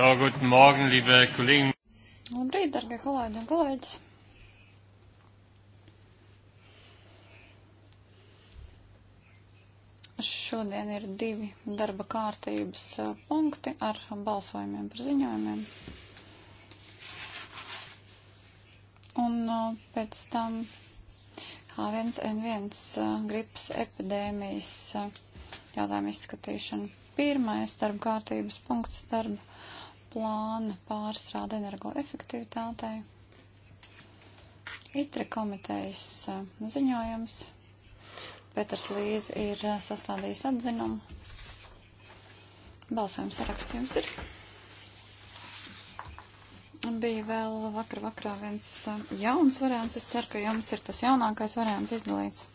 So, guten Morgen, liebe Kollegen. Labrīt, darbie kolēģi un kolēģis. Šodien ir divi darba kārtības punkti ar balsojumiem par ziņojumiem. Un pēc tam H1N1 gripas epidēmijas jautājumu izskatīšanu. Pirmais darba kārtības punkts darba plāna pārstrāde energoefektivitātei. ITRE komitejas uh, ziņojums. Peters Līz ir uh, sastādījis atzinumu. Balsājums sarakstījums ir. Bija vēl vakar vakarā viens uh, jauns variants. Es ceru, ka jums ir tas jaunākais variants izdalīts.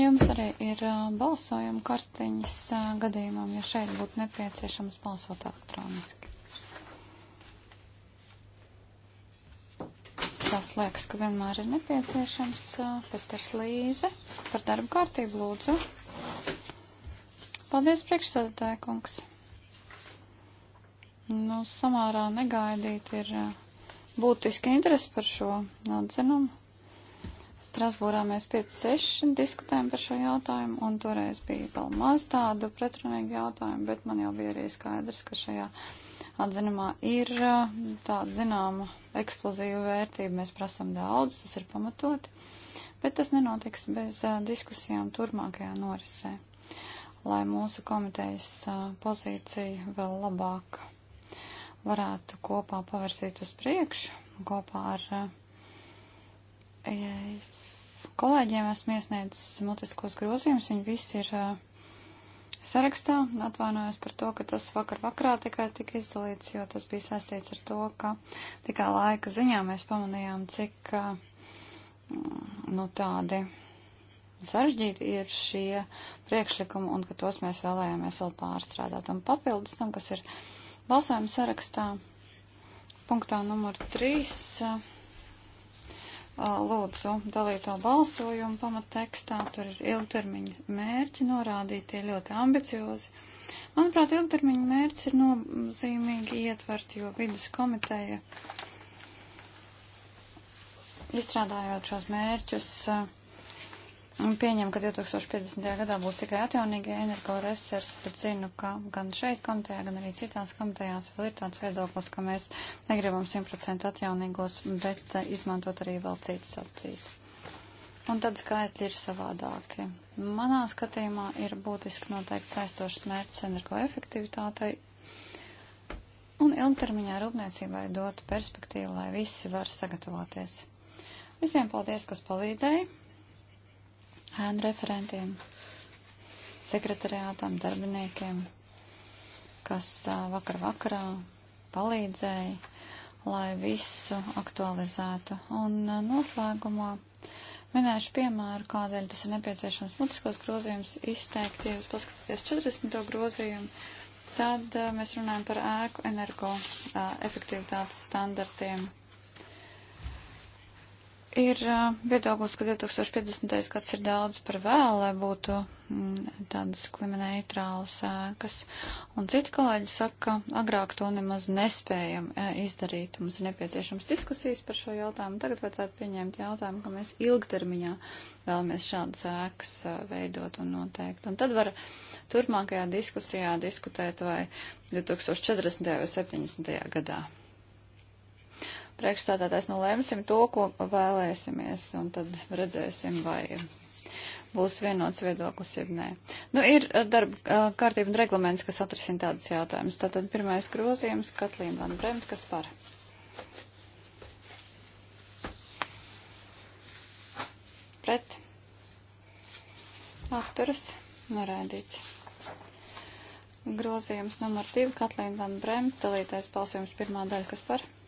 Jums arī ir balsojuma kartiņas gadījumam, ja šeit būtu nepieciešams balsot elektroniski. Tas liekas, ka vienmēr ir nepieciešams. Peters Līze par darbu kārtību lūdzu. Paldies, priekšsēdētāja kungs. Nu, samārā negaidīt ir būtiski interesi par šo atzinumu Strasbūrā mēs 5-6 diskutējām par šo jautājumu, un toreiz bija vēl maz tādu pretrunīgu jautājumu, bet man jau bija arī skaidrs, ka šajā atzinumā ir uh, tāda zināma eksplozīva vērtība. Mēs prasam daudz, tas ir pamatoti, bet tas nenotiks bez uh, diskusijām turmākajā norisē, lai mūsu komitejas uh, pozīcija vēl labāk varētu kopā pavirzīt uz priekšu, kopā ar. Uh, kolēģiem esmu iesniedzis mutiskos grozījumus, viņi visi ir sarakstā. Atvainojos par to, ka tas vakar vakarā tikai tika izdalīts, jo tas bija saistīts ar to, ka tikai laika ziņā mēs pamanījām, cik mm, nu, tādi sarežģīti ir šie priekšlikumi un ka tos mēs vēlējāmies vēl pārstrādāt. Un papildus tam, kas ir balsojuma sarakstā, punktā numur 3 lūdzu dalīto balsojumu pamattekstā, tur ir ilgtermiņa mērķi norādīti, tie ļoti ambiciozi. Manuprāt, ilgtermiņa mērķis ir nozīmīgi ietvert, jo vidas komiteja, izstrādājot šos mērķus, uh, Un pieņem, ka 2050. gadā būs tikai atjaunīgie energoresursi, bet zinu, ka gan šeit komitejā, gan arī citās komitejās vēl ir tāds viedoklis, ka mēs negribam 100% atjaunīgos, bet uh, izmantot arī vēl citas opcijas. Un tad skaitļi ir savādāki. Manā skatījumā ir būtiski noteikti saistošs mērķis energoefektivitātei un ilgtermiņā rūpniecībai dot perspektīvu, lai visi var sagatavoties. Visiem paldies, kas palīdzēja! ēnu referentiem, sekretariātām, darbiniekiem, kas vakar vakarā palīdzēja, lai visu aktualizētu. Un noslēgumā minēšu piemēru, kādēļ tas ir nepieciešams mutiskos grozījumus izteikt, ja jūs paskatāties 40. grozījumu. Tad mēs runājam par ēku energo efektivitātes standartiem Ir viedoklis, ka 2050. gads ir daudz par vēl, lai būtu mm, tādas klimaneitrālas ēkas. Un citi kolēģi saka, ka agrāk to nemaz nespējam izdarīt. Mums ir nepieciešams diskusijas par šo jautājumu. Tagad vajadzētu pieņemt jautājumu, ka mēs ilgtermiņā vēlamies šādas ēkas veidot un noteikt. Un tad var turpmākajā diskusijā diskutēt vai 2040. vai 70. gadā priekšstādātais, nu lēmsim to, ko vēlēsimies, un tad redzēsim, vai būs vienots viedoklis, ja nē. Nu, ir eh, darba eh, kārtība un reglaments, kas atrisina tādas jautājumas. Tātad pirmais grozījums, Katlīna Van Bremt, kas par. Pret. Aktoras norādīts. Grozījums numur divi, Katlīna Van Bremt, dalītais balsojums pirmā daļa, kas par. Pret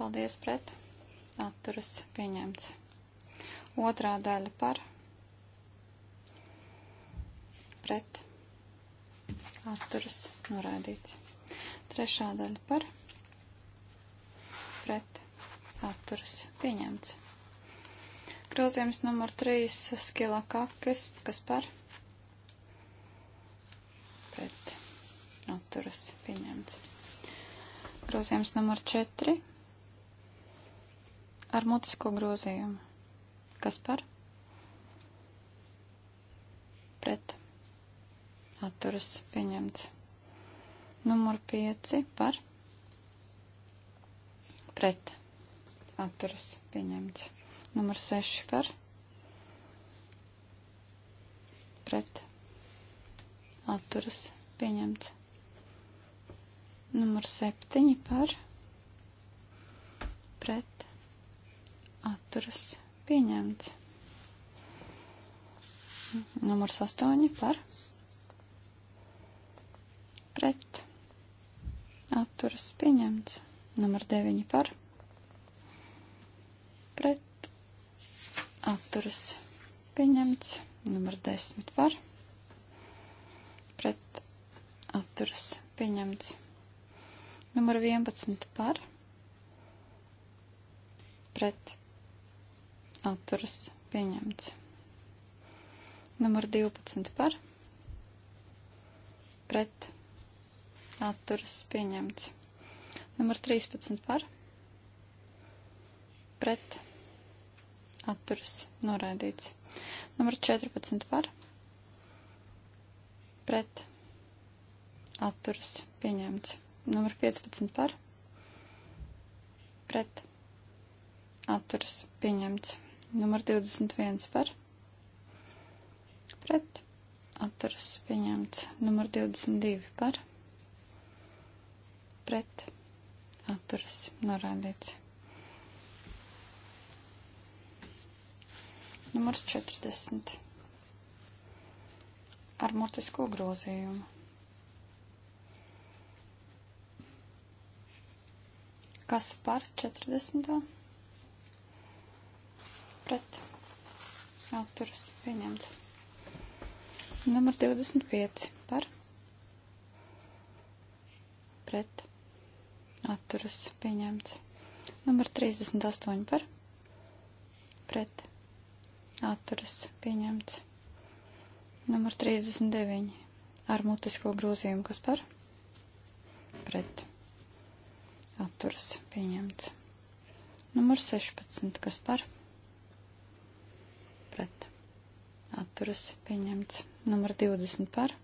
Paldies pret. Atturas pieņemts. Otrā daļa par. Pret. Atturas norādīts. Trešā daļa par. Pret. Atturas pieņemts. Grozījums numur 3 skila kakis, kas par. Pret. Atturas pieņemts. Grozījums numur 4 ar mutisko grozījumu. Kas par? Pret. Atturas pieņemts. Numur 5 par. Pret. Atturas pieņemts. Numur 6 par. Pret. Atturas pieņemts. Numur 7 par. Pret atturas pieņemts. Numurs 8 par pret atturas pieņemts. Numur 9 par pret atturas pieņemts. Numur 10 par pret atturas pieņemts. Numur 11 par pret atturas pieņemts. Numur 12 par pret atturas pieņemts. Numur 13 par pret atturas noraidīts. Numur 14 par pret atturas pieņemts. Numur 15 par pret atturas pieņemts. Numur 21 par. Pret. Atturas pieņemts. Numur 22 par. Pret. Atturas norādīts. Numurs 40. Ar mutisko grozījumu. Kas par 40 pret atturas pieņemts. Numur 25 par pret atturas pieņemts. Numur 38 par pret atturas pieņemts. Numur 39 ar mutisko grozījumu, kas par pret atturas pieņemts. Numur 16, kas par pret pret atturas pieņemts. Numur 20 par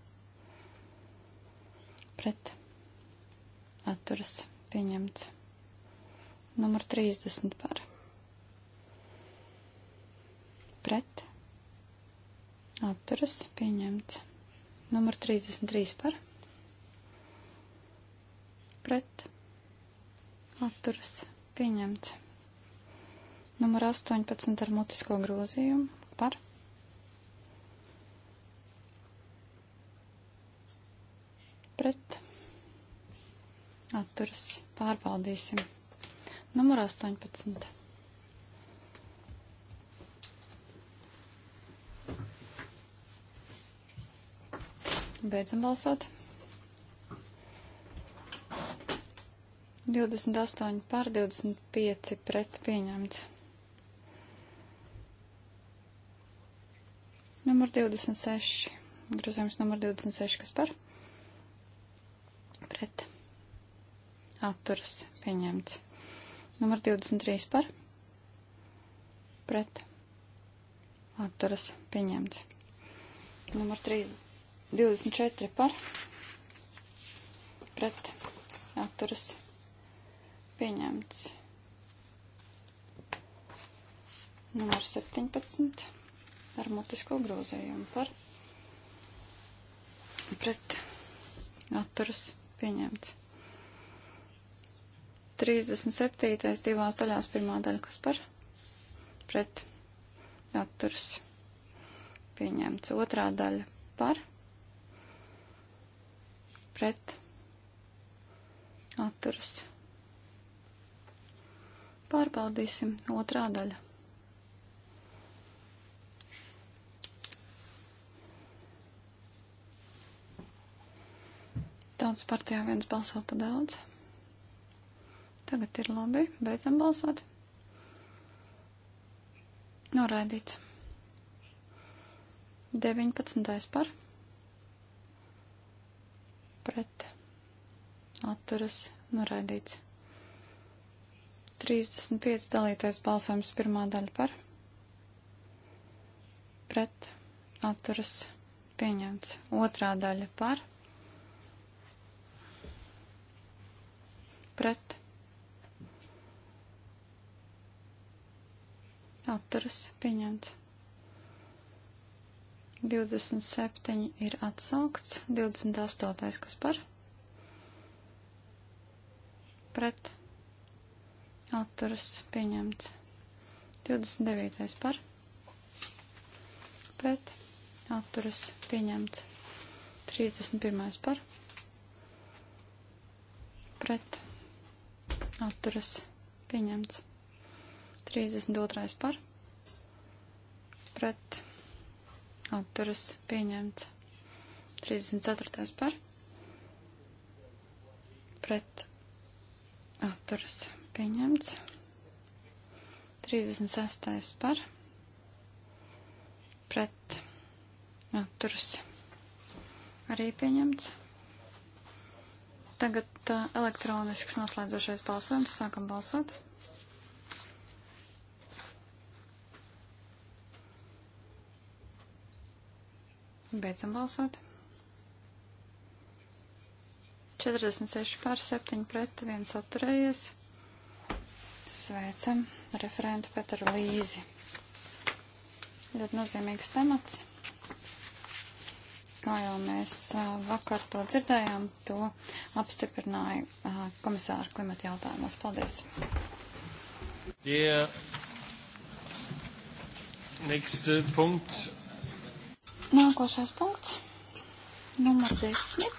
pret atturas pieņemts. Numur 30 par pret atturas pieņemts. Numur 33 par pret atturas pieņemts. Numur 18 ar mutisko grozījumu, pret atturas pārbaudīsim. Numur 18. Beidzam balsot. 28 pār 25 pret pieņemts. Numur 26. Grozījums numur 26, kas par? pret atturas pieņemts. Numur 23 par pret atturas pieņemts. Numur 3, 24 par pret atturas pieņemts. Numur 17 ar mutisko grozījumu par pret atturas pieņemts atturas pieņemts. 37. divās daļās pirmā daļa, kas par pret atturs pieņemts. Otrā daļa par pret atturs. Pārbaudīsim otrā daļa. Tautas partijā viens balso pa daudz. Tagad ir labi, beidzam balsot. Noraidīts. 19. par. Pret. Atturas. Noraidīts. 35 dalītais balsojums pirmā daļa par. Pret. Atturas. Pieņemts. Otrā daļa par pret atturas pieņemts. 27 ir atsaukts, 28. kas par pret atturas pieņemts. 29. par pret atturas pieņemts. 31. par pret atturas pieņemts. 32. par pret atturas pieņemts. 34. par pret atturas pieņemts. 36. par pret atturas arī pieņemts. Tagad Tagad uh, elektronisks noslēdzošais balsojums. Sākam balsot. Beidzam balsot. 46 pār 7 pret 1 atturējies. Sveicam referentu Petru Līzi. Ļoti nozīmīgs temats kā jau mēs vakar to dzirdējām, to apstiprināja komisāra klimata jautājumos. Paldies! Yeah. Nächste Punkt. Nākošais punkts. Numur 10.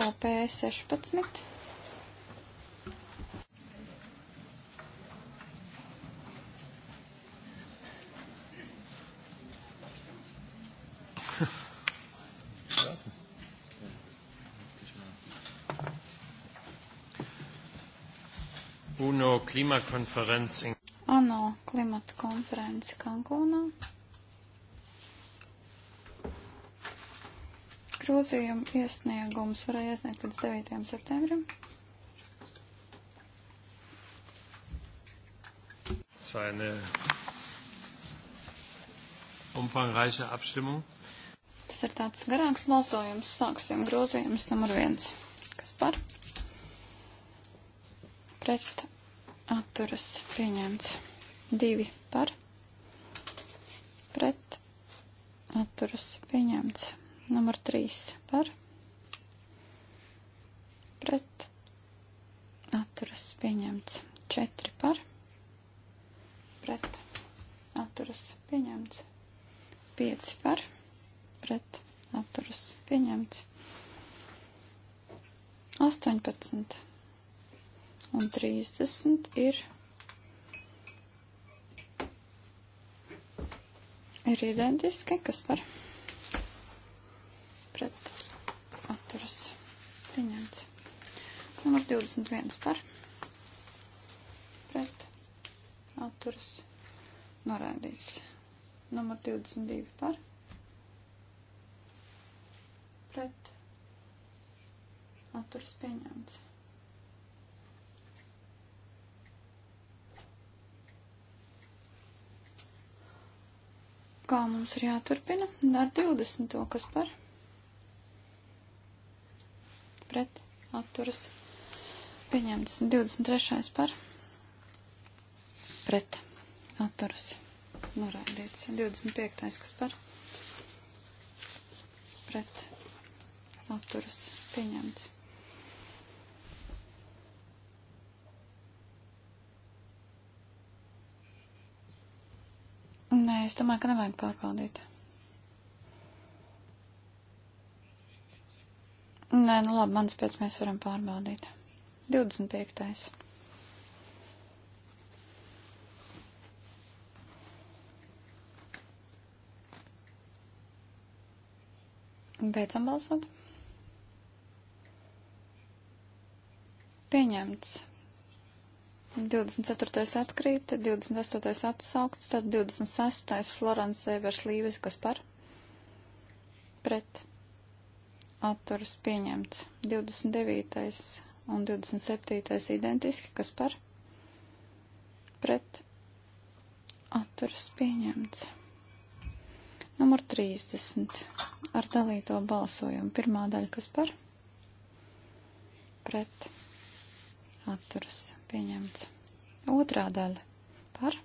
COP 16. Klimakonferenz in ANO klimata konferenci Kankūnā. Grozījumu iesniegums varēja iesniegt līdz 9. septembrim. Seine umfangreiche Abstimmung. Tas ir tāds garāks balsojums. Sāksim grozījums numur viens. Kas par? Pret atturas pieņemts. 2 par pret atturas pieņemts. Numur 3 par pret atturas pieņemts. 130 ir ir identiski, kas par pret atturas pieņemts. Numur 21 par pret atturas norādīts. Numur 22 par atkal mums ir jāturpina ar 20. kas par pret atturas pieņemts 23. par pret atturas norādīts 25. kas par pret atturas pieņemts Es domāju, ka nevajag pārbaudīt. Nē, nu labi, manas pēc mēs varam pārbaudīt. 25. Beidzam balsot. Pieņemts 24. atkrīt, 28. atsaukts, tad 26. Florence Evers Līvis, kas par? Pret. Atturas pieņemts. 29. un 27. identiski, kas par? Pret. Atturas pieņemts. Numur 30. Ar dalīto balsojumu. Pirmā daļa, kas par? Pret atturas pieņemts. Otrā daļa par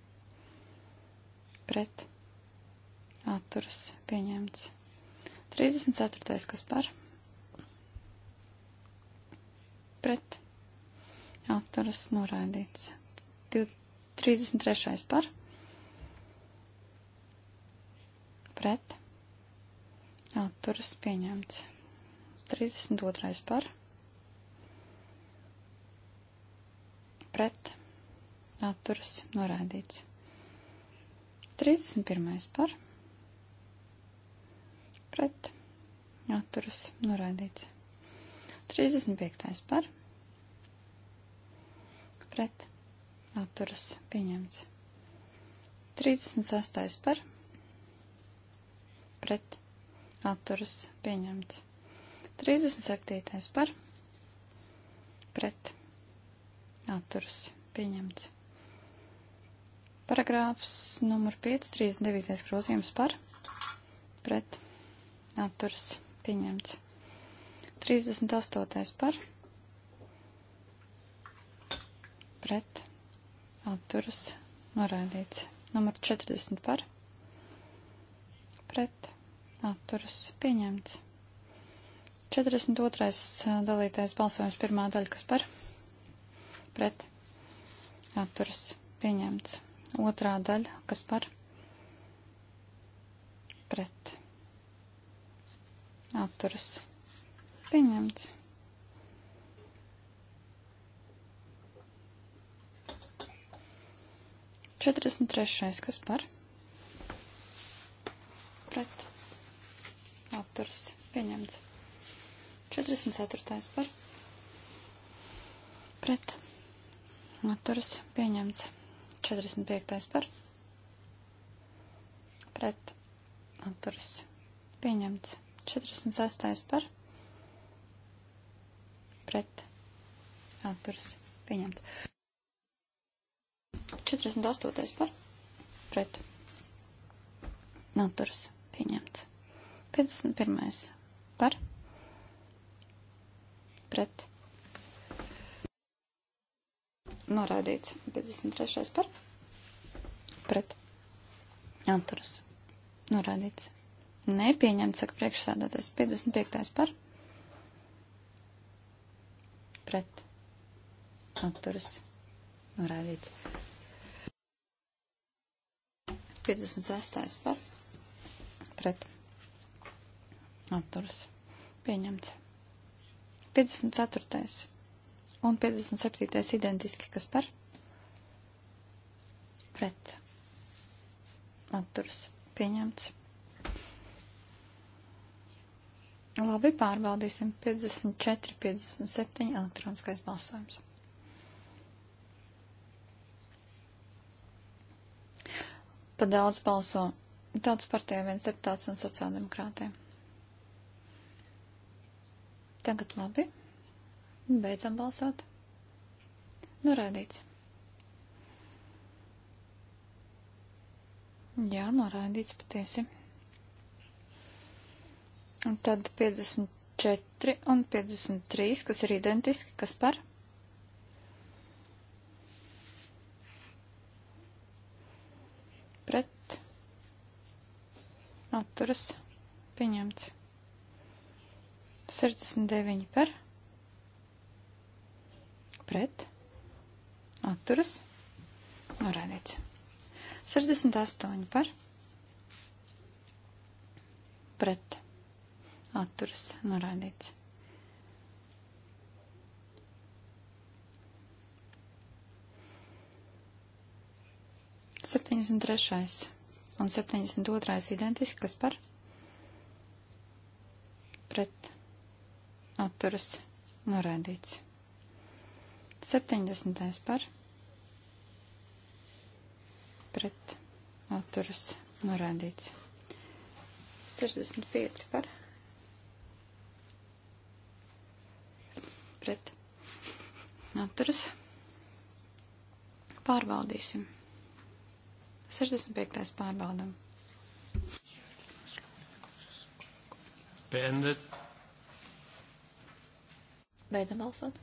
pret atturas pieņemts. 34. kas par pret atturas noraidīts. 33. par pret atturas pieņemts. 32. par pret pret atturas noraidīts. 31. par pret atturas noraidīts. 35. par pret atturas pieņemts. 36. par pret atturas pieņemts. 37. par pret atturas pieņemts. Paragrāfs numur 5, 39. grozījums par pret atturas pieņemts. 38. par pret atturas noraidīts. Numur 40 par pret atturas pieņemts. 42. Eh, dalītais balsojums pirmā daļa, kas par pret pret atturas pieņemts. Otrā daļa, kas par pret atturas pieņemts. Četrdesmit trešais, kas par pret apturs pieņemts. 44. par pret Atturas pieņemts. 45. par. Pret. Atturas pieņemts. 46. par. Pret. Atturas pieņemts. 48. par. Pret. Atturas pieņemts. 51. par. Pret Noraidīts. 53. par. Pret. Atturas. Noraidīts. Nepieņemts, saka priekšsēdētājs. 55. par. Pret. Atturas. Noraidīts. 56. par. Pret. Atturas. Pieņemts. 54 un 57. identiski, kas par pret atturas pieņemts. Labi, pārbaudīsim 54, 57 elektroniskais balsojums. Pa daudz balso tautas partijā viens deputāts un sociāldemokrātiem. Tagad labi. Beidzam balsot. Norādīts. Jā, norādīts patiesi. Un tad 54 un 53, kas ir identiski, kas par? Pret. Atturas. Pieņemts. 69 par pret, atturas, norādīts. 68 par, pret, atturas, norādīts. Septiņdesmit trešais un 72. identiski, kas par pret atturas norādīts. 70. par pret atturas norādīts. 65 par pret atturas pārbaudīsim. 65. pārbaudam. Beendet. Beidzam balsot.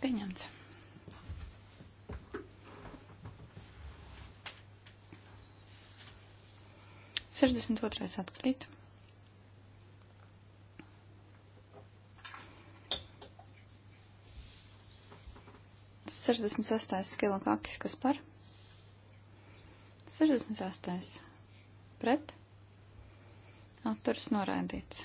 Pieņemts. Sešdesmit otrais atkrīt. Sešdesmit sastais skilakakis, kas par? Sešdesmit sastais. Pret? Atturs noraidīts.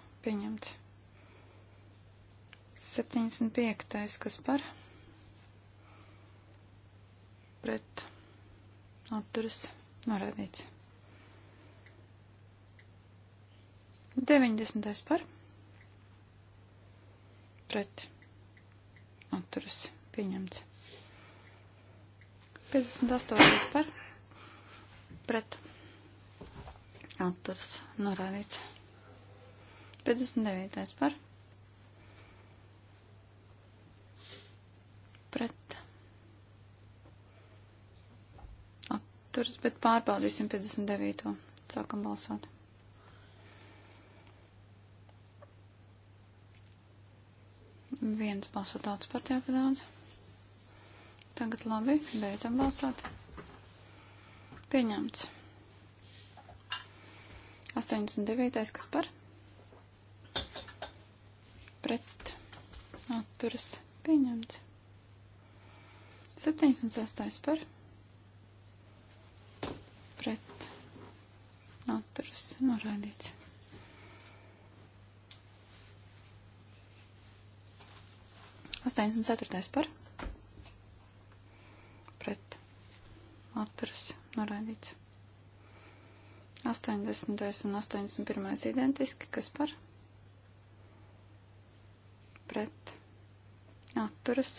pieņemts. 75. kas par pret atturas norādīts. 90. par pret atturas pieņemts. 58. par pret atturas norādīts. 59. par. Pret. Atturas, bet pārbaudīsim 59. Sākam balsot. Viens balsotāts par tevi daudz. Tagad labi, beidzam balsot. Pieņemts. 89. kas par? pret atturas pieņemts. 76. par pret atturas norādīts. Astoņdesmit ceturtais par pret atturas norādīts. 80. un 81. identiski, kas par pret pret atturas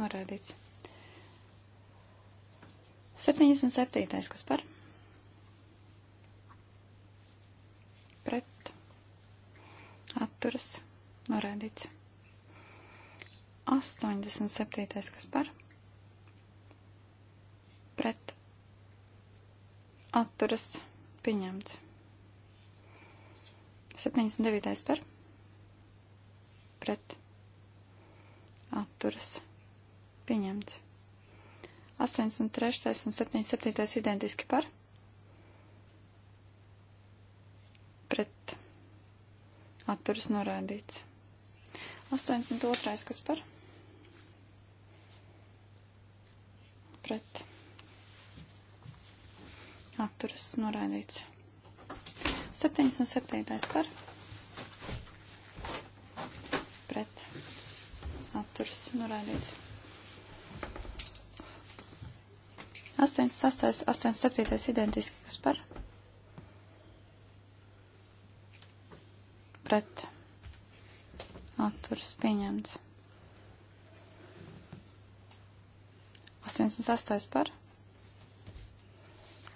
norādīts. 77. kas par pret atturas norādīts. 87. kas par pret atturas pieņemts. 79. par pret atturas pieņemts. 83. un 77. identiski par pret atturas norādīts. 82. kas par pret atturas norādīts. 77. par pret atturas noraidīts. 86, 87 identiski, kas par pret atturas pieņemts. 88 par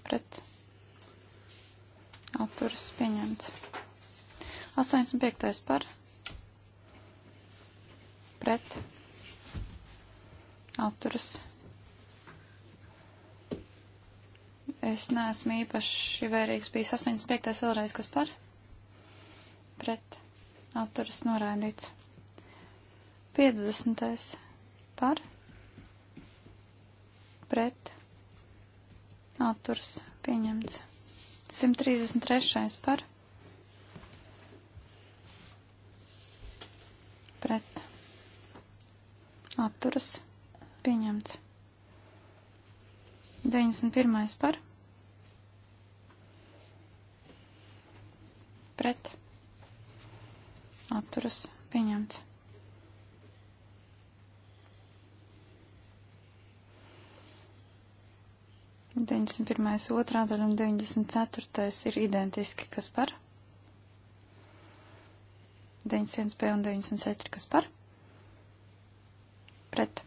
pret atturas pieņemts. 85 par pret pret atturas. Es neesmu īpaši vērīgs, bijis 85. vēlreiz, kas par pret atturas noraidīts. 50. par pret atturas pieņemts. 133. par pret atturas pieņemts. 91. par pret atturas pieņemts. Deviņdesmit pirmais otrā daļa un deviņdesmit ceturtais ir identiski, kas par? Deviņdesmit viens B un deviņdesmit četri, kas par? pret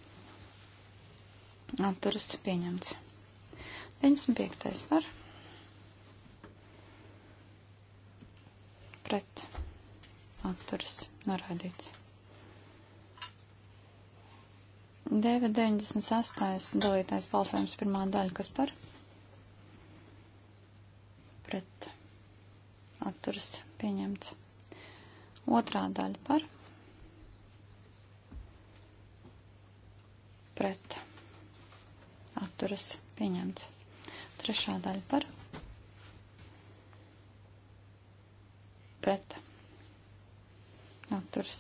atturas pieņemts. 95. par pret atturas norādīts. 9.98. dalītais balsojums pirmā daļa, kas par pret atturas pieņemts. Otrā daļa par pret pret atturas pieņemts. Trešā daļa par pret atturas.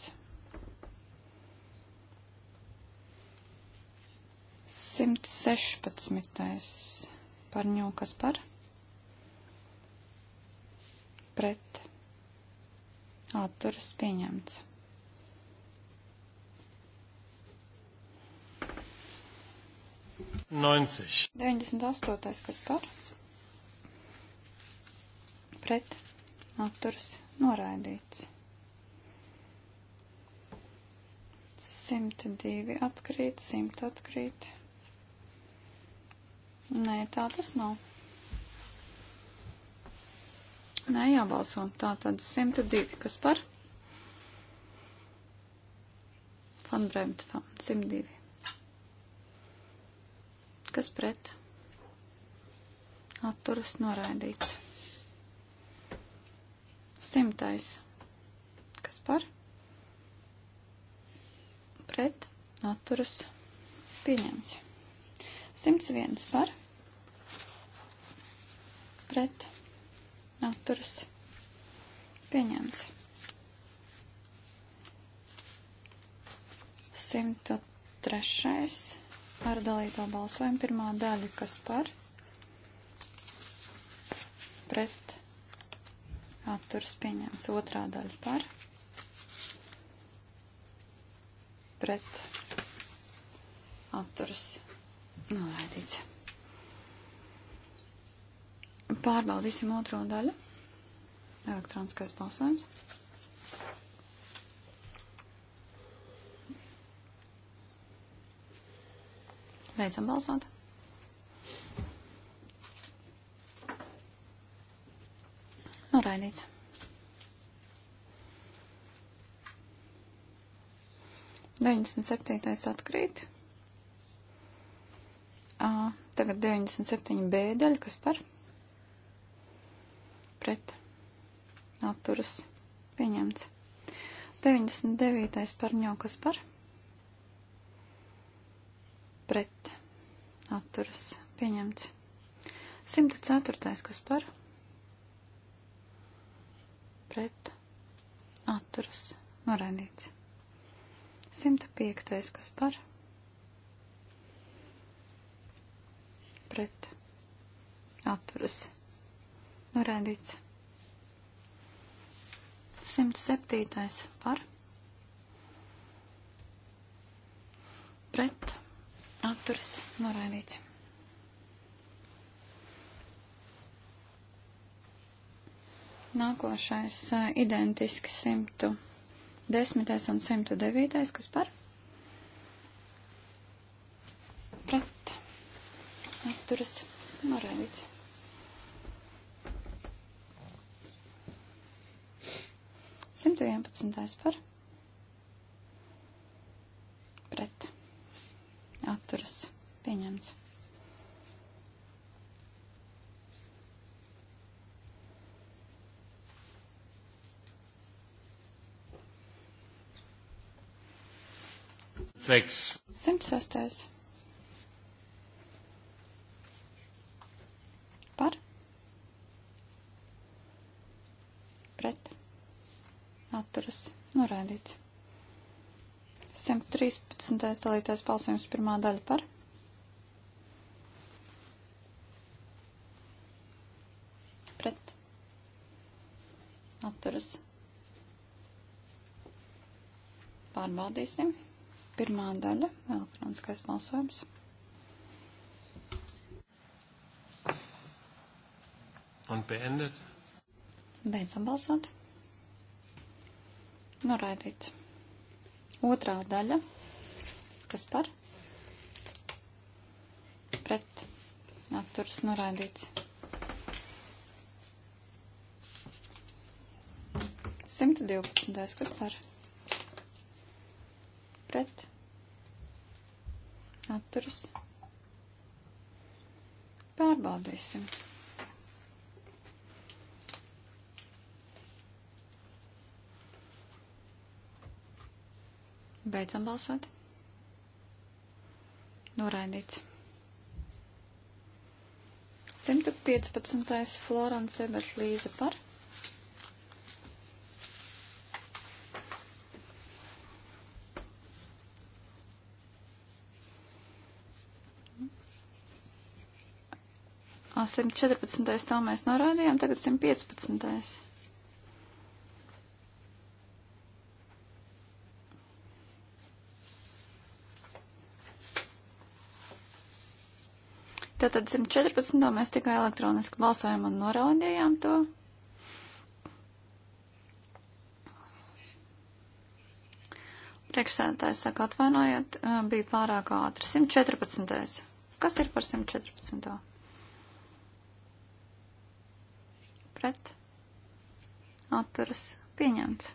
116. Parņūkas par pret atturas pieņemts. 90. 98. kas par? Pret. Atturs noraidīts. 102 atkrīt, 100 atkrīt. Nē, tā tas nav. Nē, jābalso. Tā tad 102. Kas par? Fan Bremtfam, 102 kas pret atturas noraidīts. Simtais, kas par pret atturas pieņemts. 101 par pret atturas pieņemts. 103 ar dalīto balsojumu. Pirmā daļa, kas par, pret, atturas pieņems. Otrā daļa par, pret, atturas noraidīts. Pārbaudīsim otro daļu. Elektroniskais balsojums. Beidzam balsot. Noraidīts. Deviņdesmit septītais atkrīt. À, tagad 97 B daļa, kas par pret atturas pieņemts. 99. par ņau, kas par pret atturas pieņemts. 104. kas par pret atturas noraidīts. 105. kas par pret atturas noraidīts. 107. par pret atturas atturas noraidīts. Nākošais identiski 110. un 109. kas par? Pret atturas noraidīts. Simt vienpadsmitais par pret atturas pieņemts. Seks. 106. Par. Pret. Atturas. Norādīts. 113. dalītais balsojums pirmā daļa par. Pret. Atturas. Pārbaudīsim. Pirmā daļa - elektroniskais balsojums. Un beendet. Beidzam balsot. Noraidīts. Otrā daļa. Kas par? Pret. Atturs noraidīts. 112. Kas par? Pret. Atturs. Pārbaudīsim. Beidzam balsot. Noraidīts. 115. Florence Ebert Līze par. A, 114. to mēs norādījām, tagad 115. Tātad 114. mēs tikai elektroniski balsojam un noraudījām to. Priekšsēdētājs saka, atvainojiet, bija pārāk ātri. 114. Kas ir par 114? Pret. Atturas. Pieņemts.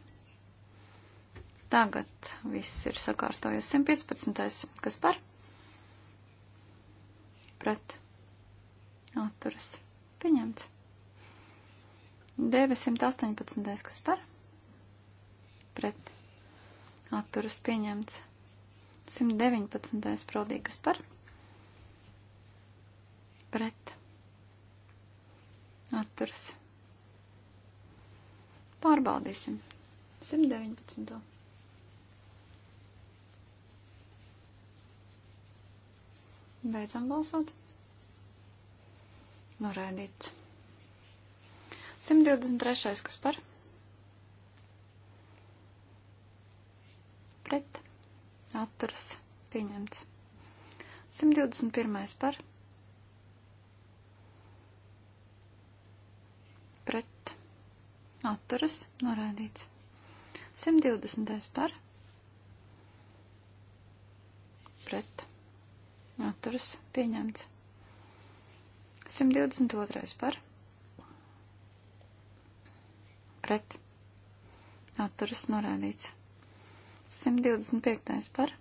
Tagad viss ir sakārtojies. 115. Kas par? Pret atturas pieņemts. 918. kas par? Pret atturas pieņemts. 119. prodīgas par? Pret atturas. Pārbaudīsim. 119. Beidzam balsot. Noraidīts. 123. kas par? Pret. Atturas. Pieņemts. 121. par? Pret. Atturas. Noraidīts. 120. par? Pret. Atturas. Pieņemts. 122. par pret atturas norādīts. 125. par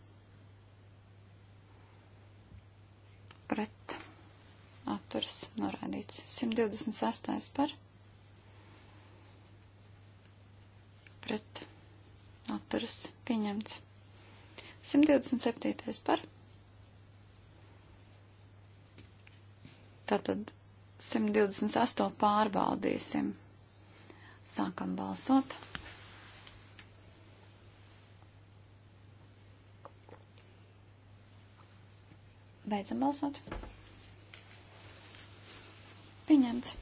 pret atturas norādīts. 126. par pret atturas pieņemts. 127. par pret Tātad 128 pārbaudīsim. Sākam balsot. Beidzam balsot. Pieņemts.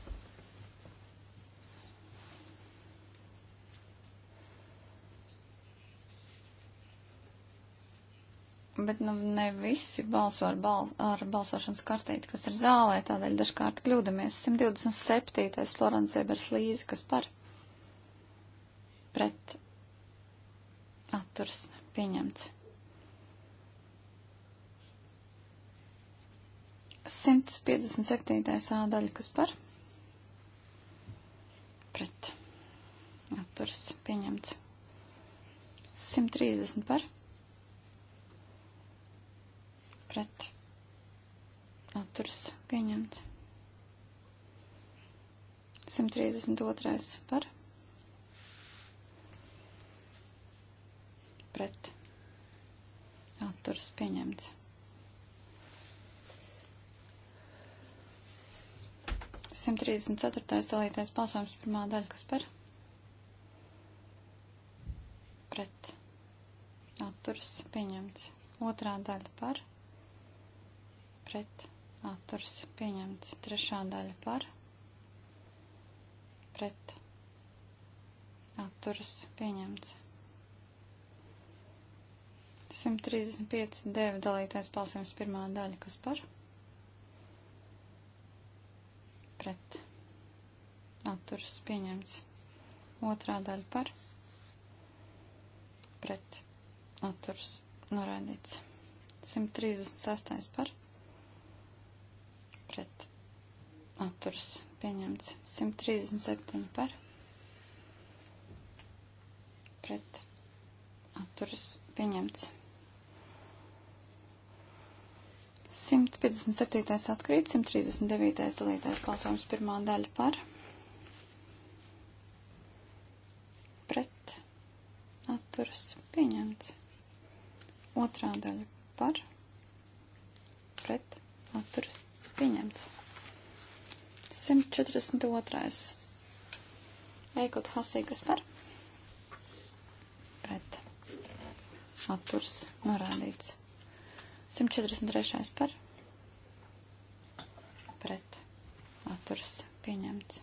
bet nu, ne visi balso ar, bal ar balsošanas kartīti, kas ir zālē, tādēļ dažkārt kļūdamies. 127. Florence Ebers Līze, kas par pret atturs pieņemts. 157. sādaļa, kas par pret atturs pieņemts. 130 par pret pret atturas pieņemts. 132. par pret atturas pieņemts. 134. dalītais balsojums pirmā daļa, kas par pret atturas pieņemts. Otrā daļa par pret pret atturs pieņemts. Trešā daļa par pret atturs pieņemts. 135 dēļ dalītais balsojums pirmā daļa, kas par pret atturs pieņemts. Otrā daļa par pret atturs noraidīts. 136 par pret atturas pieņemts 137 par pret atturas pieņemts 157. atkrīt, 139. dalītais balsojums pirmā daļa par pret atturas pieņemts otrā daļa par pret atturas Pieņemts. 142. Eikot Hasīgas par. Pret. Atturs norādīts. 143. par. Pret. Atturs pieņemts.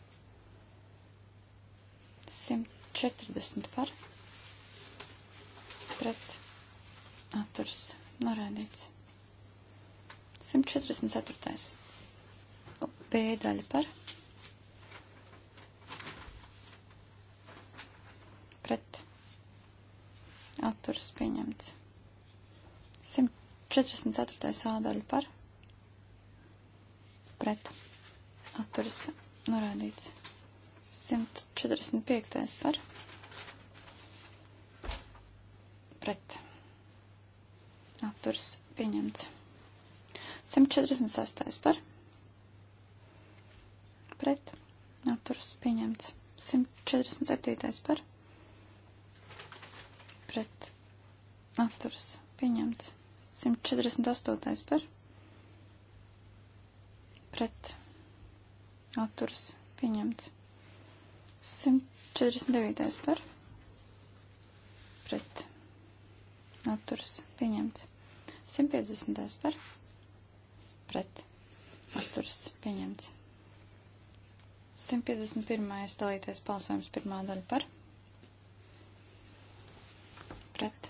140 par. Pret. Atturs norādīts. 144. B daļa par pret atturas pieņemts. 144. A daļa par pret atturas norādīts. 145. par pret atturas pieņemts. 146. par pret pret atturas pieņemts. 147. par pret atturas pieņemts. 148. par pret atturas pieņemts. 149. par pret atturas pieņemts. 150. par pret atturas pieņemts. 151. dalīties balsojums pirmā daļa par. Pret.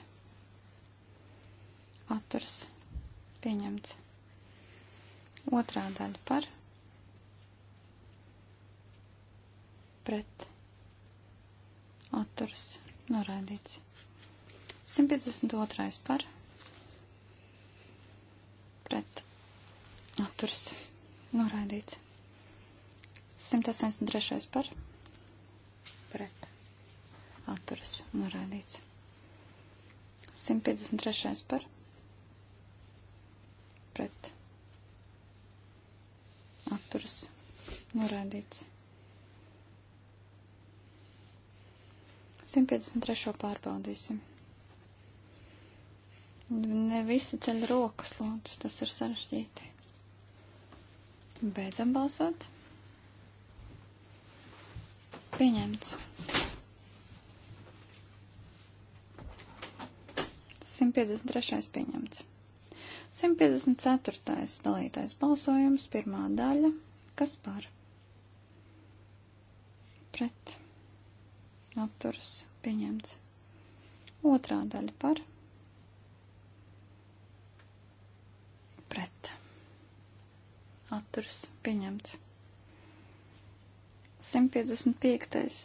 Atturs. Pieņemts. Otrā daļa par. Pret. Atturs. Noraidīts. 152. par. Pret. Atturs. Noraidīts. 183. par pret atturas norādīts. 153. par pret atturas norādīts. 153. pārbaudīsim. Ne visi ceļ rokas, lūdzu, tas ir sarežģīti. Beidzam balsot. Pieņemts. 153. pieņemts. 154. dalītais balsojums, pirmā daļa, kas par pret atturs pieņemts. Otrā daļa par pret atturs pieņemts. 155.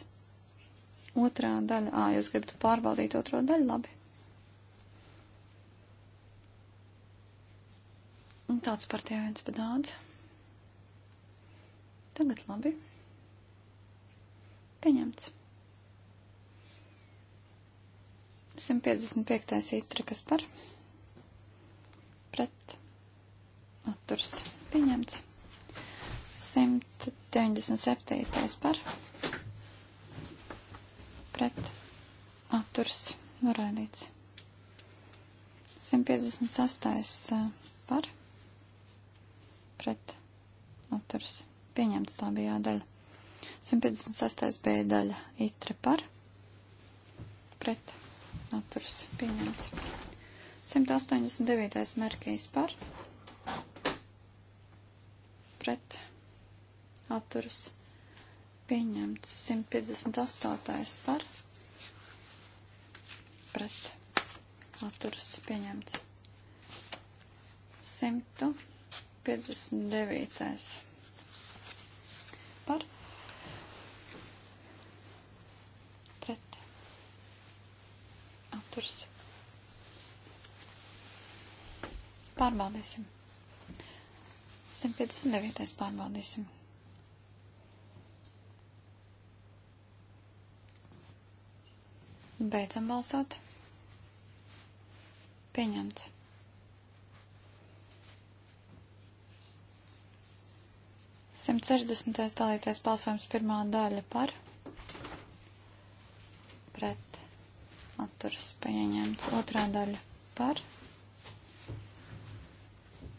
Otrā daļa. Ā, jūs gribat pārbaudīt otro daļu? Labi. Un tāds par tie viens pa daudz. Tagad labi. Pieņemts. 155. itra, kas par? Pret. Atturs. Pieņemts. 197. par pret atturs norādīts. 158. Eh, par pret atturs pieņemts tā bija daļa. 158. B daļa itre par pret atturs pieņemts. 189. merkīs par pret atturs atturas pieņemts. 158. par pret atturas pieņemts. 159. par pret atturas. Pārbaudīsim. 159. pārbaudīsim. Beidzam balsot. Pieņemts. Simt sešdesmitais dalīties balsojums pirmā daļa par. Pret. Atturas pieņemts. Otrā daļa par.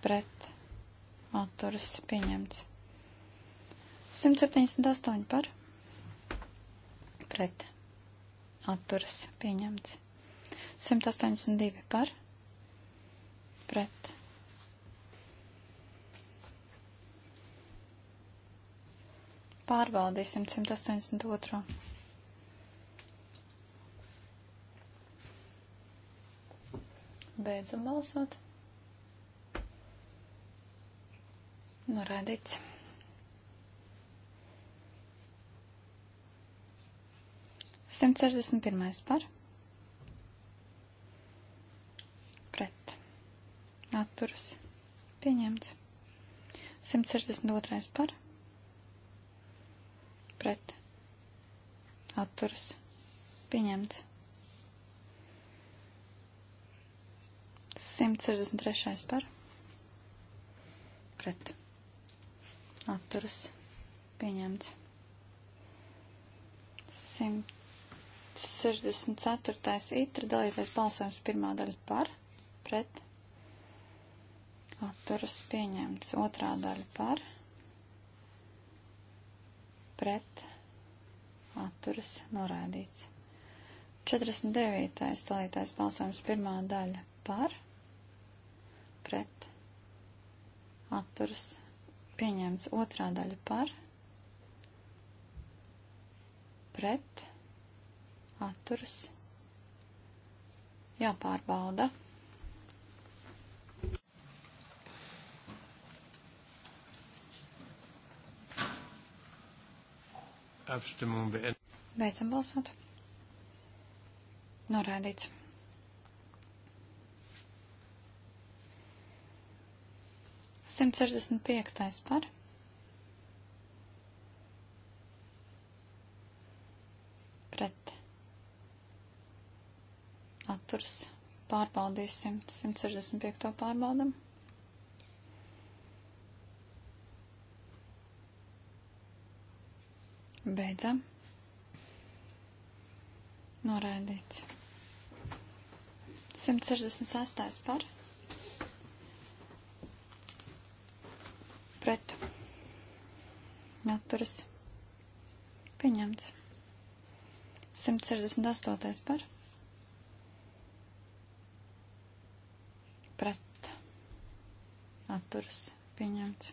Pret. Atturas pieņemts. 178 par. Pret atturas pieņemts. 182 par pret. Pārbaudīsim 182. Beidzam balsot. Noraidīts. 161. par. Pret. Atturas. Pieņemts. 162. par. Pret. Atturas. Pieņemts. 163. par. Pret. Atturas. Pieņemts. 100. 64. itra dalītais balsojums pirmā daļa par, pret, atturas pieņemts. Otrā daļa par, pret, atturas noraidīts. 49. dalītais balsojums pirmā daļa par, pret, atturas pieņemts. Otrā daļa par, pret, atturas jāpārbauda. Abstimmung beendet. Beidzam balsot. Norādīts. Simt sešdesmit piektais par. atturas pārbaudīsim. 165. pārbaudam. Beidzam. Noraidīts. 168. par. Pret. Atturas. Pieņemts. 168. par. pret atturas pieņemts.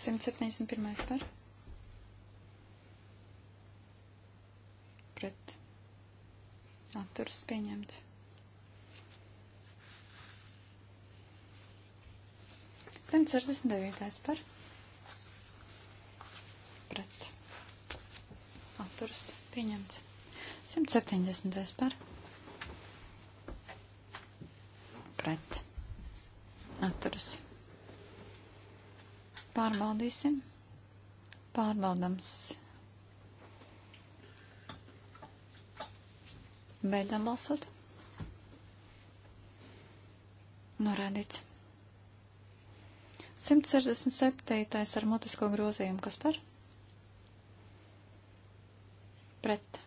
171. par pret atturas pieņemts. 169. par pret atturas pieņemts. 170. par pret. Atturas. Pārbaudīsim. Pārbaudams. Beidzam balsot. Norādīts. 167. ar mutisko grozījumu. Kas par? Pret.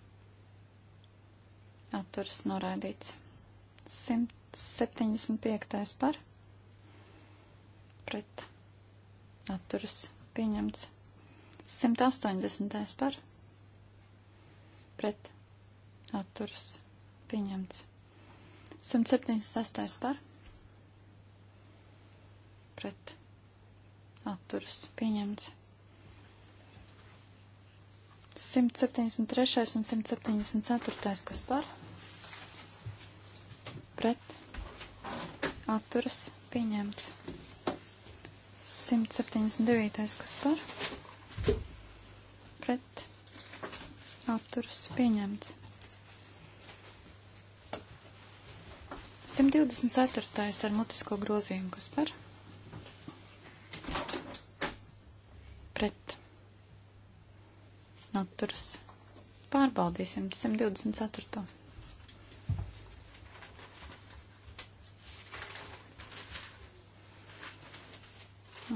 Atturs norādīts. 100. 175. par pret atturas pieņemts 180. par pret atturas pieņemts 176. par pret atturas pieņemts 173. un 174. kas par pret atturas pieņemts. 179. kas par pret atturas pieņemts. 124. ar mutisko grozījumu, kas par pret atturas pārbaudīsim 124.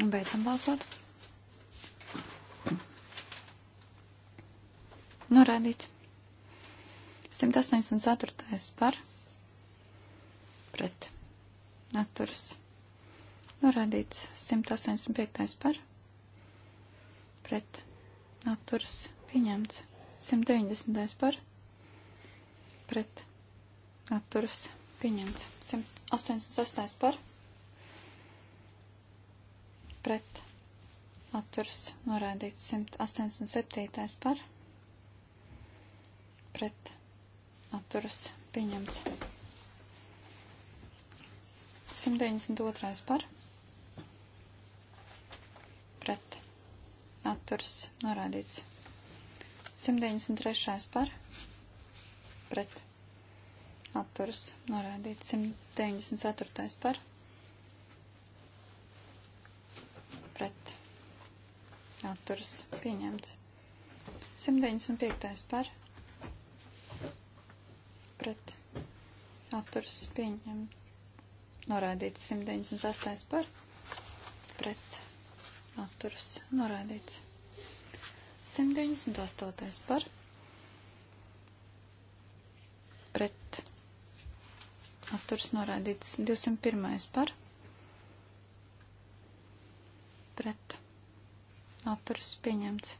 Beidzam balsot. Norādīt. 184. par pret atturas. Norādīts 185. par pret atturas. Pieņemts 190. par pret atturas. Pieņemts 186. par pret pret atturs noraidīts 187. par pret atturs pieņemts 192. par pret atturs noraidīts 193. par pret atturs noraidīts 194. par pret pret atturas pieņemts. 195. par pret atturas pieņemts. Noraidīts 198. par pret atturas noraidīts. 198. par pret atturas noraidīts. 201. par pret pret atturas pieņemts.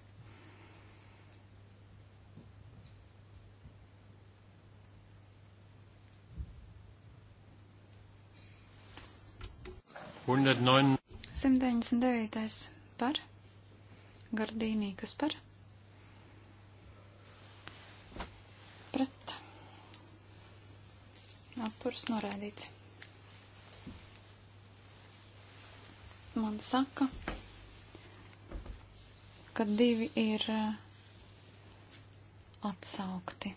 Hundredneun. 199. par Gardīnī, kas par? Pret. Atturs norādīts. man saka, ka divi ir eh, atsaukti.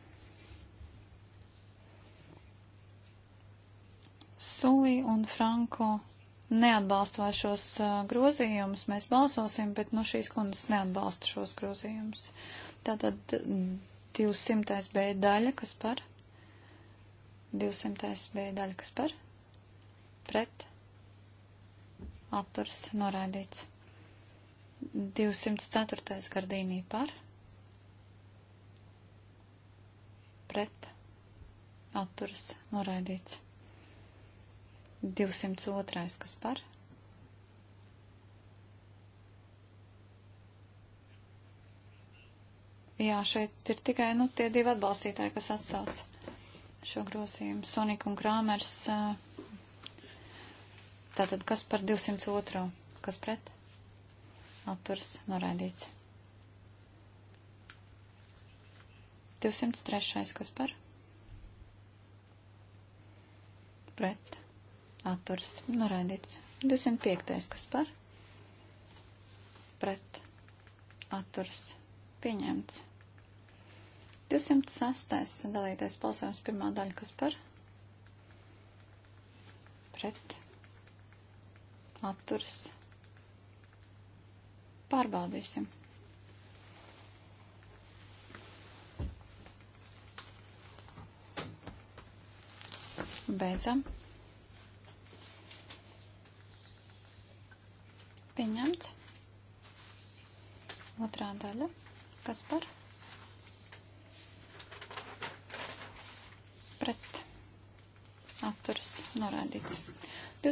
Sulī un Franko neatbalsta vairs šos eh, grozījumus. Mēs balsosim, bet no nu, šīs kundas neatbalsta šos grozījumus. Tātad 200. Mm, B daļa, kas par? 200. B daļa, kas par? Pret? atturs noraidīts. 204. gardīnī par, pret, atturs noraidīts. 202. kas par, Jā, šeit ir tikai nu, tie divi atbalstītāji, kas atsauc šo grozījumu. Sonika un Krāmers uh, Tātad, kas par 202? Kas pret? Atturs noraidīts. 203. Kas par? Pret. Atturs noraidīts. 205. Kas par? Pret. Atturs pieņemts. 206. Dalīties balsojums pirmā daļa. Kas par? Pret atturas. Pārbaudīsim. Beidzam. Pieņemts. Otrā daļa. Kas par? Pret. Atturs norādīts.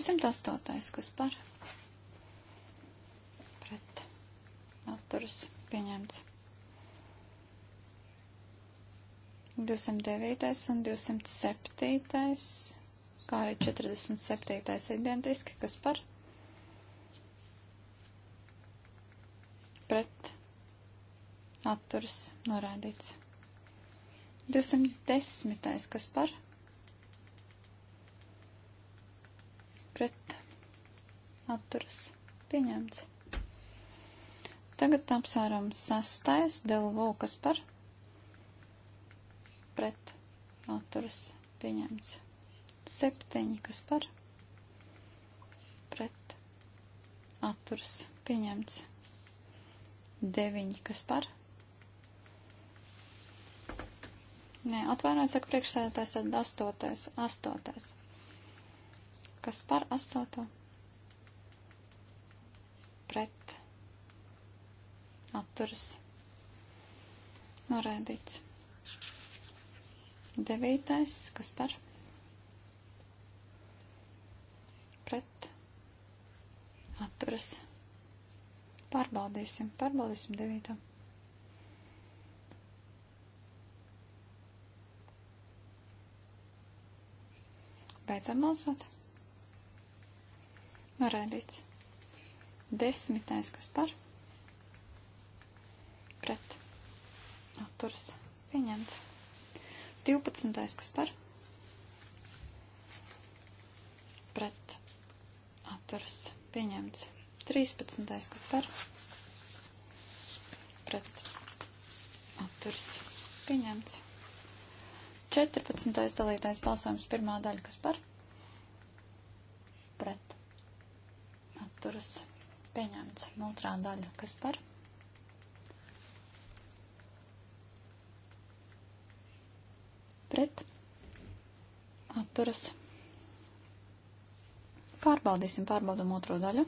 208. kas par pret atturas pieņemts. 209. un 207. kā arī 47. identiski, kas par pret atturas norādīts. 210. kas par pret atturas pieņemts. Tagad apsvērums sastais Delvo, kas par pret atturas pieņemts. Septiņi, kas par pret atturas pieņemts. Deviņi, kas par pret. Nē, atvainojiet, saka priekšsēdētājs, tad astotais, astotais. Kas par astoto? Pret. Atturas. Norēdīts. Devītais. Kas par? Pret. Atturas. Pārbaudīsim. Pārbaudīsim devīto. Beidzam balsot. Noraidīts. Desmitais, kas par? Pret. Atturs. Pieņemts. Divpadsmitais, kas par? Pret. Atturs. Pieņemts. Trīspadsmitais, kas par? Pret. Atturs. Pieņemts. 14. dalītais balsojums pirmā daļa, kas par? atturas pieņemts. Otrā daļa, kas par? Pret atturas. Pārbaudīsim, pārbaudam otro daļu.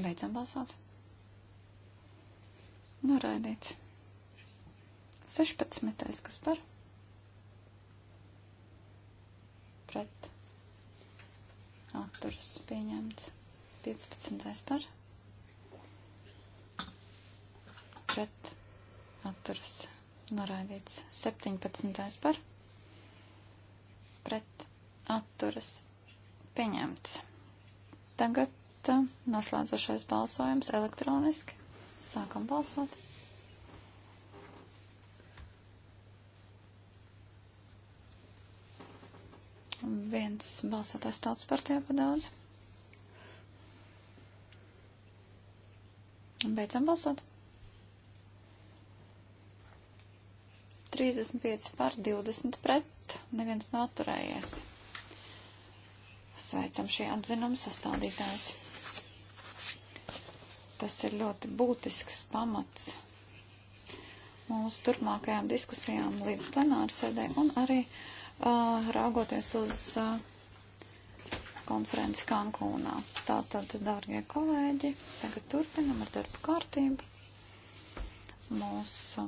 Beidzam balsot. Noraidīts. 16. kas par? Pret. Atturas pieņemts. 15. par? Pret. Atturas noraidīts. 17. par? Pret. Atturas pieņemts. Tagad uh, noslēdzošais balsojums elektroniski. Sākam balsot. Viens balsotājs tautas partijā pa daudz. Beidzam balsot. 35 par 20 pret, neviens nav turējies. Sveicam šī atzinuma sastādītājus. Tas ir ļoti būtisks pamats mūsu turpmākajām diskusijām līdz plenārsēdē un arī uh, Uh, raugoties uz uh, konferenci Kankūnā. Tātad, dārgie kolēģi, tagad turpinam ar darbu kārtību. Mūsu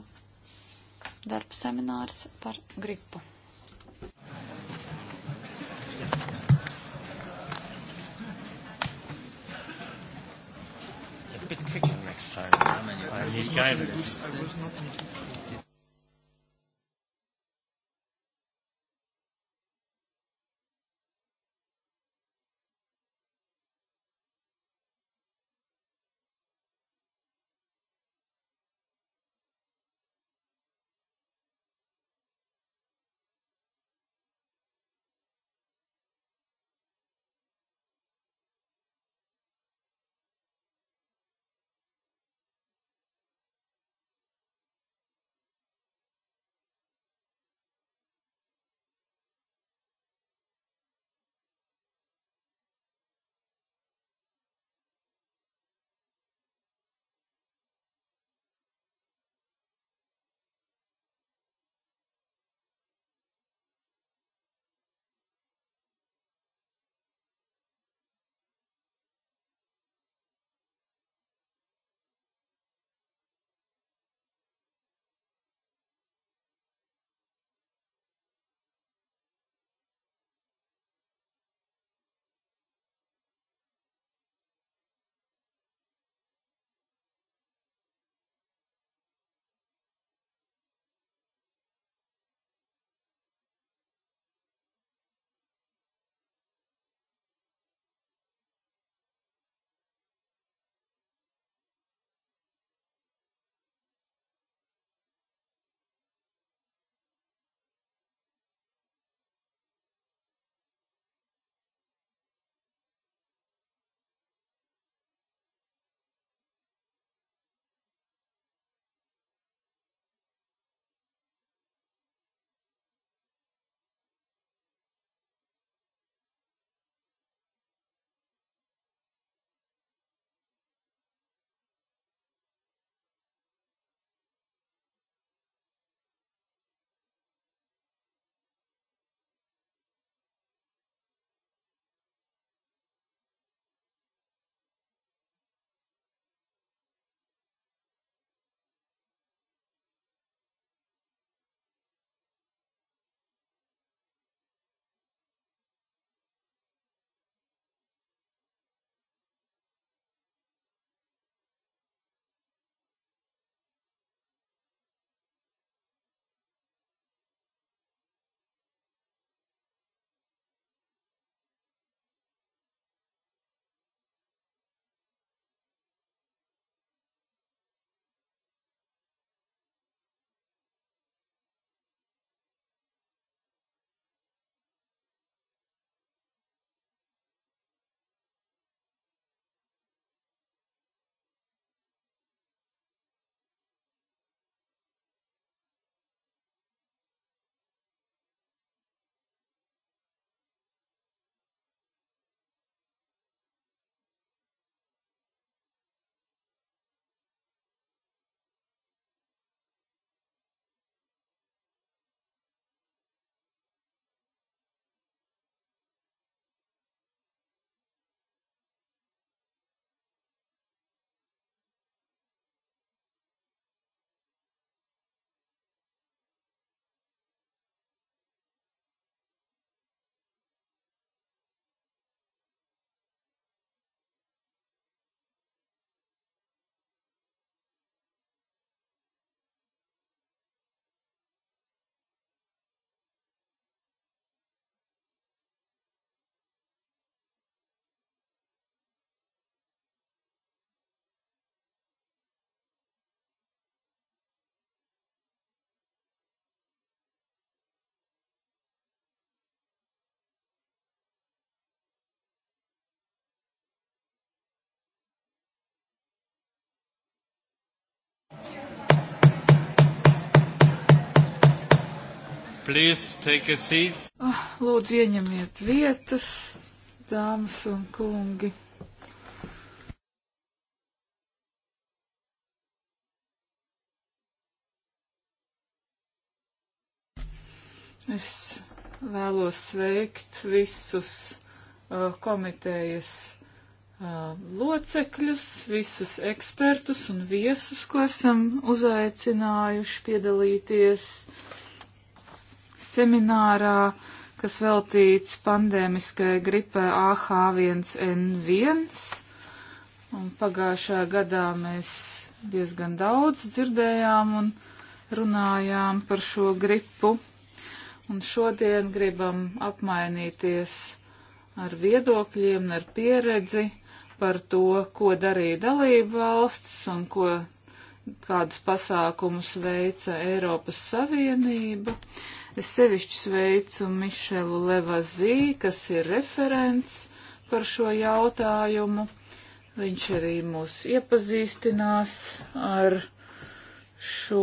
darba seminārs par gripu. A bit quicker next time. I, mean, I, I, I, I, I, I, I was not. Please take a seat. Oh, lūdzu, ieņemiet vietas, dāmas un kungi. Es vēlos sveikt visus uh, komitejas uh, locekļus, visus ekspertus un viesus, ko esam uzaicinājuši piedalīties uh, seminārā, kas veltīts pandēmiskai gripai AH1N1. Un pagājušajā gadā mēs diezgan daudz dzirdējām un runājām par šo gripu. Un šodien gribam apmainīties ar viedokļiem, ar pieredzi par to, ko darīja dalība valsts un ko, kādus pasākumus veica Eiropas Savienība. Uh, Es sevišķi sveicu Mišelu Levazī, kas ir referents par šo jautājumu. Viņš arī mūs iepazīstinās ar šo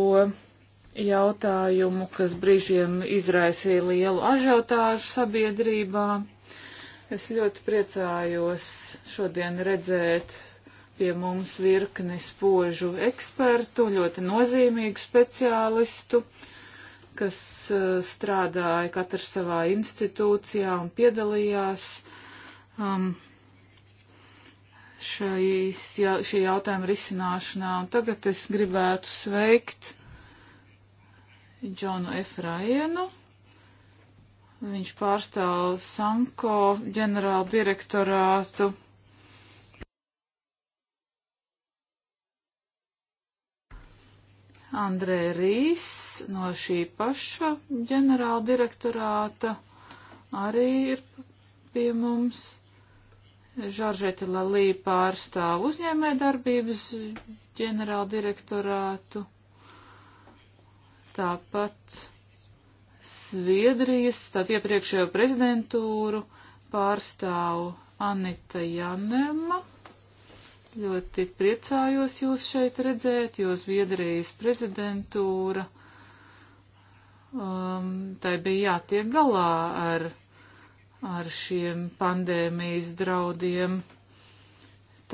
jautājumu, kas brīžiem izraisīja lielu ažiotāžu sabiedrībā. Es ļoti priecājos šodien redzēt pie mums virkni spožu ekspertu, ļoti nozīmīgu speciālistu. Uh, kas eh, strādāja katrs savā institūcijā un piedalījās um, šīs, jā, šī jautājuma risināšanā. Un tagad es gribētu sveikt Džonu Efraienu. Viņš pārstāv Sanko ģenerāla direktorātu. Andrē Rīs no šī paša ģenerāla direktorāta arī ir pie mums. Žoržeta Lalī pārstāv uzņēmē darbības ģenerāla direktorātu. Tāpat Sviedrijas, tātad iepriekšējo prezidentūru pārstāv Anita Janema. Ļoti priecājos jūs šeit redzēt, jo Zviedrijas prezidentūra um, tai bija jātiek galā ar, ar šiem pandēmijas draudiem.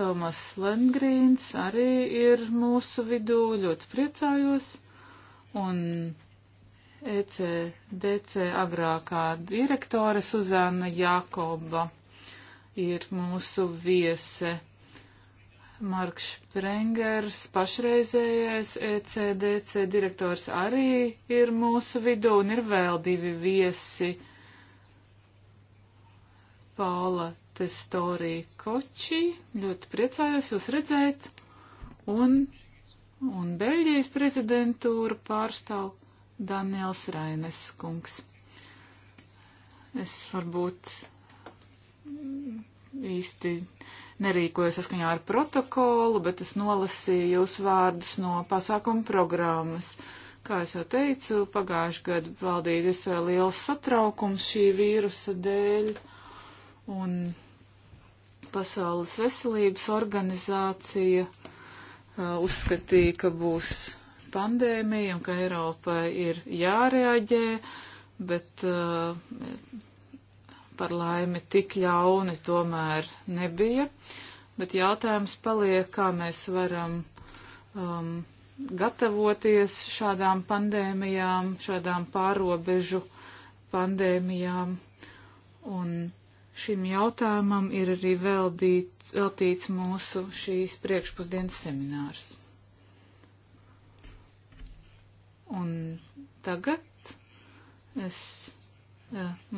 Tomas Lengrīns arī ir mūsu vidū, ļoti priecājos. Un ECDC agrākā direktore Suzana Jākoba ir mūsu viese. Marks Sprengers, pašreizējais ECDC direktors, arī ir mūsu vidū un ir vēl divi viesi. Paula Testori Koči, ļoti priecājos jūs redzēt, un, un Beļģijas prezidentūra pārstāv Daniels Raines kungs. Es varbūt īsti nerīkoju saskaņā ar protokolu, bet es nolasīju jūsu vārdus no pasākuma programmas. Kā es jau teicu, pagājuši gadu valdīja visai liels satraukums šī vīrusa dēļ, un Pasaules veselības organizācija uh, uzskatīja, ka būs pandēmija un ka Eiropai ir jāreaģē, bet uh, par laimi tik ļauni tomēr nebija, bet jautājums paliek, kā mēs varam um, gatavoties šādām pandēmijām, šādām pārobežu pandēmijām. Un šim jautājumam ir arī veldīts, veltīts mūsu šīs priekšpusdienas seminārs. Un tagad es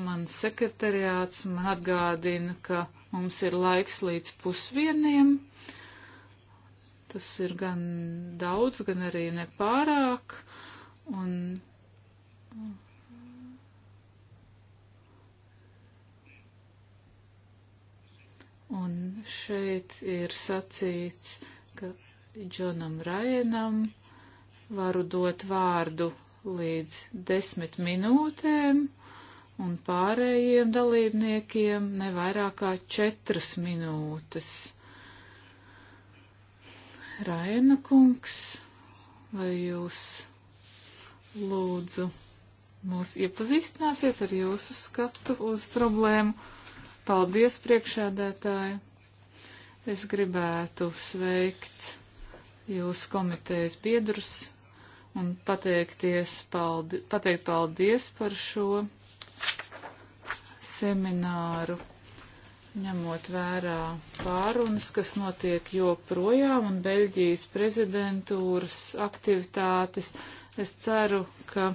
Man sekretariāts man atgādina, ka mums ir laiks līdz pusvieniem. Tas ir gan daudz, gan arī nepārāk. Un Un šeit ir sacīts, ka Džonam Rajanam varu dot vārdu līdz desmit minūtēm, un pārējiem dalībniekiem ne vairāk kā četras minūtes. Raina kungs, vai jūs lūdzu mūs iepazīstināsiet ar jūsu skatu uz problēmu? Paldies, priekšēdētāji! Es gribētu sveikt jūsu komitejas biedrus un pateikties, paldi, pateikt paldies par šo semināru, ņemot vērā pārunas, kas notiek joprojām, un Beļģijas prezidentūras aktivitātes. Es ceru, ka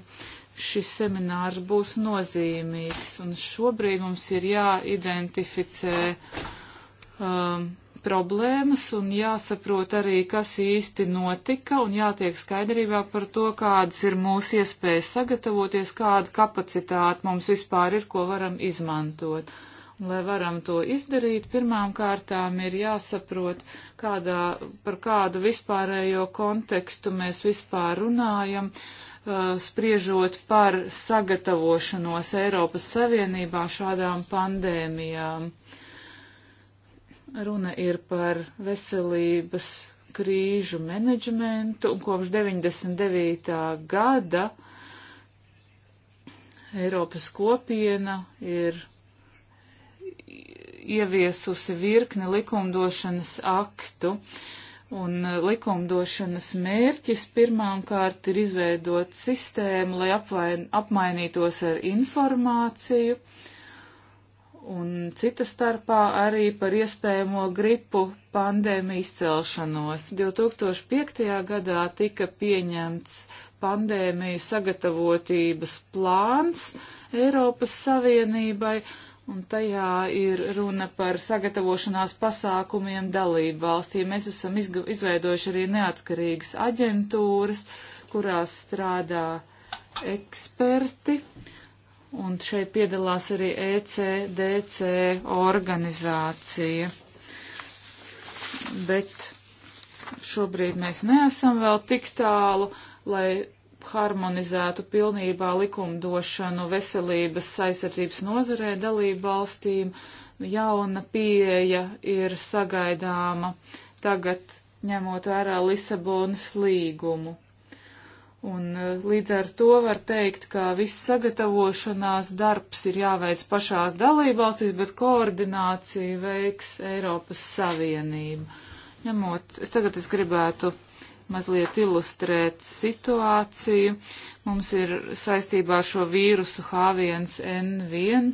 šis seminārs būs nozīmīgs, un šobrīd mums ir jāidentificē um, problēmas un jāsaprot arī, kas īsti notika un jātiek skaidrībā par to, kādas ir mūsu iespējas sagatavoties, kāda kapacitāte mums vispār ir, ko varam izmantot. Un, lai varam to izdarīt, pirmām kārtām ir jāsaprot, kādā, par kādu vispārējo kontekstu mēs vispār runājam, uh, spriežot par sagatavošanos Eiropas Savienībā šādām pandēmijām Runa ir par veselības krīžu menedžmentu, un kopš 99. gada Eiropas kopiena ir ieviesusi virkni likumdošanas aktu, un likumdošanas mērķis pirmām kārt ir izveidot sistēmu, lai apvain, apmainītos ar informāciju, uh, un cita starpā arī par iespējamo gripu pandēmiju izcelšanos. 2005. gadā tika pieņemts pandēmiju sagatavotības plāns Eiropas Savienībai, un tajā ir runa par sagatavošanās pasākumiem dalību valstīm. Mēs esam izveidojuši arī neatkarīgas aģentūras, kurās strādā eksperti. Uh, un šeit piedalās arī ECDC organizācija. Bet šobrīd mēs neesam vēl tik tālu, lai harmonizētu pilnībā likumdošanu veselības aizsardzības nozarē dalību valstīm. Jauna pieeja ir sagaidāma tagad, ņemot vērā Lisabonas līgumu. Un e, līdz ar to var teikt, ka viss sagatavošanās darbs ir jāveic pašās dalībvalstīs, bet koordināciju veiks Eiropas Savienība. Ņemot, es tagad es gribētu mazliet ilustrēt situāciju. Mums ir saistībā ar šo vīrusu H1N1.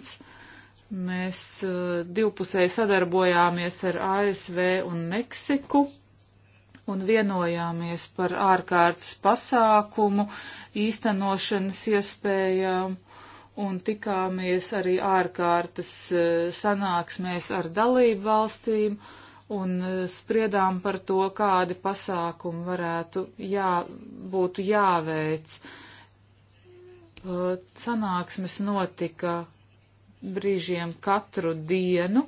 Mēs uh, divpusēji sadarbojāmies ar ASV un Meksiku un vienojāmies par ārkārtas pasākumu īstenošanas iespējām un tikāmies arī ārkārtas eh, sanāksmēs ar dalību valstīm un eh, spriedām par to, kādi pasākumi varētu jā, būtu jāveic. Eh, sanāksmes notika brīžiem katru dienu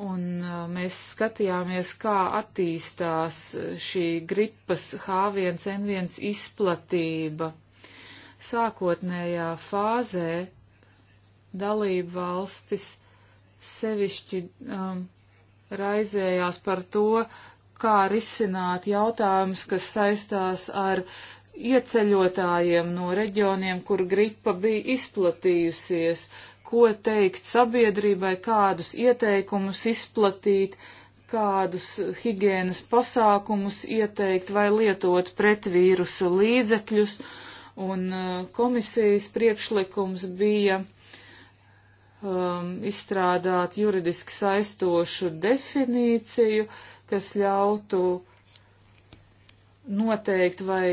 Un uh, mēs skatījāmies, kā attīstās šī gripas H1N1 izplatība. Sākotnējā fāzē dalību valstis sevišķi um, raizējās par to, kā risināt jautājumus, kas saistās ar ieceļotājiem no reģioniem, kur gripa bija izplatījusies, ko teikt sabiedrībai, kādus ieteikumus izplatīt, kādus higienas pasākumus ieteikt vai lietot pretvīrusu līdzekļus. Un uh, komisijas priekšlikums bija um, izstrādāt juridiski saistošu definīciju, kas ļautu noteikt, vai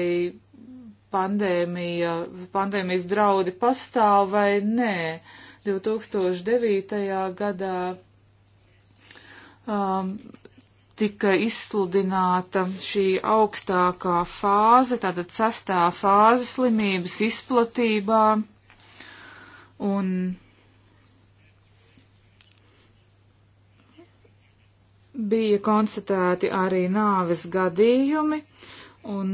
pandēmija, pandēmijas draudi pastāv vai nē. Uh, 2009. gadā um, tika izsludināta šī augstākā fāze, tātad sastā fāze slimības izplatībā. Un bija konstatēti arī nāves gadījumi, un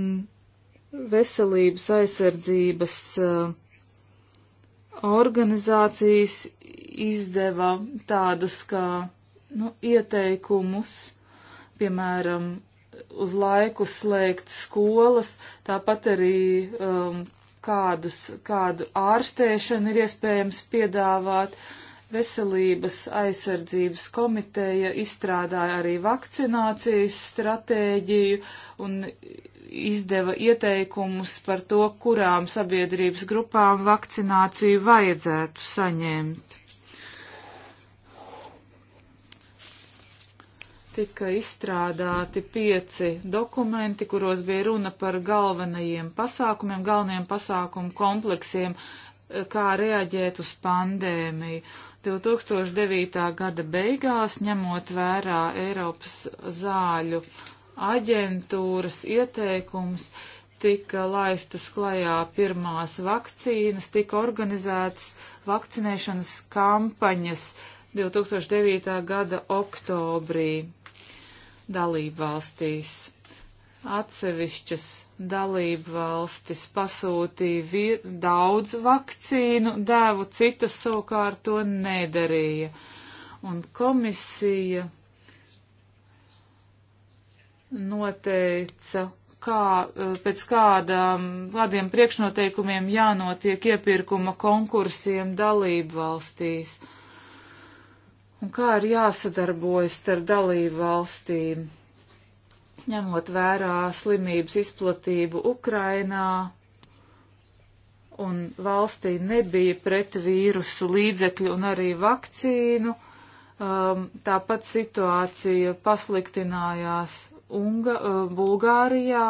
veselības aizsardzības uh, organizācijas izdeva tādus kā nu, ieteikumus, piemēram, uz laiku slēgt skolas, tāpat arī um, kādus, kādu ārstēšanu ir iespējams piedāvāt. Veselības aizsardzības komiteja izstrādāja arī vakcinācijas stratēģiju un izdeva ieteikumus par to, kurām sabiedrības grupām vakcināciju vajadzētu saņemt. Tika izstrādāti pieci dokumenti, kuros bija runa par galvenajiem pasākumiem, galvenajiem pasākumu kompleksiem, eh, kā reaģēt uz pandēmiju. 2009. gada beigās, ņemot vērā Eiropas zāļu aģentūras ieteikums tika laistas klajā pirmās vakcīnas, tika organizētas vakcinēšanas kampaņas 2009. gada oktobrī dalību valstīs. Atsevišķas dalību valstis pasūtīja daudz vakcīnu devu, citas savukārt to nedarīja. Un komisija noteica, kā, eh, pēc kādām, kādiem priekšnoteikumiem jānotiek iepirkuma konkursiem dalību valstīs un kā ir jāsadarbojas ar dalību valstīm, ņemot vērā slimības izplatību Ukrainā, un valstī nebija pret vīrusu līdzekļu un arī vakcīnu, um, tāpat situācija pasliktinājās Unga, uh, Bulgārijā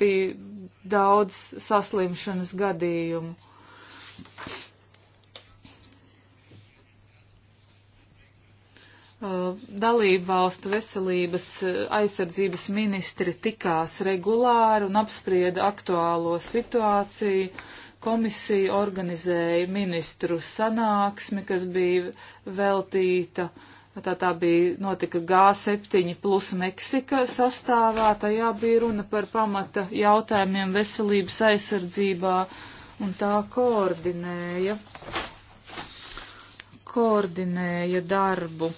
bija daudz saslimšanas gadījumu. Uh, dalību valstu veselības uh, aizsardzības ministri tikās regulāri un apsprieda aktuālo situāciju. Komisija organizēja ministru sanāksmi, kas bija veltīta uh, tā, tā bija notika G7 plus Meksika sastāvā, tajā bija runa par pamata jautājumiem veselības aizsardzībā un tā koordinēja, koordinēja darbu.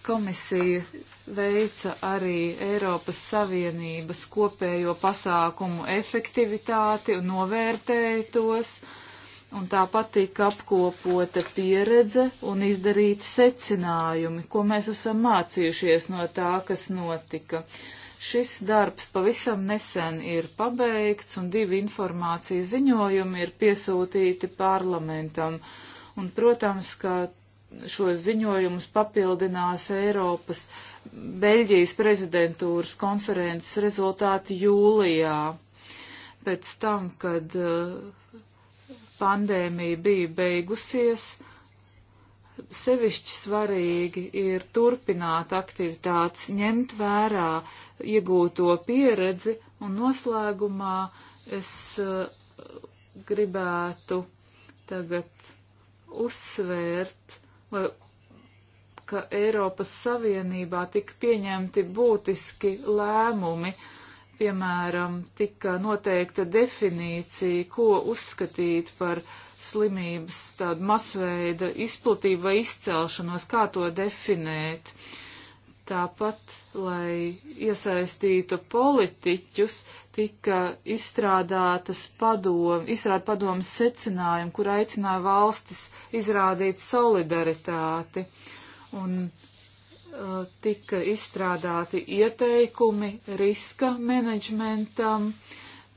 Komisija veica arī Eiropas Savienības kopējo pasākumu efektivitāti un novērtēja tos. Uh, un tāpat tika apkopota pieredze un izdarīti secinājumi, ko mēs esam mācījušies no tā, kas notika. Šis darbs pavisam nesen ir pabeigts, un divi informācijas ziņojumi ir piesūtīti parlamentam. Un, protams, ka šos ziņojumus papildinās Eiropas Beļģijas prezidentūras konferences rezultāti jūlijā. Pēc tam, kad uh, pandēmija bija beigusies, sevišķi svarīgi ir turpināt aktivitātes, ņemt vērā iegūto pieredzi un noslēgumā es eh, gribētu tagad uzsvērt, vai, ka Eiropas Savienībā tika pieņemti būtiski lēmumi Piemēram, tika noteikta definīcija, ko uzskatīt par slimības tādu masveida izplatību vai izcelšanos, kā to definēt. Tāpat, lai iesaistītu politiķus, tika izstrādātas padom, izstrāda padomas secinājumi, kur aicināja valstis izrādīt solidaritāti. Un tika izstrādāti ieteikumi riska menedžmentam.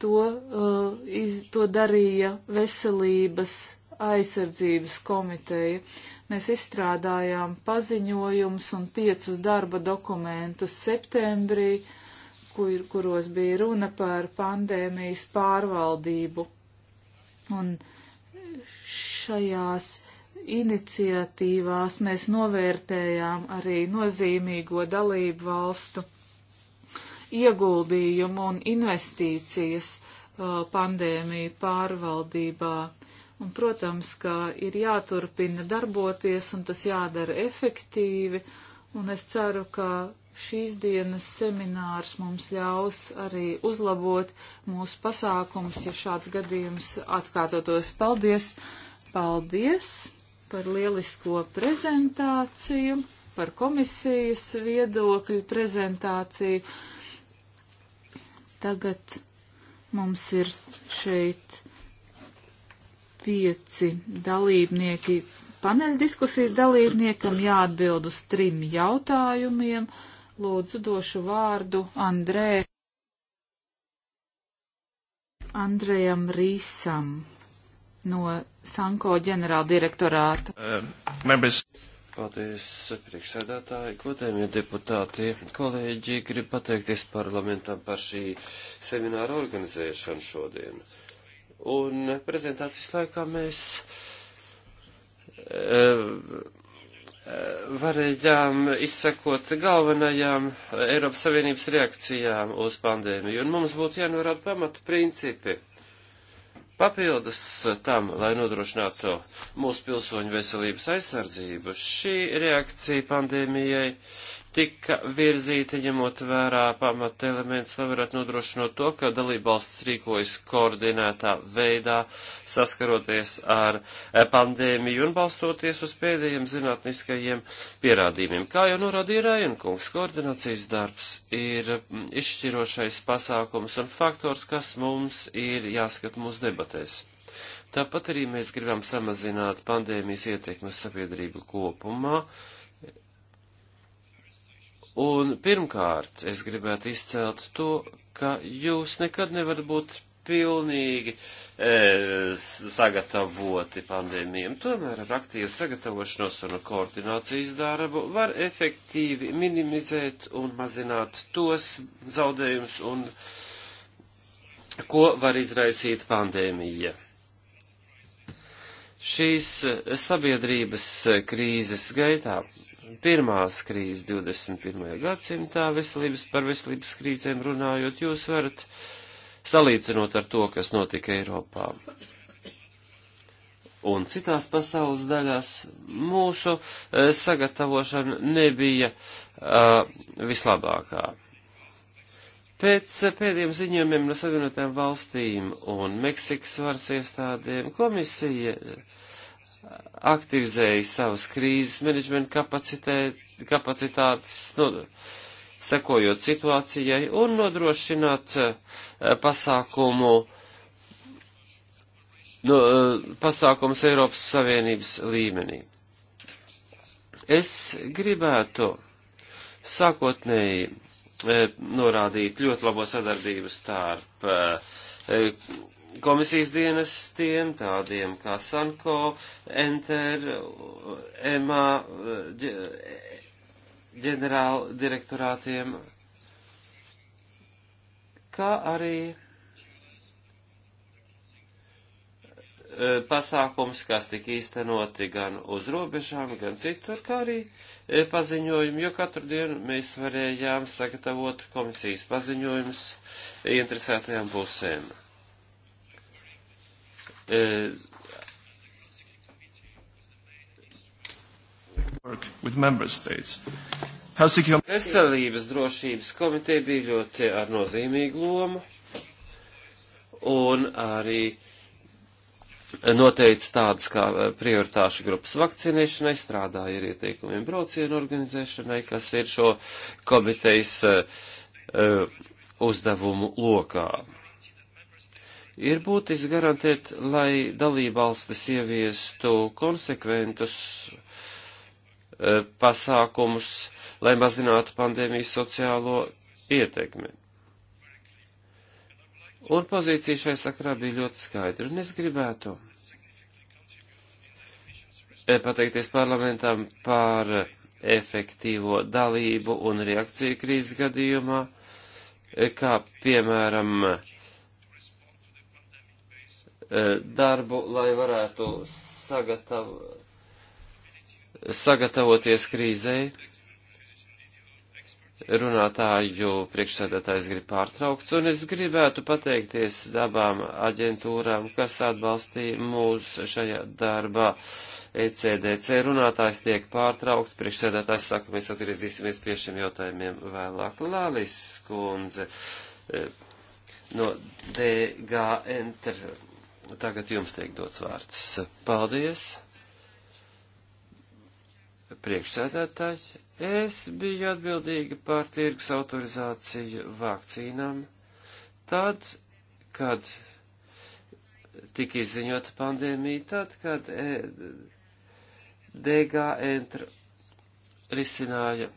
To, uh, iz, to darīja veselības aizsardzības komiteja. Mēs izstrādājām paziņojums un piecus darba dokumentus septembrī, kur, kuros bija runa par pandēmijas pārvaldību. Un šajās iniciatīvās mēs novērtējām arī nozīmīgo dalību valstu ieguldījumu un investīcijas uh, pandēmiju pārvaldībā. Un, protams, ka ir jāturpina darboties un tas jādara efektīvi, un es ceru, ka šīs dienas seminārs mums ļaus arī uzlabot mūsu pasākums, ja šāds gadījums atkārtotos. Paldies! Paldies! par lielisko prezentāciju, par komisijas viedokļu prezentāciju. Tagad mums ir šeit pieci dalībnieki, paneļdiskusijas dalībniekam jāatbild uz trim jautājumiem. Lūdzu, došu vārdu Andrē. Andrejam Rīsam no Sanko ģenerāla direktorāta. Uh, Paldies, priekšsēdētāji, godējumie deputāti, kolēģi, gribu pateikties parlamentam par šī semināra organizēšanu šodien. Un prezentācijas laikā mēs uh, varējām izsekot galvenajām Eiropas Savienības reakcijām uz pandēmiju, un mums būtu jānorāda pamata principi Papildus tam, lai nodrošinātu mūsu pilsoņu veselības aizsardzību, šī reakcija pandēmijai tika virzīta ņemot vērā pamata elements, lai varētu nodrošinot to, ka dalībvalsts rīkojas koordinētā veidā, saskaroties ar e, pandēmiju un balstoties uz pēdējiem zinātniskajiem pierādījumiem. Kā jau norādīja Rajankungs, koordinācijas darbs ir izšķirošais pasākums un faktors, kas mums ir jāskat mūsu debatēs. Tāpat arī mēs gribam samazināt pandēmijas ietekmes sabiedrību kopumā, uh, Un pirmkārt, es gribētu izcelt to, ka jūs nekad nevarat būt pilnīgi e, sagatavoti pandēmijam. Tomēr ar aktīvu sagatavošanos un koordinācijas darbu var efektīvi minimizēt un mazināt tos zaudējumus, un, ko var izraisīt pandēmija. Šīs sabiedrības krīzes gaitā pirmās krīzes 21. gadsimtā veselības par veselības krīzēm runājot, jūs varat salīdzinot ar to, kas notika Eiropā. Un citās pasaules daļās mūsu e, sagatavošana nebija uh, vislabākā. Pēc pēdējiem ziņojumiem no Savienotām valstīm un Meksikas varas iestādēm komisija uh, aktivizēja savas krīzes menedžmenta kapacitātes, nu, sekojot situācijai un nodrošināt eh, pasākumu, nu, eh, pasākums Eiropas Savienības līmenī. Es gribētu sākotnēji eh, norādīt ļoti labo sadarbību starp komisijas dienestiem, tādiem kā Sanko, Enter, EMA, ģenerāla direktorātiem, kā arī e, pasākums, kas tika īstenoti gan uz robežām, gan citur, kā arī e, paziņojumi, jo katru dienu mēs varējām sagatavot komisijas paziņojumus interesētajām pusēm. E, veselības drošības komiteja bija ļoti ar nozīmīgu lomu un arī noteica tādas kā e, prioritāšu grupas vakcinēšanai, strādāja ar ieteikumiem braucienu organizēšanai, kas ir šo komitejas uh, uzdevumu lokā. Ir būtiski garantēt, lai dalībvalstis ieviestu konsekventus e, pasākumus, lai mazinātu pandēmijas sociālo ietekmi. Un pozīcija šai sakrā bija ļoti skaidra, un es gribētu e, pateikties parlamentam par efektīvo dalību un reakciju krīzes gadījumā, e, kā piemēram E, darbu, lai varētu sagatav, sagatavoties krīzei. Runātāju priekšsēdētājs grib pārtraukt, un es gribētu pateikties dabām aģentūrām, kas atbalstīja mūs šajā darbā. ECDC runātājs tiek pārtraukts, priekšsēdētājs saka, mēs atgriezīsimies pie šiem jautājumiem vēlāk. Lālis Kundze e, no DGN. Tagad jums tiek dots vārds. Paldies! Priekšsēdētājs, es biju atbildīga par tirgus autorizāciju vakcīnām tad, kad tika izziņota pandēmija, tad, kad e, DG entra risināja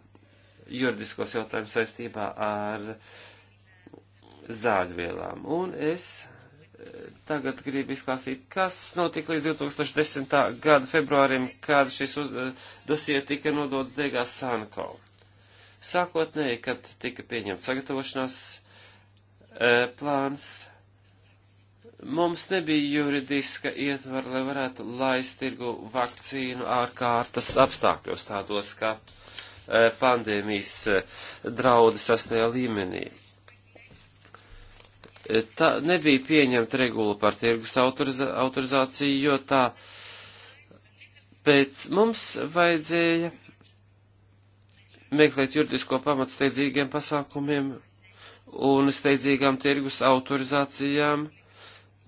juridiskos jautājumus saistībā ar zāļvielām. Un es tagad gribu izklāstīt, kas notika līdz 2010. gada februārim, kad šis eh, dosie tika nodots Degās Sanko. Sākotnēji, kad tika pieņemts sagatavošanās e, plāns, mums nebija juridiska ietvara, lai varētu laist tirgu vakcīnu ārkārtas apstākļos tādos kā e, pandēmijas e, draudi sastajā līmenī tā nebija pieņemta regula par tirgus autorizā, autorizāciju, jo tā pēc mums vajadzēja meklēt juridisko pamatu steidzīgiem pasākumiem un steidzīgām tirgus autorizācijām,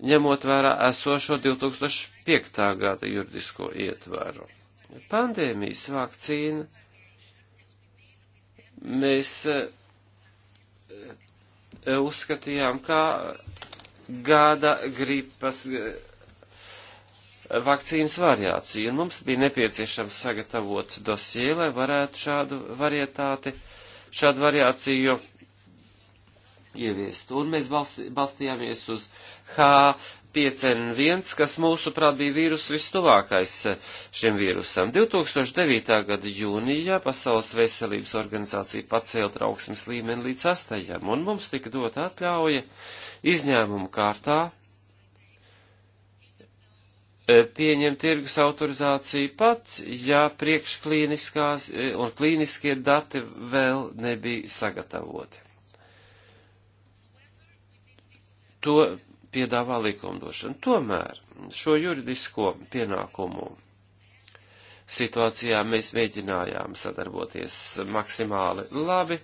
ņemot vērā esošo 2005. gada juridisko ietvaru. Pandēmijas vakcīna mēs Eh, uzskatījām, kā gada gripas eh, vakcīnas variāciju, un mums bija nepieciešams sagatavot dosie, lai varētu šādu varietāti, šādu variāciju ieviest. Un mēs balstījāmies uz H 5N1, kas mūsuprāt bija vīrus vistuvākais eh, šiem vīrusam. 2009. gada jūnijā Pasaules veselības organizācija pacēla trauksmes līmeni līdz 8, un mums tika dota atļauja izņēmumu kārtā eh, pieņemt tirgus autorizāciju pats, ja priekšklīniskās eh, un klīniskie dati vēl nebija sagatavoti. To piedāvā likumdošana. Tomēr šo juridisko pienākumu situācijā mēs mēģinājām sadarboties maksimāli labi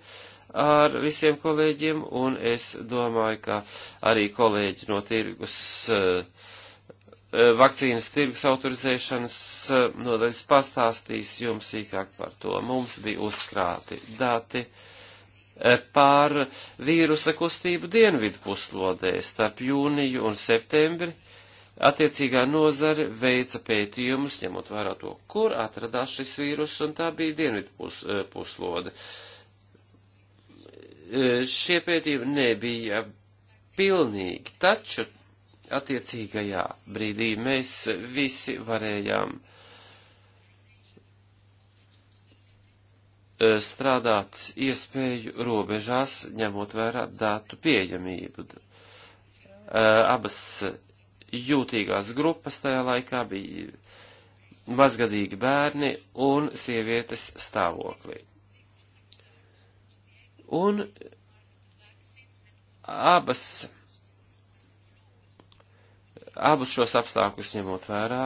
ar visiem kolēģiem, un es domāju, ka arī kolēģi no tirgus, eh, vakcīnas tirgus autorizēšanas eh, nodaļas pastāstīs jums sīkāk par to. Mums bija uzkrāti dati. Uh, pār vīrusa kustību dienvidu puslodē starp jūniju un septembri. Attiecīgā nozare veica pētījumus, ņemot vērā to, kur atradās šis vīrus, un tā bija dienvidu pus, eh, puslode. Eh, šie pētījumi nebija pilnīgi, taču attiecīgajā brīdī mēs visi varējām uh, Eh, strādāt iespēju robežās, ņemot vērā datu pieejamību. Eh, abas jūtīgās grupas tajā laikā bija mazgadīgi bērni un sievietes stāvoklī. Un abas Abus šos apstākļus ņemot vērā,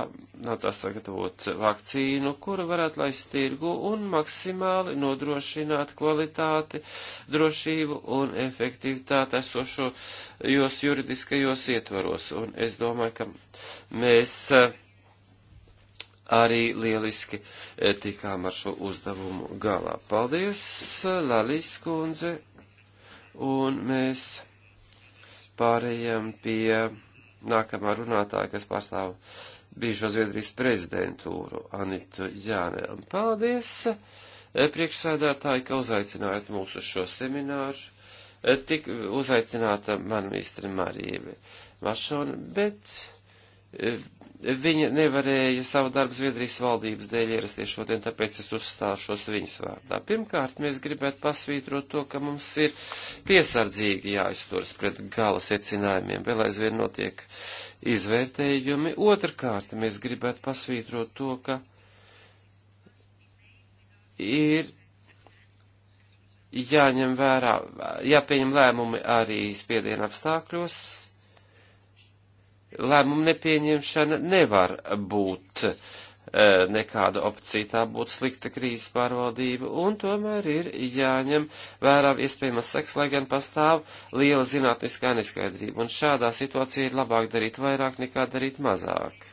nācās sagatavot vakcīnu, kuru varētu laist tirgu un maksimāli nodrošināt kvalitāti, drošību un efektivitāti esošos juridiskajos ietvaros. Un es domāju, ka mēs eh, arī lieliski eh, tikām ar šo uzdevumu galā. Paldies, Lalis kundze, un mēs pārējām pie nākamā runātāja, kas pārstāv bijušo Zviedrijas prezidentūru, Anitu Jānēm. Paldies, e, priekšsēdētāji, ka uzaicinājāt mūs uz šo semināru. E, tik uzaicināta man mīstri Marīve Mašona, bet Viņa nevarēja savu darbu Zviedrijas valdības dēļ ierasties šodien, tāpēc es uzstāšos viņas vārdā. Pirmkārt, mēs gribētu pasvītrot to, ka mums ir piesardzīgi jāizturas pret gala secinājumiem, vēl aizvien notiek izvērtējumi. Otrkārt, mēs gribētu pasvītrot to, ka ir jāņem vērā, jāpieņem lēmumi arī spiediena apstākļos lēmumu nepieņemšana nevar būt e, nekāda opcija, tā būtu slikta krīzes pārvaldība, un tomēr ir jāņem vērā iespējamas seks, lai gan pastāv liela zinātniskā neskaidrība, un šādā situācijā ir labāk darīt vairāk nekā darīt mazāk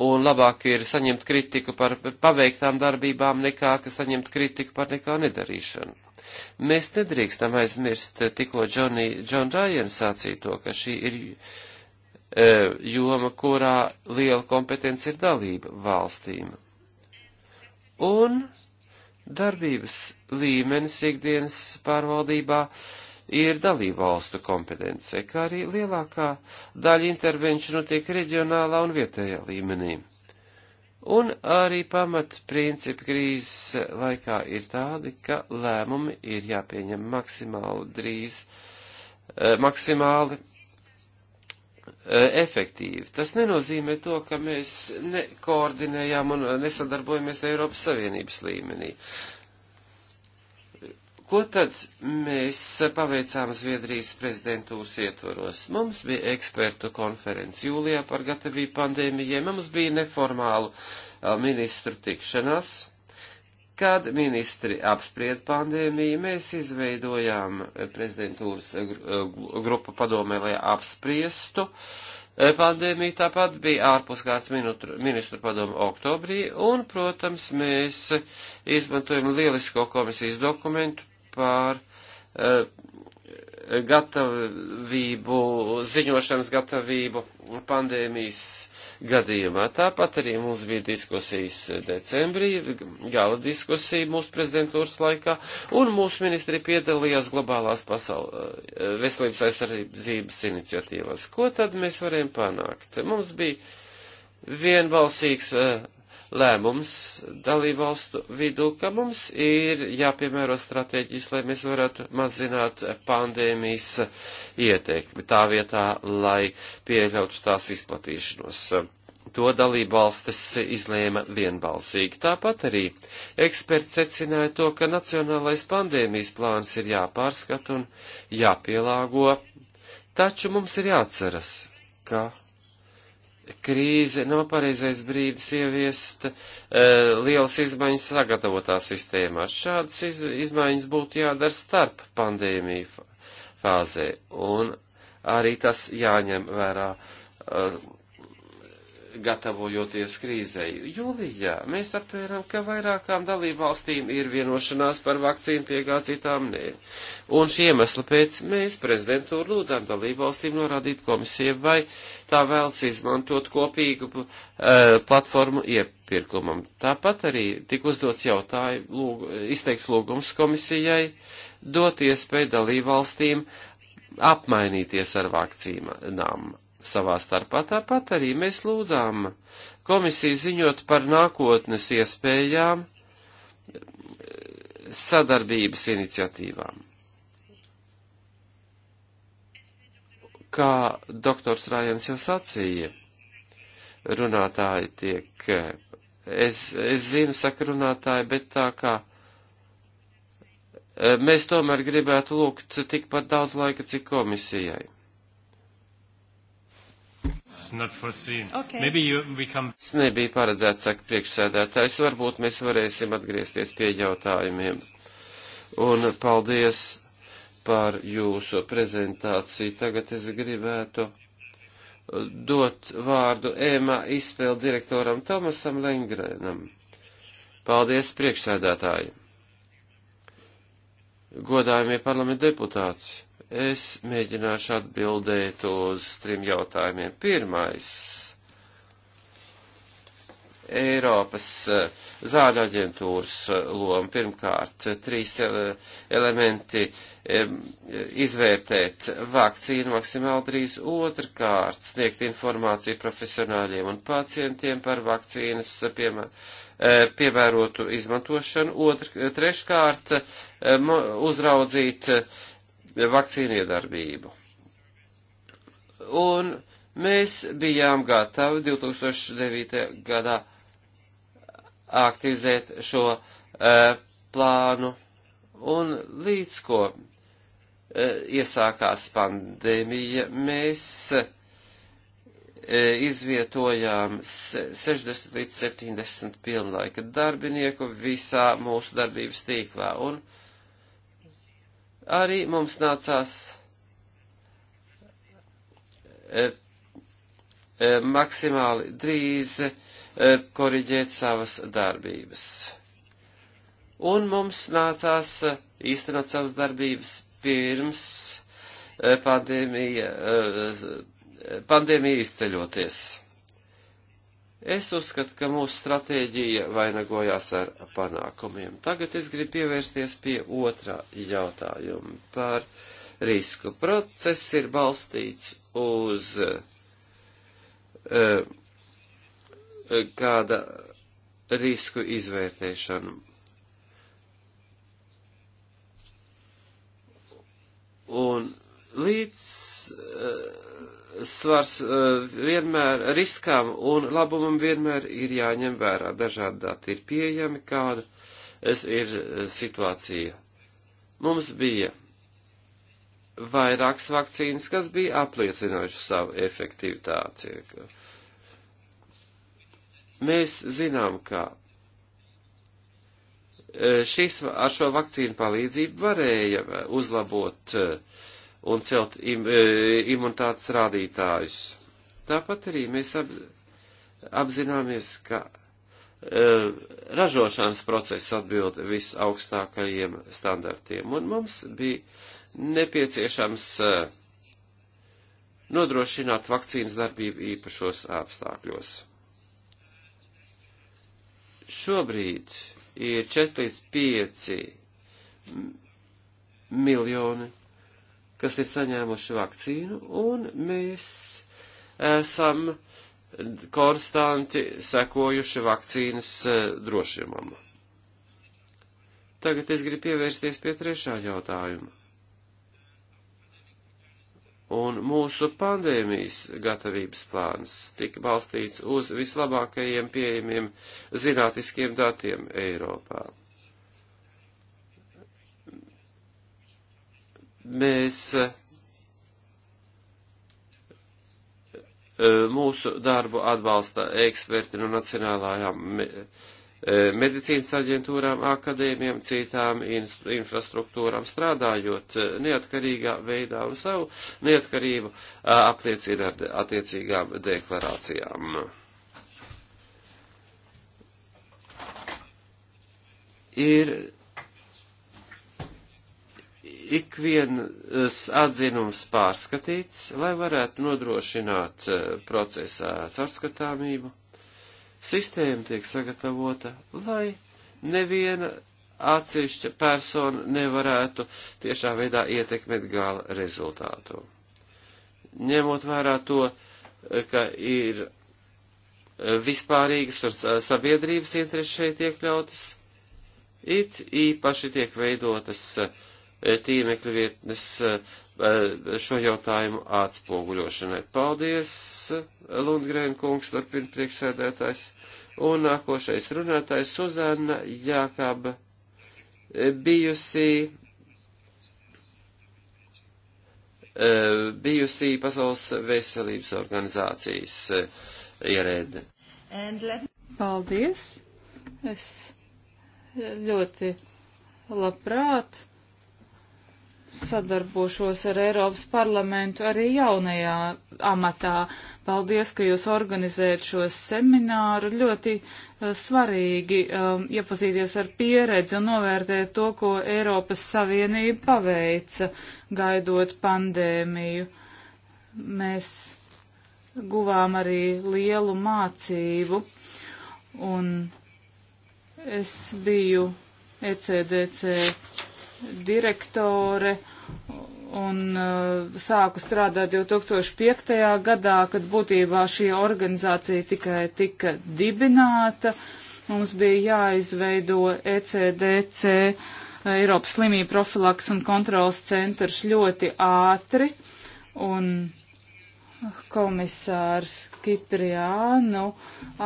un labāk ir saņemt kritiku par paveiktām darbībām nekā saņemt kritiku par nekā nedarīšanu. Mēs nedrīkstam aizmirst tikko Džoni, Džon Ryan sacīja to, ka šī ir e, joma, kurā liela kompetence ir dalība valstīm. Un darbības līmenis ikdienas pārvaldībā uh, ir dalību valstu kompetence, kā arī lielākā daļa intervenciju notiek reģionālā un vietējā līmenī. Un arī pamats principi krīzes laikā ir tādi, ka lēmumi ir jāpieņem maksimāli drīz, eh, maksimāli eh, efektīvi. Tas nenozīmē to, ka mēs nekoordinējām un nesadarbojamies Eiropas Savienības līmenī. Ko tad mēs paveicām Zviedrijas prezidentūras ietvaros? Mums bija ekspertu konference jūlijā par gatavību pandēmijai, mums bija neformālu ministru tikšanās, Kad ministri apspried pandēmiju, mēs izveidojām prezidentūras grupu padomē, lai apspriestu pandēmiju. Tāpat bija ārpusgāds ministru padomu oktobrī, un, protams, mēs izmantojam lielisko komisijas dokumentu par eh, gatavību, ziņošanas gatavību pandēmijas gadījumā. Tāpat arī mums bija diskusijas decembrī, gala diskusija mūsu prezidentūras laikā, un mūsu ministri piedalījās globālās pasaules eh, veselības aizsardzības iniciatīvas. Ko tad mēs varējām panākt? Mums bija vienbalsīgs eh, lēmums dalībvalstu vidū, ka mums ir jāpiemēro stratēģijas, lai mēs varētu mazināt pandēmijas ietekmi tā vietā, lai pieļautu tās izplatīšanos. To dalībvalstis izlēma vienbalsīgi. Tāpat arī eksperts secināja to, ka nacionālais pandēmijas plāns ir jāpārskata un jāpielāgo, taču mums ir jāatceras, ka krīze nav pareizais brīdis ieviest e, lielas izmaiņas sagatavotā sistēmā. Šādas iz, izmaiņas būtu jādara starp pandēmiju fāzē, un arī tas jāņem vērā e, gatavojoties krīzei. Jūlijā mēs aptvēram, ka vairākām dalībvalstīm ir vienošanās par vakcīnu piegādi, citām nē. Un šī iemesla pēc mēs prezidentūru lūdzām dalībvalstīm norādīt komisiju, vai tā vēlas izmantot kopīgu uh, platformu iepirkumam. Tāpat arī tika uzdots jautājums, lūg, izteikts lūgums komisijai dot iespēju dalībvalstīm apmainīties ar vakcīnām savā starpā. Tāpat arī mēs lūdzām komisiju ziņot par nākotnes iespējām eh, sadarbības iniciatīvām. Kā doktors Rājans jau sacīja, runātāji tiek, eh, es, es zinu, saka runātāji, bet tā kā eh, mēs tomēr gribētu lūgt tikpat daudz laika, cik komisijai. Okay. Become... Es nebija paredzēts, saka priekšsēdētājs, varbūt mēs varēsim atgriezties pie jautājumiem. Un paldies par jūsu prezentāciju. Tagad es gribētu dot vārdu ēmā izpildu direktoram Tomasam Lengrenam. Paldies priekšsēdētāji! Godājumie parlamenta deputāti! Es mēģināšu atbildēt uz trim jautājumiem. Pirmais. Eiropas eh, zāļu aģentūras eh, loma. Pirmkārt, trīs eh, elementi izvērtēt vakcīnu maksimāli drīz. Otrkārt, sniegt informāciju profesionāļiem un pacientiem par vakcīnas piemē, piemērotu izmantošanu. Otr, treškārt, uzraudzīt vakcīnu iedarbību. Un mēs bijām gatavi 2009. gadā aktivizēt šo uh, plānu, un līdz ko uh, iesākās pandēmija, mēs uh, izvietojām 60 līdz 70 pilnlaika darbinieku visā mūsu darbības tīklā, un uh, arī mums nācās e, e, maksimāli drīz e, koriģēt savas darbības. Un mums nācās e, īstenot savas darbības pirms e, pandēmija, e, pandēmija izceļoties. Es uzskatu, ka mūsu stratēģija vainagojās ar panākumiem. Tagad es gribu pievērsties pie otrā jautājuma par risku. Process ir balstīts uz uh, kāda risku izvērtēšanu. Un līdz uh, svars eh, vienmēr riskām un labumam vienmēr ir jāņem vērā. Dažādi dati ir pieejami, kāda es ir eh, situācija. Mums bija vairākas vakcīnas, kas bija apliecinājuši savu efektivitāti. Mēs zinām, ka eh, šīs, ar šo vakcīnu palīdzību varēja uzlabot uh, un celt im, e, imunitātes rādītājus. Tāpat arī mēs ap, apzināmies, ka uh, ražošanas process atbild visaugstākajiem standartiem, un mums bija nepieciešams uh, nodrošināt vakcīnas darbību īpašos apstākļos. Šobrīd ir 4 līdz 5 miljoni kas ir saņēmuši vakcīnu, un mēs esam konstanti sekojuši vakcīnas e, drošumam. Tagad es gribu pievērsties pie trešā jautājuma. Un mūsu pandēmijas gatavības plāns tika balstīts uz vislabākajiem pieejamiem zinātniskiem datiem Eiropā. mēs eh, mūsu darbu atbalsta eksperti no nacionālajām eh, medicīnas aģentūrām, akadēmiem, citām infrastruktūrām strādājot eh, neatkarīgā veidā un savu neatkarību apliecina ar attiecīgām deklarācijām. Ir ikvienas atzinums pārskatīts, lai varētu nodrošināt eh, procesā caurskatāmību. Sistēma tiek sagatavota, lai neviena atsevišķa persona nevarētu tiešā veidā ietekmēt gala rezultātu. Ņemot vērā to, eh, ka ir eh, vispārīgas un sabiedrības intereses šeit iekļautas, it īpaši tiek veidotas uh, tīmekļu vietnes eh, šo jautājumu atspoguļošanai. Paldies, Lundgren kungs, turpina priekšsēdētājs. Un nākošais runātājs Suzana Jākaba eh, bijusi, eh, bijusi Pasaules veselības organizācijas ierēde. Paldies! Es ļoti labprāt sadarbošos ar Eiropas parlamentu arī jaunajā amatā. Paldies, ka jūs organizējat šo semināru. Ļoti uh, svarīgi um, iepazīties ar pieredzi un novērtēt to, ko Eiropas Savienība paveica, gaidot pandēmiju. Mēs guvām arī lielu mācību un es biju ECDC direktore un uh, sāku strādāt 2005. gadā, kad būtībā šī organizācija tikai tika dibināta. Mums bija jāizveido ECDC, Eiropas slimību profilaks un kontrols centrs ļoti ātri, un komisārs Kipriānu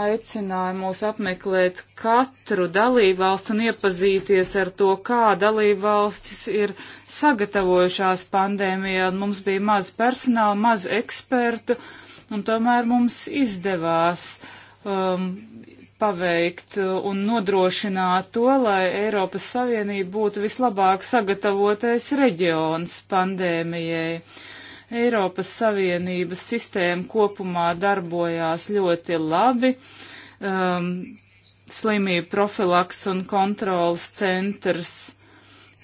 aicināja mūs apmeklēt katru dalībvalstu un iepazīties ar to, kā dalībvalstis ir sagatavojušās pandēmijā. Mums bija maz personāla, maz ekspertu, un tomēr mums izdevās um, paveikt un nodrošināt to, lai Eiropas Savienība būtu vislabāk sagatavotais reģions pandēmijai. Eiropas Savienības sistēma kopumā darbojās ļoti labi. Um, slimību profilaks un kontrolas centrs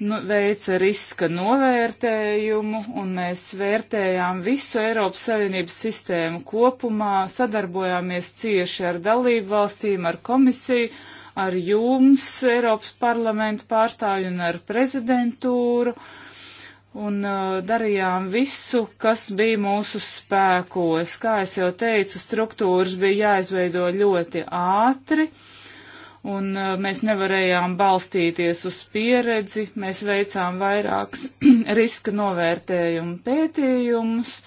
nu, veica riska novērtējumu, un mēs vērtējām visu Eiropas Savienības sistēmu kopumā, sadarbojāmies cieši ar dalību valstīm, ar komisiju, ar jums, Eiropas parlamentu pārstāvju un ar prezidentūru. Uh, un uh, darījām visu, kas bija mūsu spēkos. Kā es jau teicu, struktūras bija jāizveido ļoti ātri, un uh, mēs nevarējām balstīties uz pieredzi. Mēs veicām vairākus riska novērtējumu pētījumus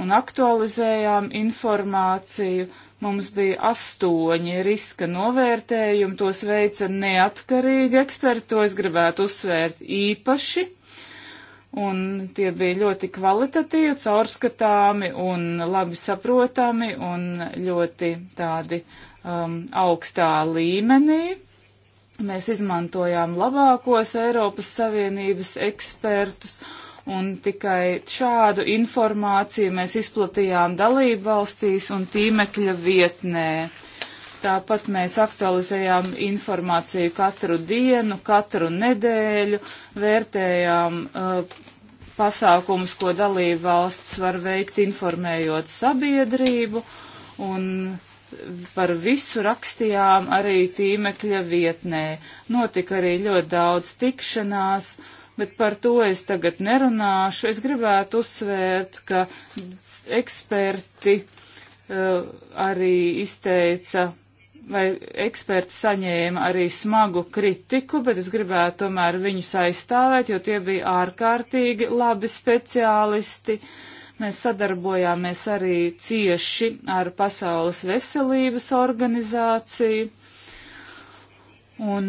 un aktualizējām informāciju. Mums bija astoņi riska novērtējumi, tos veica neatkarīgi eksperti, to es gribētu uzsvērt īpaši un tie bija ļoti kvalitatīvi, caurskatāmi un labi saprotami un ļoti tādi um, augstā līmenī. Mēs izmantojām labākos Eiropas Savienības ekspertus un tikai šādu informāciju mēs izplatījām dalību valstīs un tīmekļa vietnē. Tāpat mēs aktualizējām informāciju katru dienu, katru nedēļu, vērtējām uh, pasākums, ko dalība valsts var veikt informējot sabiedrību, un par visu rakstījām arī tīmekļa vietnē. Notika arī ļoti daudz tikšanās, bet par to es tagad nerunāšu. Es gribētu uzsvērt, ka eksperti uh, arī izteica vai eksperti saņēma arī smagu kritiku, bet es gribētu tomēr viņus aizstāvēt, jo tie bija ārkārtīgi labi speciālisti. Mēs sadarbojāmies arī cieši ar Pasaules veselības organizāciju un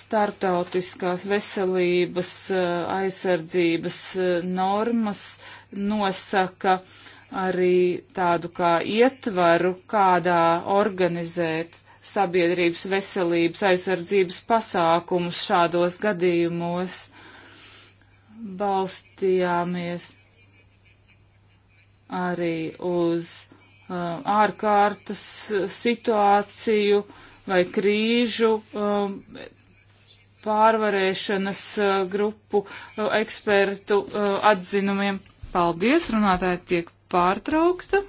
starptautiskās veselības eh, aizsardzības eh, normas nosaka uh, arī tādu kā ietvaru, kādā organizēt sabiedrības veselības aizsardzības pasākumus šādos gadījumos. Balstījāmies arī uz uh, ārkārtas situāciju vai krīžu um, pārvarēšanas uh, grupu uh, ekspertu uh, atzinumiem. Paldies, runātāji tiek pārtraukta.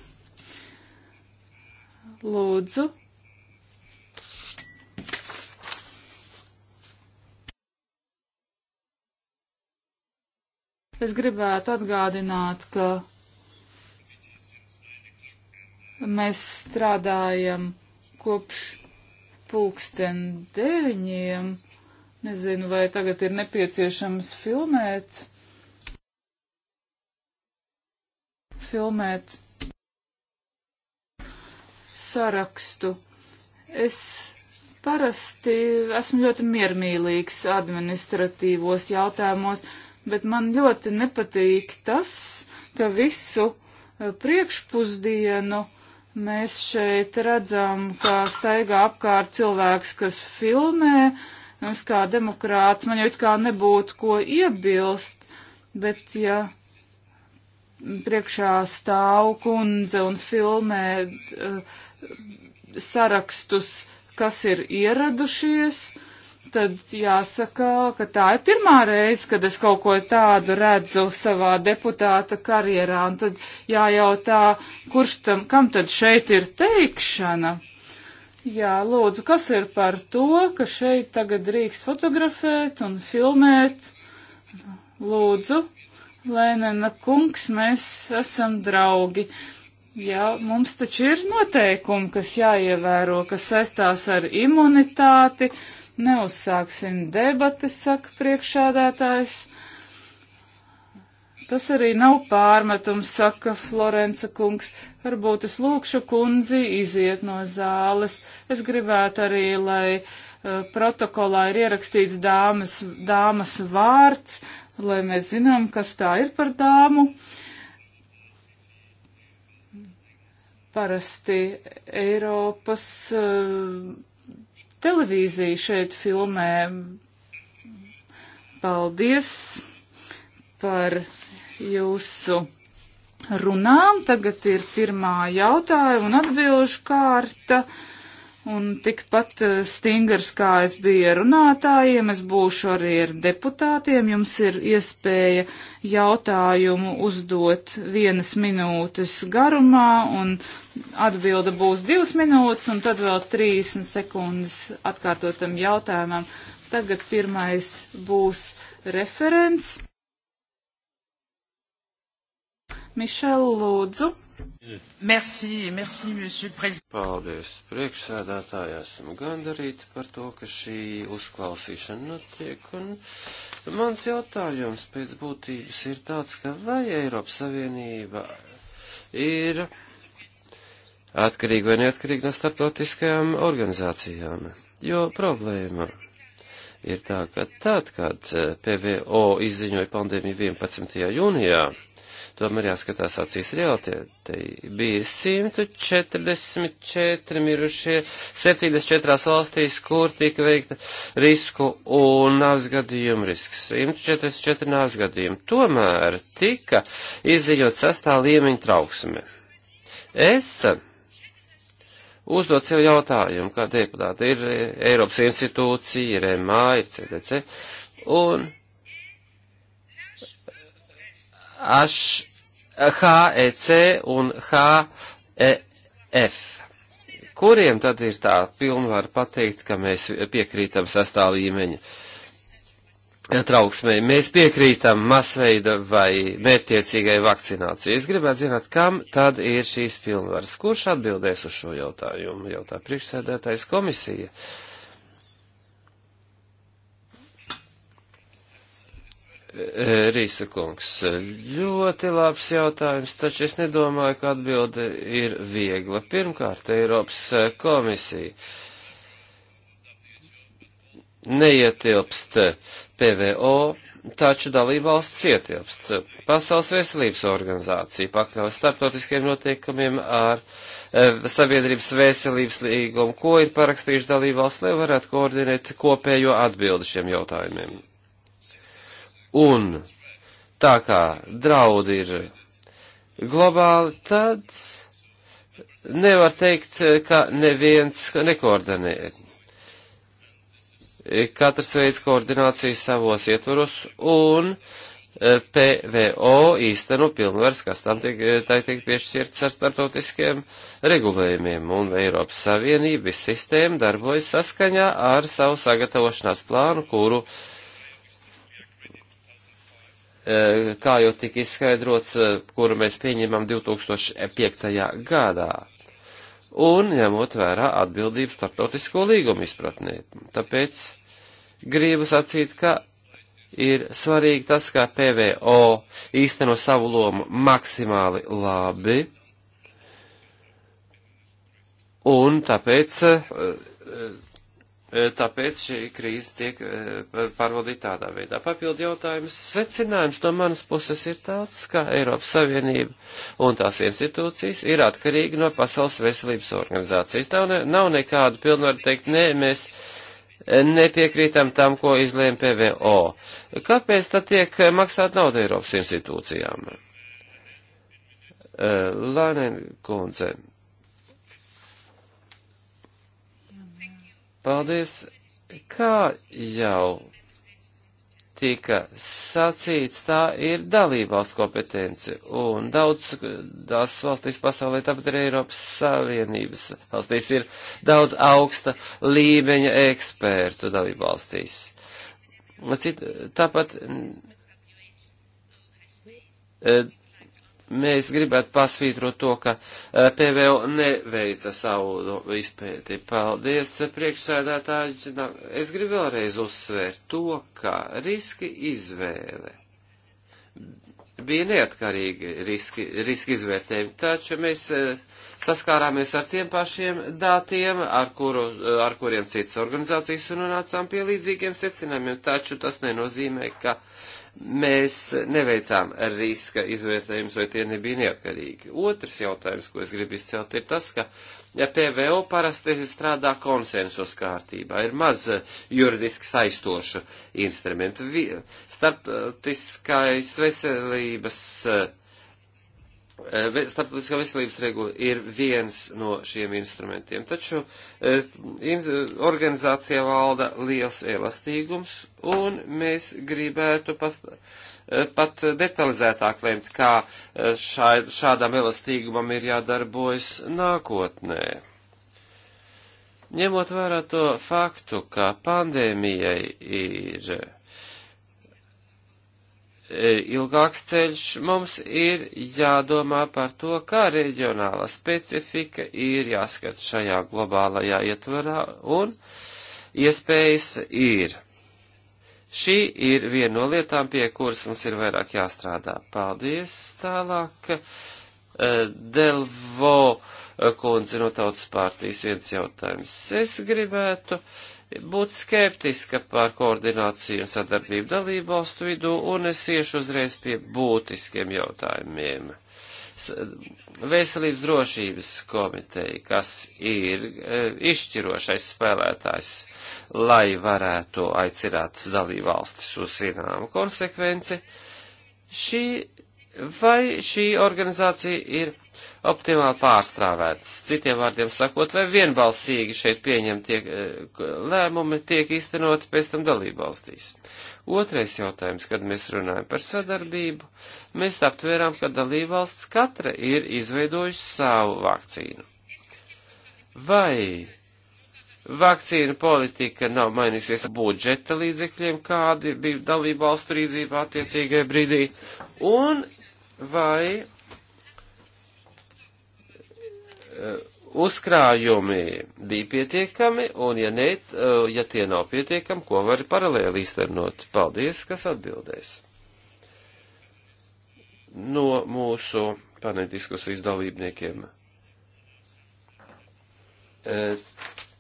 Lūdzu. Es gribētu atgādināt, ka mēs strādājam kopš pulksten deviņiem. Nezinu, vai tagad ir nepieciešams filmēt. filmēt sarakstu. Es parasti esmu ļoti miermīlīgs administratīvos jautājumos, bet man ļoti nepatīk tas, ka visu eh, priekšpusdienu mēs šeit redzam, kā staigā apkārt cilvēks, kas filmē, un es kā demokrāts man jau it kā nebūtu ko iebilst, bet ja priekšā stāv kundze un filmē uh, sarakstus, kas ir ieradušies, tad jāsaka, ka tā ir pirmā reize, kad es kaut ko tādu redzu savā deputāta karjerā, un tad jājautā, kurš tam, kam tad šeit ir teikšana? Jā, lūdzu, kas ir par to, ka šeit tagad drīkst fotografēt un filmēt? Lūdzu. Lēnena kungs, mēs esam draugi. Jā, mums taču ir noteikumi, kas jāievēro, kas saistās ar imunitāti. Neuzsāksim debati, saka priekšādātājs. Tas arī nav pārmetums, saka Florence kungs. Varbūt es lūkšu kundzi iziet no zāles. Es gribētu arī, lai uh, protokolā ir ierakstīts dāmas, dāmas vārds, lai mēs zinām, kas tā ir par dāmu. Parasti Eiropas uh, televīzija šeit filmē. Paldies par jūsu runām. Tagad ir pirmā jautājuma un atbilžu kārta. Uh, Un tikpat eh, stingrs, kā es biju ar runātājiem, es būšu arī ar deputātiem. Jums ir iespēja jautājumu uzdot vienas minūtes garumā, un atbilde būs divas minūtes, un tad vēl 30 sekundes atkārtotam jautājumam. Tagad pirmais būs referents. Mišel, lūdzu. Merci, merci, monsieur prezidents. Paldies, priekšsēdētāji, esam gandarīti par to, ka šī uzklausīšana notiek. Un mans jautājums pēc būtības ir tāds, ka vai Eiropas Savienība ir atkarīga vai neatkarīga no starptautiskajām organizācijām? Jo problēma ir tā, ka tad, kad PVO izziņoja pandēmiju 11. jūnijā, Tomēr jāskatās acīs realitātei. Bija 144 mirušie 74 valstīs, kur tika veikta risku un nāves gadījumu risks. 144 nāves gadījumu. Tomēr tika izziņot sastā līmeņa trauksme. Es uzdot sev jautājumu, kā deputāti ir Eiropas institūcija, ir MA, ir CDC, un HEC un HEF kuriem tad ir tā pilnvara pateikt, ka mēs piekrītam sastā līmeņa trauksmei, mēs piekrītam masveida vai mērķiecīgai vakcinācijai. Es gribētu zināt, kam tad ir šīs pilnvaras, kurš atbildēs uz šo jautājumu, jautā priekšsēdētājs komisija. Uh, Rīsa kungs, ļoti labs jautājums, taču es nedomāju, ka atbilde ir viegla. Pirmkārt, Eiropas eh, komisija neietilpst eh, PVO, taču dalībvalsts ietilpst. Pasaules veselības organizācija pakļaujas starptautiskiem noteikumiem ar eh, sabiedrības veselības līgumu, ko ir parakstījuši dalībvalsts, lai varētu koordinēt kopējo atbildi šiem jautājumiem. Un tā kā draudi ir globāli, tad nevar teikt, ka neviens nekoordinē. Katrs veids koordinācijas savos ietvaros un e, PVO īsteno pilnvars, kas tam tiek, e, tā tiek piešķirts ar startautiskiem regulējumiem, un Eiropas Savienības sistēma darbojas saskaņā ar savu sagatavošanās plānu, kuru uh, Eh, kā jau tika izskaidrots, eh, kuru mēs pieņemam 2005. gadā. Un ņemot vērā atbildību starptautisko līgumu izpratnē. Tāpēc gribu sacīt, ka ir svarīgi tas, kā PVO īsteno savu lomu maksimāli labi. Un tāpēc uh, uh, Eh, tāpēc šī krīze tiek eh, pārvaldīta tādā veidā. Papildu jautājums. Secinājums no manas puses ir tāds, ka Eiropas Savienība un tās institūcijas ir atkarīgi no Pasaules veselības organizācijas. Nav, ne, nav nekādu pilnvaru teikt, nē, mēs nepiekrītam tam, ko izlēma PVO. Kāpēc tad tiek eh, maksāt naudu Eiropas institūcijām? Lānen kundze, Paldies! Kā jau tika sacīts, tā ir dalībvalsts kompetence, un daudz tās valstīs pasaulē, tāpat arī Eiropas Savienības valstīs, ir daudz augsta līmeņa ekspertu dalībvalstīs. Cit, tāpat e, Mēs gribētu pasvītrot to, ka eh, PVO neveica savu izpēti. Paldies, priekšsēdētāji. Es gribu vēlreiz uzsvērt to, ka riski izvēle bija neatkarīgi riski, riski izvērtējumi, taču mēs eh, saskārāmies ar tiem pašiem datiem, ar, kuru, eh, ar kuriem citas organizācijas un nonācām pie līdzīgiem secinājumiem, taču tas nenozīmē, ka Mēs neveicām riska izvērtējumus, vai tie nebija neatkarīgi. Otrs jautājums, ko es gribu izcelt, ir tas, ka ja PVO parasti strādā konsensus kārtībā, ir maz juridiski saistošu instrumentu. Starptiskais veselības Eh, starptautiskā veselības regula ir viens no šiem instrumentiem, taču eh, organizācijā valda liels elastīgums, un mēs gribētu past, eh, pat detalizētāk lemt, kā šā, šādam elastīgumam ir jādarbojas nākotnē. Ņemot vērā to faktu, ka pandēmijai ir ilgāks ceļš, mums ir jādomā par to, kā reģionālā specifika ir jāskat šajā globālajā ietvarā, un iespējas ir. Šī ir viena no lietām, pie kuras mums ir vairāk jāstrādā. Paldies! Tālāk, eh, Delvo eh, kundze no Tautas pārtīs viens jautājums. Es gribētu uh, būt skeptiska par koordināciju un sadarbību dalību valstu vidū, un es iešu uzreiz pie būtiskiem jautājumiem. Veselības drošības komiteja, kas ir e, izšķirošais spēlētājs, lai varētu aicināt dalību valstis uz zināmu konsekvenci, šī, vai šī organizācija ir optimāli pārstrāvētas. Citiem vārdiem sakot, vai vienbalsīgi šeit pieņemtie eh, lēmumi tiek īstenoti pēc tam dalībvalstīs. Otrais jautājums, kad mēs runājam par sadarbību, mēs aptvērām, ka dalībvalsts katra ir izveidojusi savu vakcīnu. Vai vakcīnu politika nav mainīsies budžeta līdzekļiem, kādi bija dalībvalstu rīcībā attiecīgajā brīdī, un vai Eh, uzkrājumi bija pietiekami, un ja ne, eh, ja tie nav pietiekami, ko var paralēli īstenot? Paldies, kas atbildēs. No mūsu panediskusijas dalībniekiem. Eh,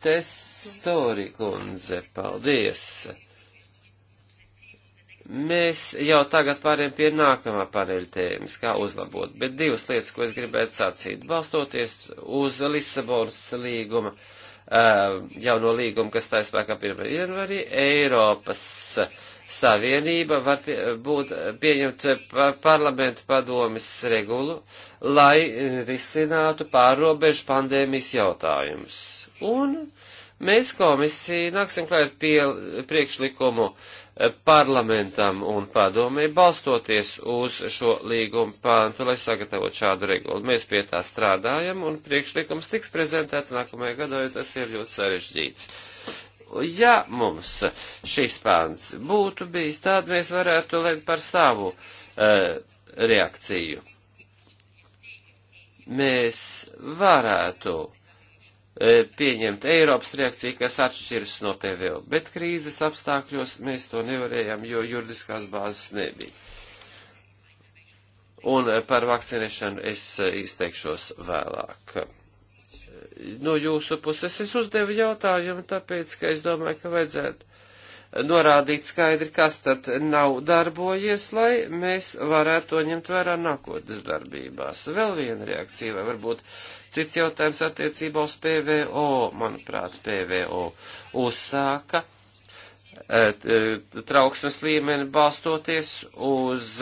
Testori kundze, paldies! Mēs jau tagad pāriem pie nākamā paneļa tēmas, kā uzlabot, bet divas lietas, ko es gribētu sacīt, balstoties uz Lisabonas līguma, eh, jauno līgumu, kas tā spēkā 1. janvarī, Eiropas Savienība var pie, būt pieņemt parlamentu padomis regulu, lai risinātu pārobežu pandēmijas jautājumus. Un mēs komisija nāksim klāt pie priekšlikumu uh, parlamentam un padomē balstoties uz šo līgumu pāntu, lai sagatavotu šādu regulu. Mēs pie tā strādājam un priekšlikums tiks prezentēts nākamajā gadā, jo tas ir ļoti sarežģīts. Ja mums šis pāns būtu bijis, tad mēs varētu lemt par savu uh, reakciju. Mēs varētu E, pieņemt Eiropas reakciju, kas atšķiras no PVO, bet krīzes apstākļos mēs to nevarējām, jo juridiskās bāzes nebija. Un e, par vakcinēšanu es e, izteikšos vēlāk. No jūsu puses es uzdevu jautājumu, tāpēc, ka es domāju, ka vajadzētu norādīt skaidri, kas tad nav darbojies, lai mēs varētu to ņemt vērā nākotnes darbībās. Vēl viena reakcija, vai varbūt cits jautājums attiecībā uz PVO, manuprāt, PVO uzsāka e, e, trauksmes līmeni balstoties uz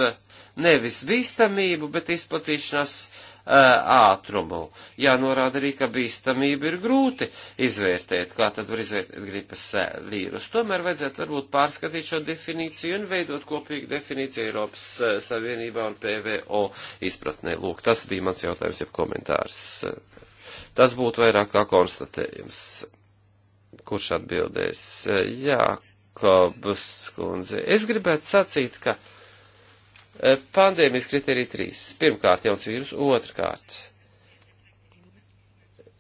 nevis bīstamību, bet izplatīšanās uh, ātrumu. Jānorāda arī, ka bīstamība ir grūti izvērtēt, kā tad var izvērtēt gripas vīrusu. Tomēr vajadzētu varbūt pārskatīt šo definīciju un veidot kopīgu definīciju Eiropas Savienībā un PVO izpratnē. Lūk, tas bija mans jautājums, jeb komentārs. Tas būtu vairāk kā konstatējums. Kurš atbildēs? Jā, Jakobs kundze. Es gribētu sacīt, ka Eh, pandēmijas kriterija trīs. Pirmkārt, jauns vīrus, otrkārt.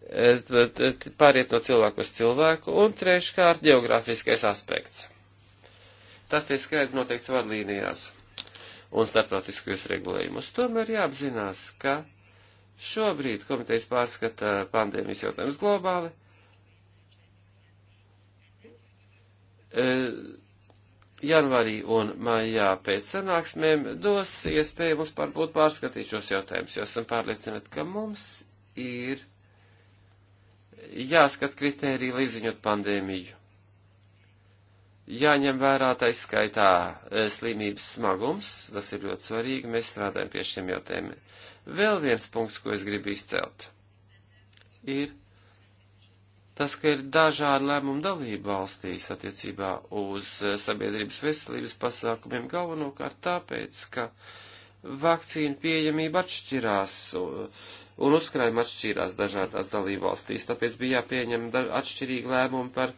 Eh, pāriet no cilvēku uz cilvēku, un treškārt, geogrāfiskais aspekts. Tas ir skaidri noteikts vadlīnijās un starptautiskajos regulējumus. Tomēr jāapzinās, ka šobrīd komitejas pārskata pandēmijas jautājumus globāli. E, janvārī un maijā pēc sanāksmēm dos iespēju mums varbūt pārskatīt šos jautājumus, jo esam pārliecināti, ka mums ir jāskat kritērija, lai ziņot pandēmiju. Jāņem vērā taiskaitā e, slimības smagums, tas ir ļoti svarīgi, mēs strādājam pie šiem jautājumiem. Vēl viens punkts, ko es gribu izcelt, ir tas, ka ir dažādi lēmumi dalība valstīs attiecībā uz eh, sabiedrības veselības pasākumiem galvenokārt tāpēc, ka vakcīnu pieejamība atšķirās un uzkrājumi atšķirās dažādās dalība valstīs, tāpēc bija jāpieņem atšķirīgi lēmumi par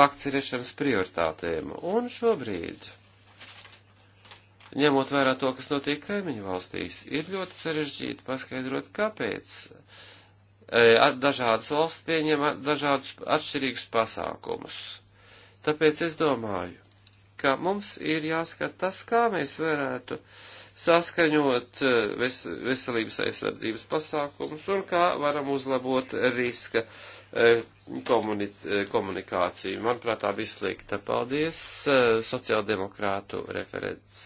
vakcinēšanas prioritātēm. Un šobrīd, ņemot vērā to, kas notiek kaimiņu valstīs, ir ļoti sarežģīti paskaidrot, kāpēc uh, E, dažādas valsts pieņem dažādus atšķirīgus pasākumus. Tāpēc es domāju, ka mums ir jāskat tas, kā mēs varētu saskaņot e, ves veselības aizsardzības pasākumus un kā varam uzlabot riska e, komunic komunikāciju. Manuprāt, tā bija slikta. Paldies, sociāldemokrātu referents.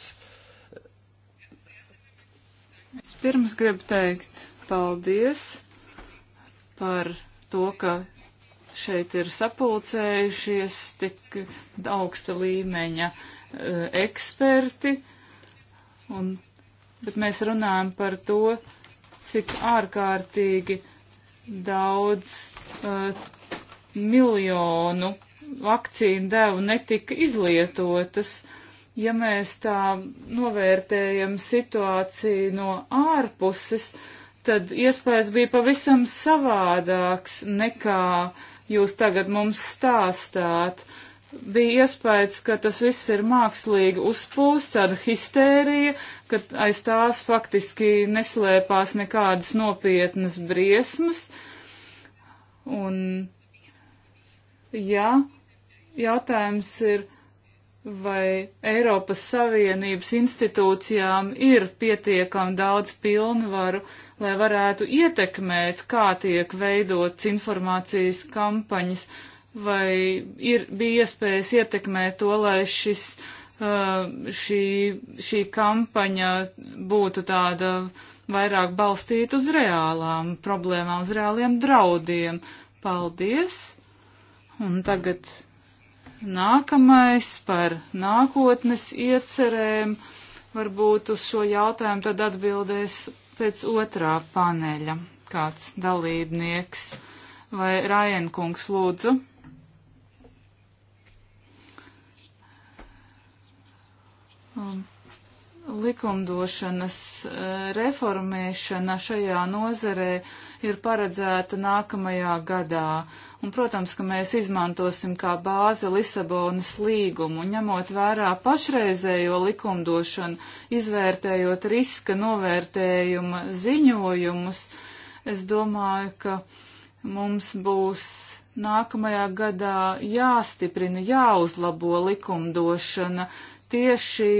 Es pirms gribu teikt paldies par to, ka šeit ir sapulcējušies tik augsta līmeņa uh, eksperti, un, bet mēs runājam par to, cik ārkārtīgi daudz uh, miljonu vakcīnu devu netika izlietotas. Ja mēs tā novērtējam situāciju no ārpuses, uh, tad iespējas bija pavisam savādāks nekā jūs tagad mums stāstāt. Bija iespējas, ka tas viss ir mākslīgi uzpūsts, tāda histērija, ka aiz tās faktiski neslēpās nekādas nopietnas briesmas. Un, jā, jautājums ir vai Eiropas Savienības institūcijām ir pietiekami daudz pilnvaru, lai varētu ietekmēt, kā tiek veidots informācijas kampaņas, vai ir, bija iespējas ietekmēt to, lai šis, uh, šī, šī kampaņa būtu tāda vairāk balstīta uz reālām problēmām, uz reāliem draudiem. Paldies! Un tagad Nākamais par nākotnes iecerēm varbūt uz šo jautājumu tad atbildēs pēc otrā paneļa kāds dalībnieks vai Rajenkungs lūdzu. Um, likumdošanas eh, reformēšana šajā nozarē ir paredzēta nākamajā gadā. Un, protams, ka mēs izmantosim kā bāzi Lisabonas līgumu, ņemot vērā pašreizējo likumdošanu, izvērtējot riska novērtējuma ziņojumus. Es domāju, ka mums būs nākamajā gadā jāstiprina, jāuzlabo likumdošana, tieši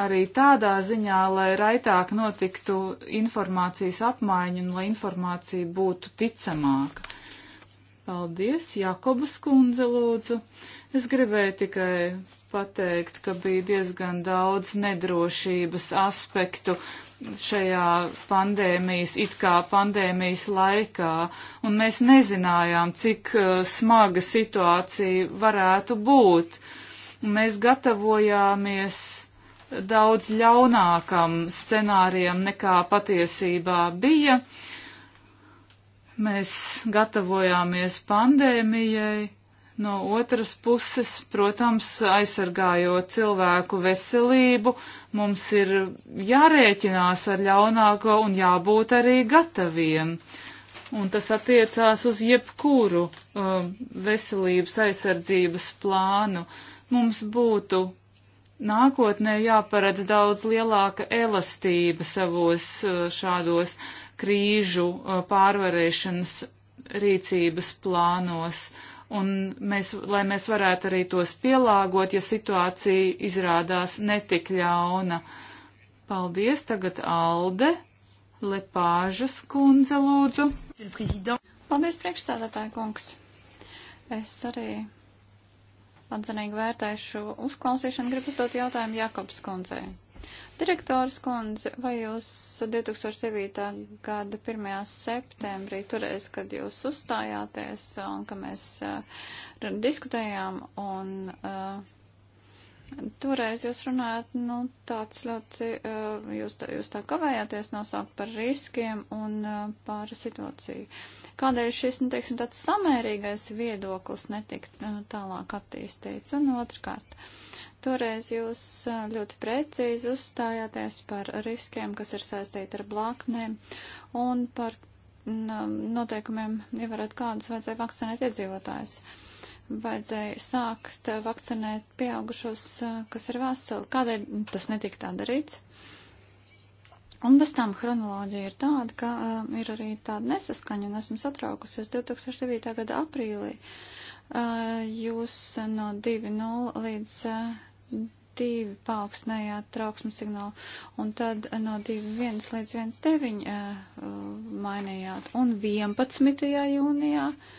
arī tādā ziņā, lai raitāk notiktu informācijas apmaiņa un lai informācija būtu ticamāka. Paldies, Jakobas kundze lūdzu. Es gribēju tikai pateikt, ka bija diezgan daudz nedrošības aspektu šajā pandēmijas, it kā pandēmijas laikā, un mēs nezinājām, cik uh, smaga situācija varētu būt. Uh, mēs gatavojāmies daudz ļaunākam scenārijam nekā patiesībā bija. Mēs gatavojāmies pandēmijai, no otras puses, protams, aizsargājot cilvēku veselību, mums ir jārēķinās ar ļaunāko un jābūt arī gataviem. Un tas attiecās uz jebkuru uh, veselības aizsardzības plānu. Uh, mums būtu nākotnē jāparedz daudz lielāka elastība savos eh, šādos krīžu eh, pārvarēšanas rīcības plānos. Un mēs, lai mēs varētu arī tos pielāgot, ja situācija izrādās netik ļauna. Paldies, tagad Alde, Lepāžas kundze lūdzu. Paldies, priekšsēdētāja kungs. Es arī atzinīgi vērtēju šo uzklausīšanu, gribu uzdot jautājumu Jakobs kundzei. Direktors kundze, vai jūs 2009. gada 1. septembrī, toreiz, kad jūs uzstājāties un ka mēs uh, diskutējām un uh, Toreiz jūs runājat, nu, tāds ļoti, eh, jūs tā, jūs tā kavējāties nosaukt par riskiem un eh, par situāciju. Kādēļ šis, nu, teiksim, tāds samērīgais viedoklis netikt eh, tālāk attīstīts? Un otrkārt, toreiz jūs ļoti precīzi uzstājāties par riskiem, kas ir saistīti ar blaknēm un par mm, noteikumiem, ja varat kādus vajadzēja vakcinēt iedzīvotājus. Uh, vajadzēja sākt vakcinēt pieaugušos, kas ir veseli. Kādēļ tas netika tā darīts? Un bez tam chronoloģija ir tāda, ka uh, ir arī tāda nesaskaņa, un esmu satraukusies 2009. gada aprīlī. Uh, jūs no 2.0 līdz uh, 2 paaugstinājāt trauksmu signālu, un tad no 2.1 līdz 1.9 uh, mainījāt, un 11. jūnijā uh,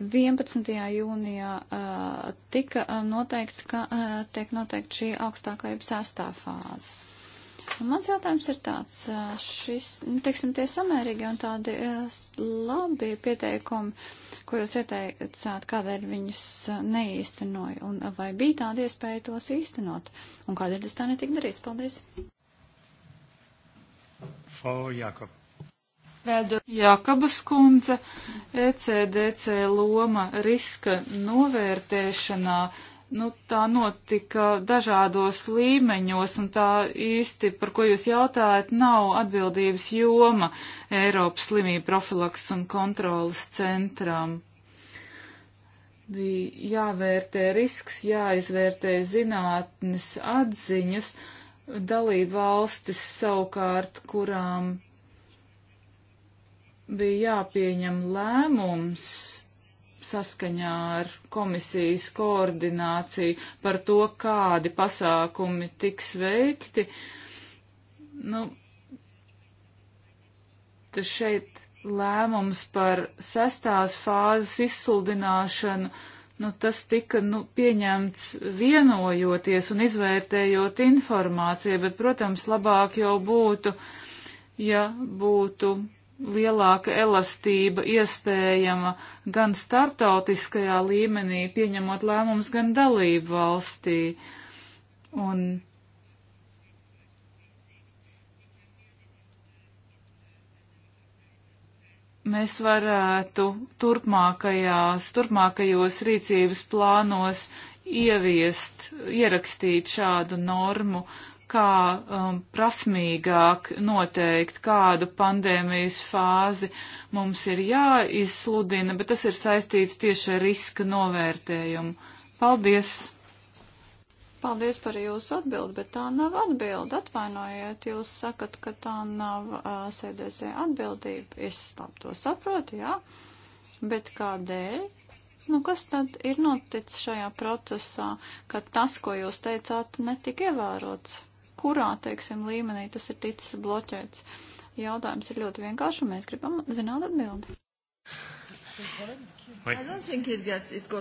11. jūnijā uh, tika noteikts, ka uh, tiek noteikta šī augstākā jeb sestā fāze. Un mans jautājums ir tāds, uh, šis, nu, teiksim, tie samērīgi un tādi uh, labi pieteikumi, ko jūs ieteicāt, kādēļ viņus uh, neīstenoja, un uh, vai bija tāda iespēja tos īstenot, un kādēļ tas tā netika darīts? Paldies! Frau Jakob. Vēdu. Jākabas kundze, ECDC loma riska novērtēšanā, nu tā notika dažādos līmeņos un tā īsti, par ko jūs jautājat, nav atbildības joma Eiropas slimību profilaks un kontrolas centram. Bija jāvērtē risks, jāizvērtē zinātnes atziņas, dalība valstis savukārt, kurām bija jāpieņem lēmums saskaņā ar komisijas koordināciju par to, kādi pasākumi tiks veikti. Nu, tad šeit lēmums par sestās fāzes izsludināšanu, nu, tas tika nu, pieņemts vienojoties un izvērtējot informāciju, bet, protams, labāk jau būtu, ja būtu lielāka elastība iespējama gan startautiskajā līmenī, pieņemot lēmumus, gan dalību valstī. Un mēs varētu turpmākajās, turpmākajos rīcības plānos ieviest, ierakstīt šādu normu, uh, kā um, prasmīgāk noteikt, kādu pandēmijas fāzi mums ir jāizsludina, bet tas ir saistīts tieši ar riska novērtējumu. Paldies! Paldies par jūsu atbildi, bet tā nav atbildi. Atvainojiet, jūs sakat, ka tā nav uh, sēdēsē atbildība. Es labi to saprotu, jā. Bet kādēļ? Nu, kas tad ir noticis šajā procesā, ka tas, ko jūs teicāt, netika ievērots? kurā, teiksim, līmenī tas ir ticis bloķēts. Jautājums ir ļoti vienkārši, un mēs gribam zināt atbildi. It gets, it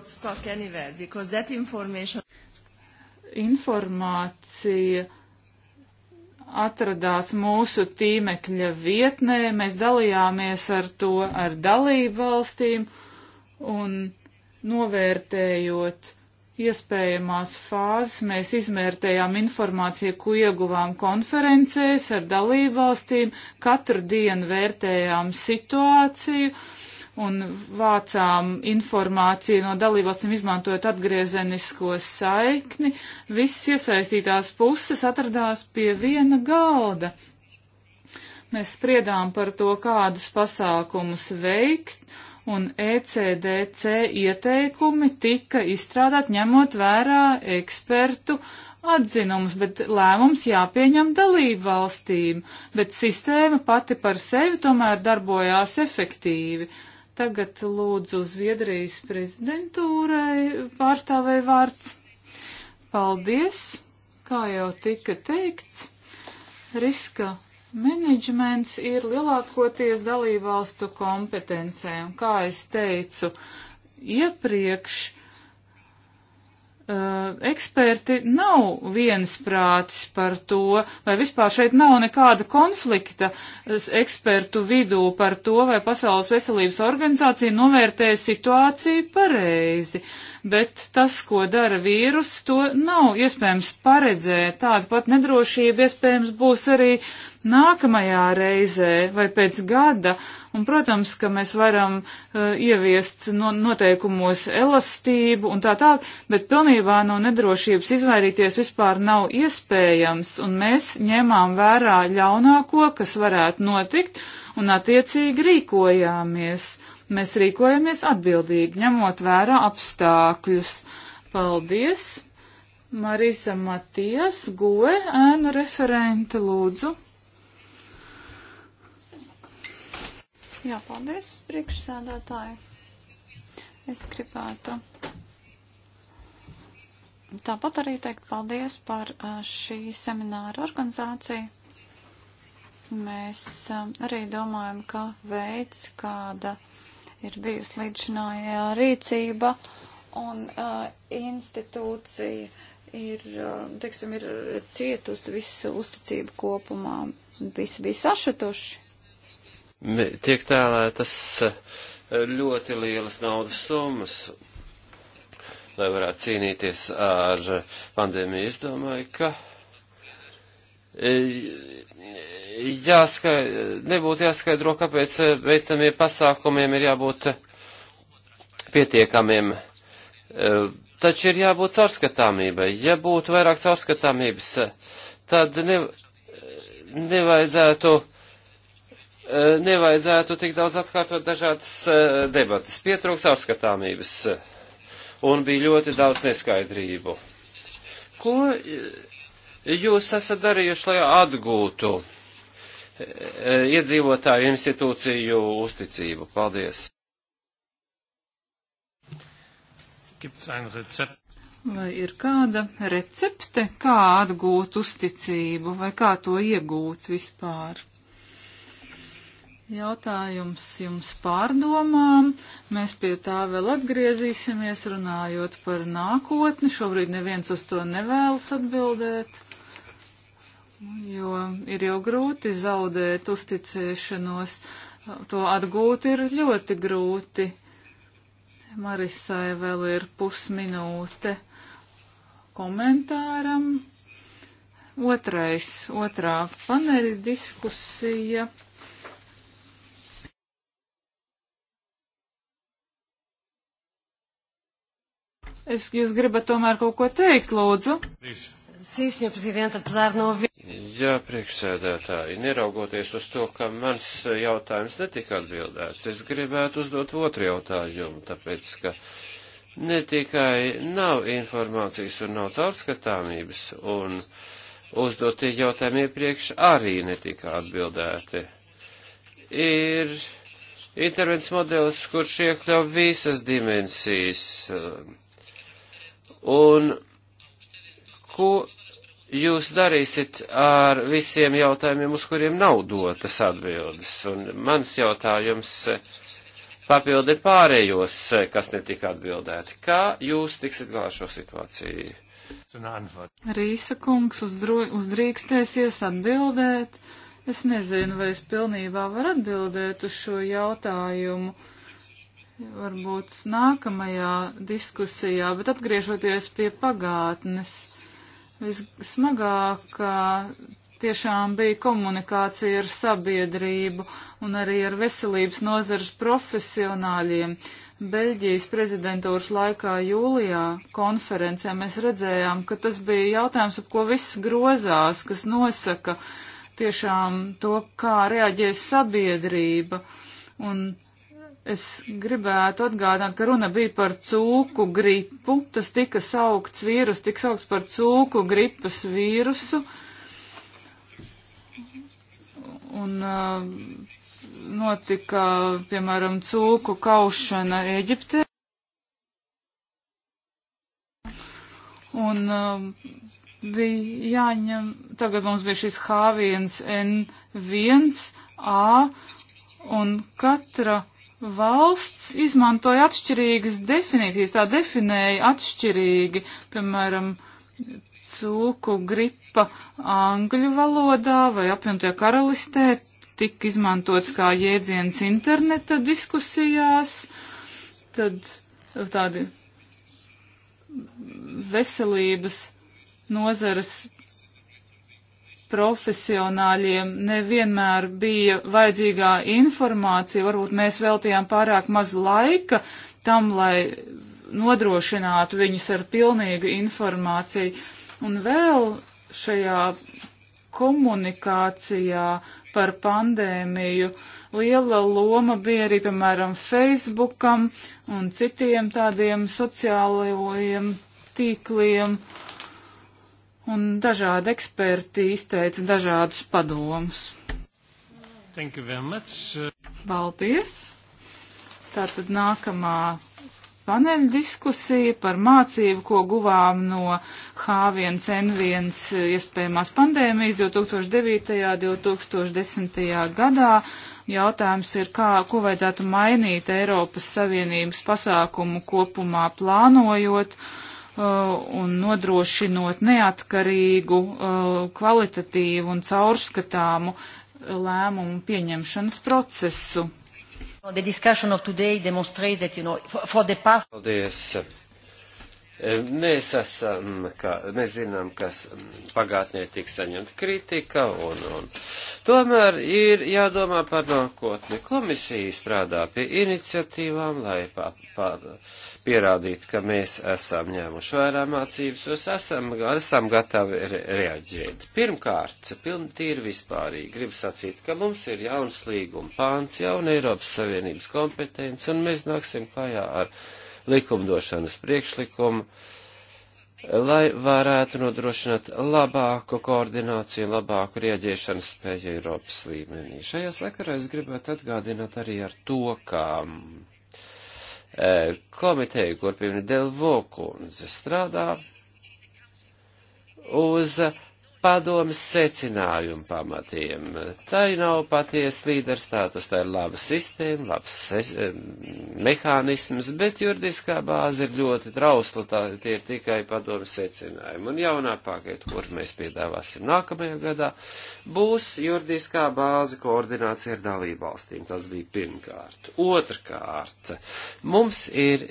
anywhere, information... Informācija atradās mūsu tīmekļa vietnē, mēs dalījāmies ar to ar dalību valstīm un novērtējot iespējamās fāzes mēs izmērtējām informāciju, ko ieguvām konferencēs ar dalībvalstīm, katru dienu vērtējām situāciju un vācām informāciju no dalībvalstīm, izmantojot atgriezenisko saikni. Viss iesaistītās puses atradās pie viena galda. Mēs spriedām par to, kādus pasākumus veikt un ECDC ieteikumi tika izstrādāt ņemot vērā ekspertu atzinums, bet lēmums jāpieņem dalību valstīm, bet sistēma pati par sevi tomēr darbojās efektīvi. Tagad lūdzu Zviedrijas prezidentūrai pārstāvēja vārds. Paldies, kā jau tika teikts, riska Menedžments ir lielākoties dalībvalstu kompetencē, un kā es teicu iepriekš, uh, eksperti nav viensprātis par to, vai vispār šeit nav nekāda konflikta ekspertu vidū par to, vai Pasaules veselības organizācija novērtē situāciju pareizi bet tas, ko dara vīrus, to nav iespējams paredzēt. Tāda pat nedrošība iespējams būs arī nākamajā reizē vai pēc gada, un, protams, ka mēs varam uh, ieviest no, noteikumos elastību un tā tālāk, bet pilnībā no nedrošības izvairīties vispār nav iespējams, un mēs ņēmām vērā ļaunāko, kas varētu notikt, un attiecīgi rīkojāmies. Mēs rīkojamies atbildīgi, ņemot vērā apstākļus. Paldies! Marisa Matijas, goe ēnu referente, lūdzu. Jā, paldies, priekšsēdētāji. Es gribētu Tāpat arī teikt paldies par šī semināra organizāciju. Mēs arī domājam, ka veids, kāda ir bijusi līdzinājā rīcība un uh, institūcija ir, uh, teiksim, ir cietusi visu uzticību kopumā. Visi bija sašutuši. Tiek tēlētas ļoti lielas naudas summas, lai varētu cīnīties ar pandēmiju. Es domāju, ka jāska, nebūtu jāskaidro, kāpēc veicamie pasākumiem ir jābūt pietiekamiem. Taču ir jābūt caurskatāmībai. Ja būtu vairāk caurskatāmības, tad ne, nevajadzētu, nevajadzētu tik daudz atkārtot dažādas debatas. Pietrūks caurskatāmības un bija ļoti daudz neskaidrību. Ko jūs esat darījuši, lai atgūtu? Eh, iedzīvotāju institūciju uzticību. Paldies! Vai ir kāda recepte, kā atgūt uzticību, vai kā to iegūt vispār? Jautājums jums pārdomām. Mēs pie tā vēl atgriezīsimies, runājot par nākotni. Šobrīd neviens uz to nevēlas atbildēt jo ir jau grūti zaudēt uzticēšanos. To atgūt ir ļoti grūti. Marisai vēl ir pusminūte komentāram. Otrais, otrā paneļa diskusija. Es, jūs gribat tomēr kaut ko teikt, lūdzu? Viss. Sim, senhor Presidente, apesar de não haver. Jā, priekšsēdētāji, neraugoties uz to, ka mans jautājums netika atbildēts, es gribētu uzdot otru jautājumu, tāpēc, ka ne tikai nav informācijas un nav caurskatāmības, un uzdotie jautājumi iepriekš arī netika atbildēti. Ir intervences modelis, kurš iekļauj visas dimensijas. Un ko jūs darīsiet ar visiem jautājumiem, uz kuriem nav dotas atbildes? Un mans jautājums papildi pārējos, kas netika atbildēti. Kā jūs tiksiet galā šo situāciju? Rīsa kungs uzdrīkstēsies atbildēt. Es nezinu, vai es pilnībā varu atbildēt uz šo jautājumu. Varbūt nākamajā diskusijā, bet atgriežoties pie pagātnes Vismagākā tiešām bija komunikācija ar sabiedrību un arī ar veselības nozares profesionāļiem. Beļģijas prezidentūras laikā jūlijā konferencē mēs redzējām, ka tas bija jautājums, ap ko viss grozās, kas nosaka tiešām to, kā reaģēs sabiedrība. Un Es gribētu atgādināt, ka runa bija par cūku gripu. Tas tika saukts vīrus, tika saukts par cūku gripas vīrusu. Un uh, notika, piemēram, cūku kaušana Eģiptē. Un uh, bija jāņem, tagad mums bija šis H1N1A, un katra valsts izmantoja atšķirīgas definīcijas, tā definēja atšķirīgi, piemēram, cūku gripa angļu valodā vai apvienotajā karalistē tika izmantots kā jēdziens interneta diskusijās, tad tādi veselības nozares profesionāļiem nevienmēr bija vajadzīgā informācija, varbūt mēs veltījām pārāk maz laika tam, lai nodrošinātu viņus ar pilnīgu informāciju. Un vēl šajā komunikācijā par pandēmiju liela loma bija arī, piemēram, Facebookam un citiem tādiem sociālajiem tīkliem. Uh, un dažādi eksperti izteica dažādus padomus. Thank you very much. Paldies! Tātad nākamā paneļa diskusija par mācību, ko guvām no H1N1 iespējamās pandēmijas 2009. un 2010. gadā. Jautājums ir, kā, ko vajadzētu mainīt Eiropas Savienības pasākumu kopumā plānojot. Uh, Uh, un nodrošinot neatkarīgu, uh, kvalitatīvu un caurskatāmu uh, lēmumu pieņemšanas procesu. Paldies! Mēs esam, ka, mēs zinām, kas pagātnē tik saņemta kritika, un, un tomēr ir jādomā par nākotni. Komisija strādā pie iniciatīvām, lai pa, pa, pierādītu, ka mēs esam ņēmuši vērā mācības, un esam, esam gatavi re, reaģēt. Pirmkārt, piln, tīri vispārīgi, gribu sacīt, ka mums ir jauns līguma pāns, jauna Eiropas Savienības kompetence, un mēs nāksim klajā ar likumdošanas priekšlikumu, lai varētu nodrošināt labāku koordināciju un labāku rieģiešanas spēju Eiropas līmenī. Šajā sakarā es gribētu atgādināt arī ar to, ka e, komiteja, kur piemēram Delvo kundze strādā, uz uh, padomas secinājumu pamatiem. Tā nav patiesa līderu status, tā ir laba sistēma, labs mehānisms, bet juridiskā bāze ir ļoti trausla, tā, tie ir tikai padomas secinājumi. Un jaunā paketa, kur mēs piedāvāsim nākamajā gadā, būs juridiskā bāze koordinācija ar dalībvalstīm. Tas bija pirmkārt. Otrkārt, mums ir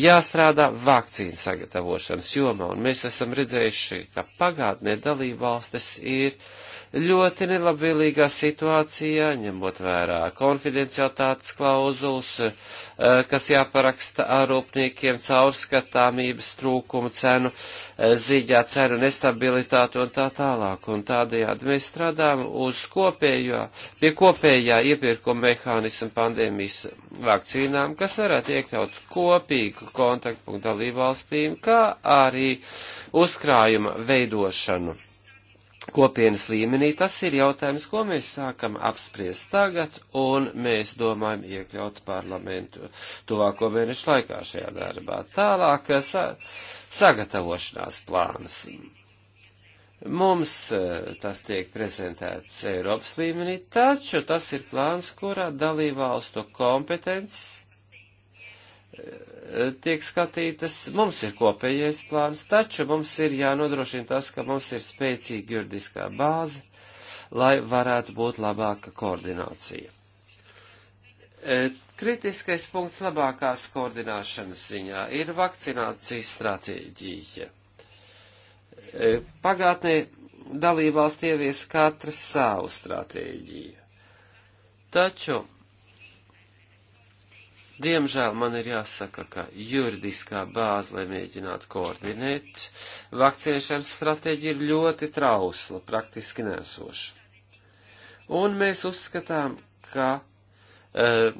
jāstrādā vakcīnu sagatavošanas jomā, un mēs esam redzējuši, ka pagātnē dalībvalstis ir uh, ļoti nelabvēlīgā situācijā, ņemot vērā konfidencialitātes klauzulas, eh, kas jāparaksta ar rūpniekiem, caurskatāmības trūkumu, cenu eh, ziņā, cenu nestabilitāti un tā tālāk. Un tādējādi mēs strādājam uz kopējo, pie kopējā iepirkuma mehānismu pandēmijas vakcīnām, kas varētu iekļaut kopīgu kontaktpunktu dalībvalstīm, kā arī uzkrājuma veidošanu kopienas līmenī. Tas ir jautājums, ko mēs sākam apspriest tagad, un mēs domājam iekļaut parlamentu tuvāko mēnešu laikā šajā darbā. Tālāk sa sagatavošanās plāns. Mums eh, tas tiek prezentēts Eiropas līmenī, taču tas ir plāns, kurā dalībvalstu kompetences tiek skatītas, mums ir kopējais plāns, taču mums ir jānodrošina tas, ka mums ir spēcīga juridiskā bāze, lai varētu būt labāka koordinācija. E, kritiskais punkts labākās koordināšanas ziņā ir vakcinācijas stratēģija. E, pagātnē dalībvalsts ievies katras savu stratēģiju. Taču Diemžēl man ir jāsaka, ka juridiskā bāze, lai mēģinātu koordinēt vakcinēšanas stratēģija, ir ļoti trausla, praktiski nesoša. Un mēs uzskatām, ka eh,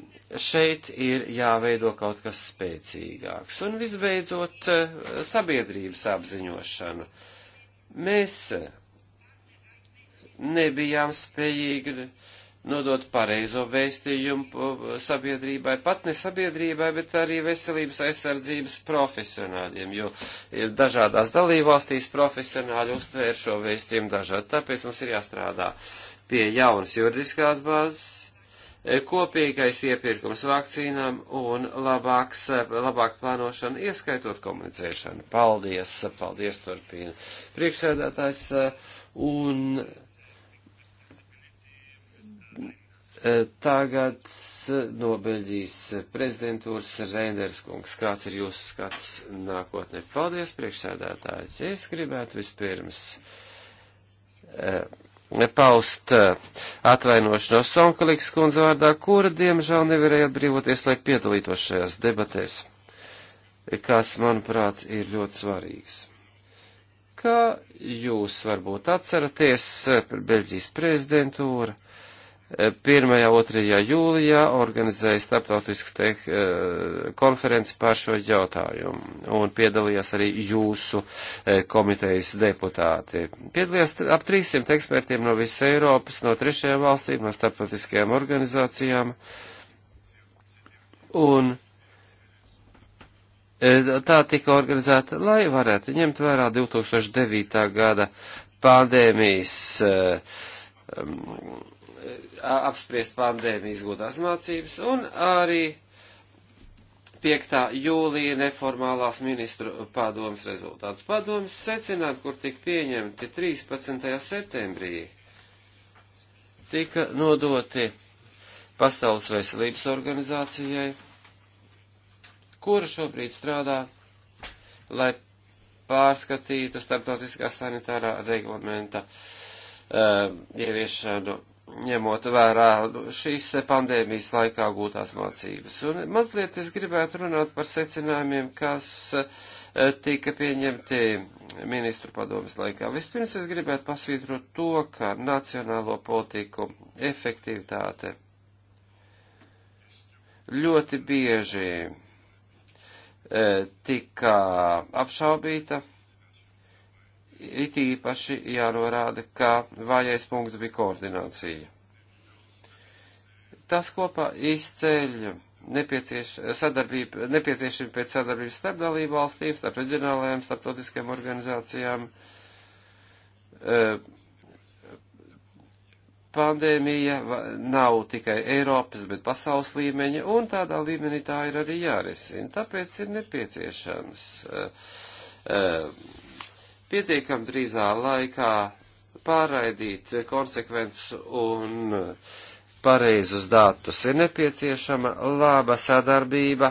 šeit ir jāveido kaut kas spēcīgāks. Un visbeidzot, eh, sabiedrības apziņošana. Mēs eh, nebijām spējīgi nodot pareizo vēstījumu sabiedrībai, pat ne sabiedrībai, bet arī veselības aizsardzības profesionāļiem, jo e, dažādās dalībvalstīs profesionāļi uztvēr šo vēstījumu dažādi. Tāpēc mums ir jāstrādā pie jaunas juridiskās bāzes, e, kopīgais iepirkums vakcīnām un labāks, e, labāk plānošana, ieskaitot komunicēšanu. Paldies, paldies, turpina priekšsēdētājs. Un Eh, tagad eh, no Beļģijas prezidentūras Reiners kungs. Kāds ir jūsu skats nākotnē? Paldies, priekšsēdētāji. Es gribētu vispirms eh, paust atvainošanos Sonkaliks kundze vārdā, kura diemžēl nevarēja atbrīvoties, lai piedalītos šajās debatēs, kas, manuprāt, ir ļoti svarīgs ka jūs varbūt atceraties Beļģijas prezidentūra 1. un 2. jūlijā organizēja starptautisku teik, eh, konferenci par šo jautājumu, un piedalījās arī jūsu eh, komitejas deputāti. Piedalījās ap 300 ekspertiem no visas Eiropas, no trešajām valstīm, no starptautiskajām organizācijām, un eh, tā tika organizēta, lai varētu ņemt vērā 2009. gada pandēmijas um, apspriest pandēmijas godās mācības un arī 5. jūlija neformālās ministru padomas rezultātus. Padomas secinājumi, kur tika pieņemti 13. septembrī, tika nodoti Pasaules veselības organizācijai, kura šobrīd strādā, lai pārskatītu starptautiskā sanitārā reglamenta uh, ieviešanu ņemot vērā šīs pandēmijas laikā gūtās mācības. Un mazliet es gribētu runāt par secinājumiem, kas eh, tika pieņemti ministru padomas laikā. Vispirms es gribētu pasvītrot to, ka nacionālo politiku efektivitāte ļoti bieži eh, tika apšaubīta It īpaši jānorāda, ka vājais punkts bija koordinācija. Tas kopā izceļ nepiecieš, sadarbību, nepieciešami pēc sadarbības starp dalību valstīm, starp reģionālajām, starptautiskajām organizācijām. Eh, pandēmija nav tikai Eiropas, bet pasaules līmeņa, un tādā līmenī tā ir arī jārisina. Tāpēc ir nepieciešams. Uh, uh, pietiekam drīzā laikā pārraidīt konsekventus un pareizus datus. Ir nepieciešama laba sadarbība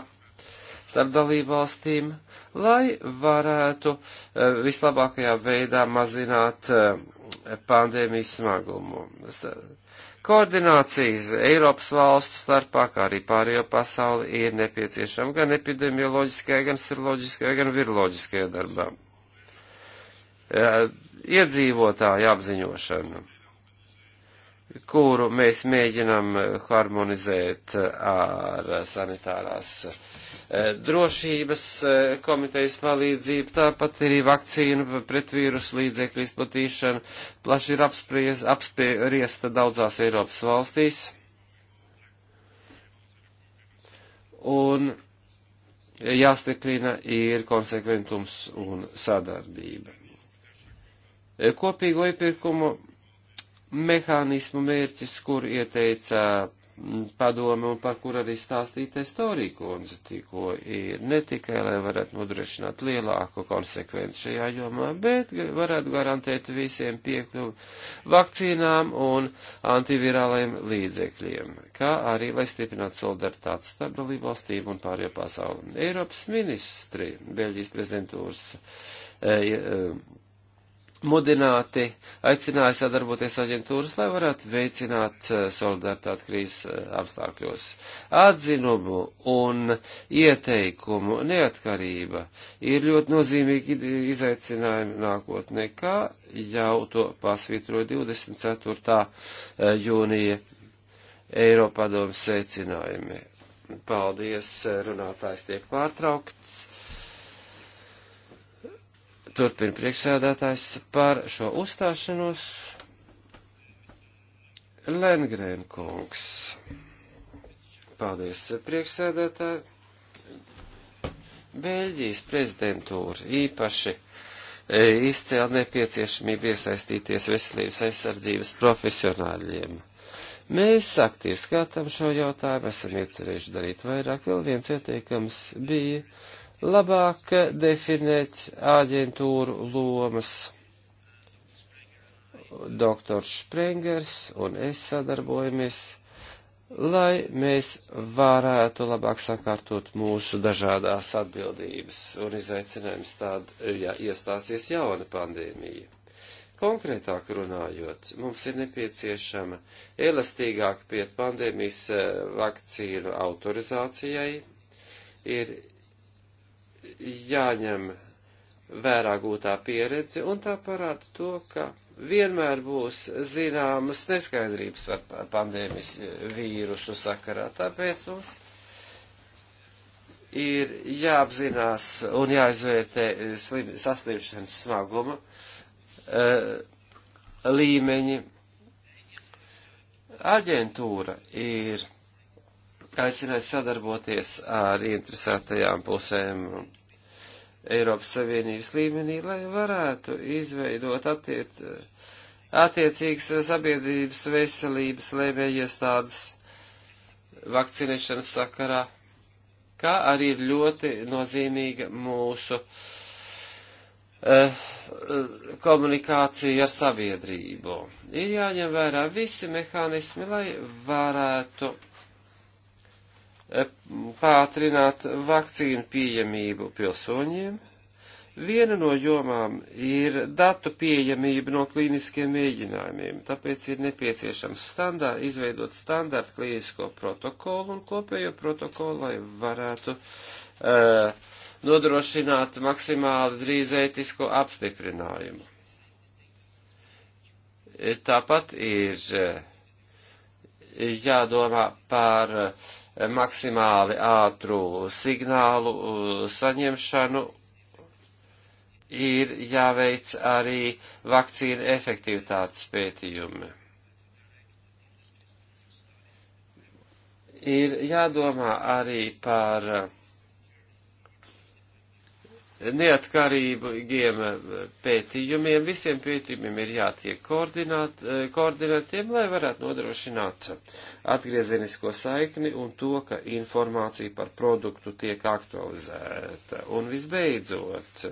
starp dalībvalstīm, lai varētu eh, vislabākajā veidā mazināt eh, pandēmijas smagumu. Koordinācijas Eiropas valstu starpā, kā arī pārējo pasauli, ir nepieciešama gan epidemioloģiskajā, gan siroloģiskajā, gan viroloģiskajā darbā. E, iedzīvotāju apziņošanu, kuru mēs mēģinam harmonizēt ar sanitārās e, drošības e, komitejas palīdzību, tāpat arī vakcīnu pret vīrusu līdzekļu izplatīšana plaši ir apspries, apspriesta daudzās Eiropas valstīs. Un jāstiprina ir konsekventums un sadarbība. E, kopīgo iepirkumu mehānismu mērķis, kur ieteica mm, padomu un par kur arī stāstīta Estorija kundze tikko ir ne tikai, lai varētu nodrošināt lielāku konsekvenci šajā jomā, bet varētu garantēt visiem piekļuvu vakcīnām un antivirālajiem līdzekļiem, kā arī, lai stiprinātu solidaritāti starp dalību valstīm un pārējo pasauli. Eiropas ministri, Beļģijas prezidentūras. E, e, mudināti, aicināja sadarboties aģentūras, lai varētu veicināt eh, solidaritāti krīzes eh, apstākļos. Atzinumu un ieteikumu neatkarība ir ļoti nozīmīgi izaicinājumi nākotnē, kā jau to pasvītroja 24. Eh, jūnija Eiropadomas secinājumi. Paldies, runātājs tiek pārtraukts turpina priekšsēdētājs par šo uzstāšanos. Lengrēn kungs. Paldies, priekšsēdētāji. Beļģijas prezidentūra īpaši e, izcēla nepieciešamību iesaistīties veselības aizsardzības profesionāļiem. Mēs aktīvi skatām šo jautājumu, esam iecerējuši darīt vairāk. Vēl viens ieteikums bija labāk definēt aģentūru lomas. Doktors Sprengers un es sadarbojamies, lai mēs varētu labāk sakārtot mūsu dažādās atbildības un izaicinājums tāda, ja iestāsies jauna pandēmija. Konkrētāk runājot, mums ir nepieciešama elastīgāk pie pandēmijas eh, vakcīnu autorizācijai, ir jāņem vērā gūtā pieredze, un tā parāda to, ka vienmēr būs zināmas neskaidrības par pandēmijas eh, vīrusu sakarā. Tāpēc mums ir jāapzinās un jāizvērtē eh, slim, saslimšanas smaguma uh, līmeņi. Aģentūra ir aicināja sadarboties ar interesētajām pusēm Eiropas Savienības līmenī, lai varētu izveidot attiec, attiecīgas sabiedrības veselības lēmējiestādes vakcinēšanas sakarā, kā arī ir ļoti nozīmīga mūsu eh, komunikācija ar sabiedrību. Ir jāņem vērā visi mehānismi, lai varētu pātrināt vakcīnu pieejamību pilsoņiem. Viena no jomām ir datu pieejamība no klīniskiem mēģinājumiem, tāpēc ir nepieciešams standār, izveidot standārtu klīnisko protokolu un kopējo protokolu, lai varētu uh, nodrošināt maksimāli drīz ētisko apstiprinājumu. Tāpat ir eh, jādomā par uh, maksimāli ātru signālu uh, saņemšanu ir jāveic arī vakcīnu efektivitātes pētījumi. Ir jādomā arī par neatkarīgiem pētījumiem, visiem pētījumiem ir jātiek koordināt, koordinētiem, lai varētu nodrošināt atgriezenisko saikni un to, ka informācija par produktu tiek aktualizēta. Un visbeidzot,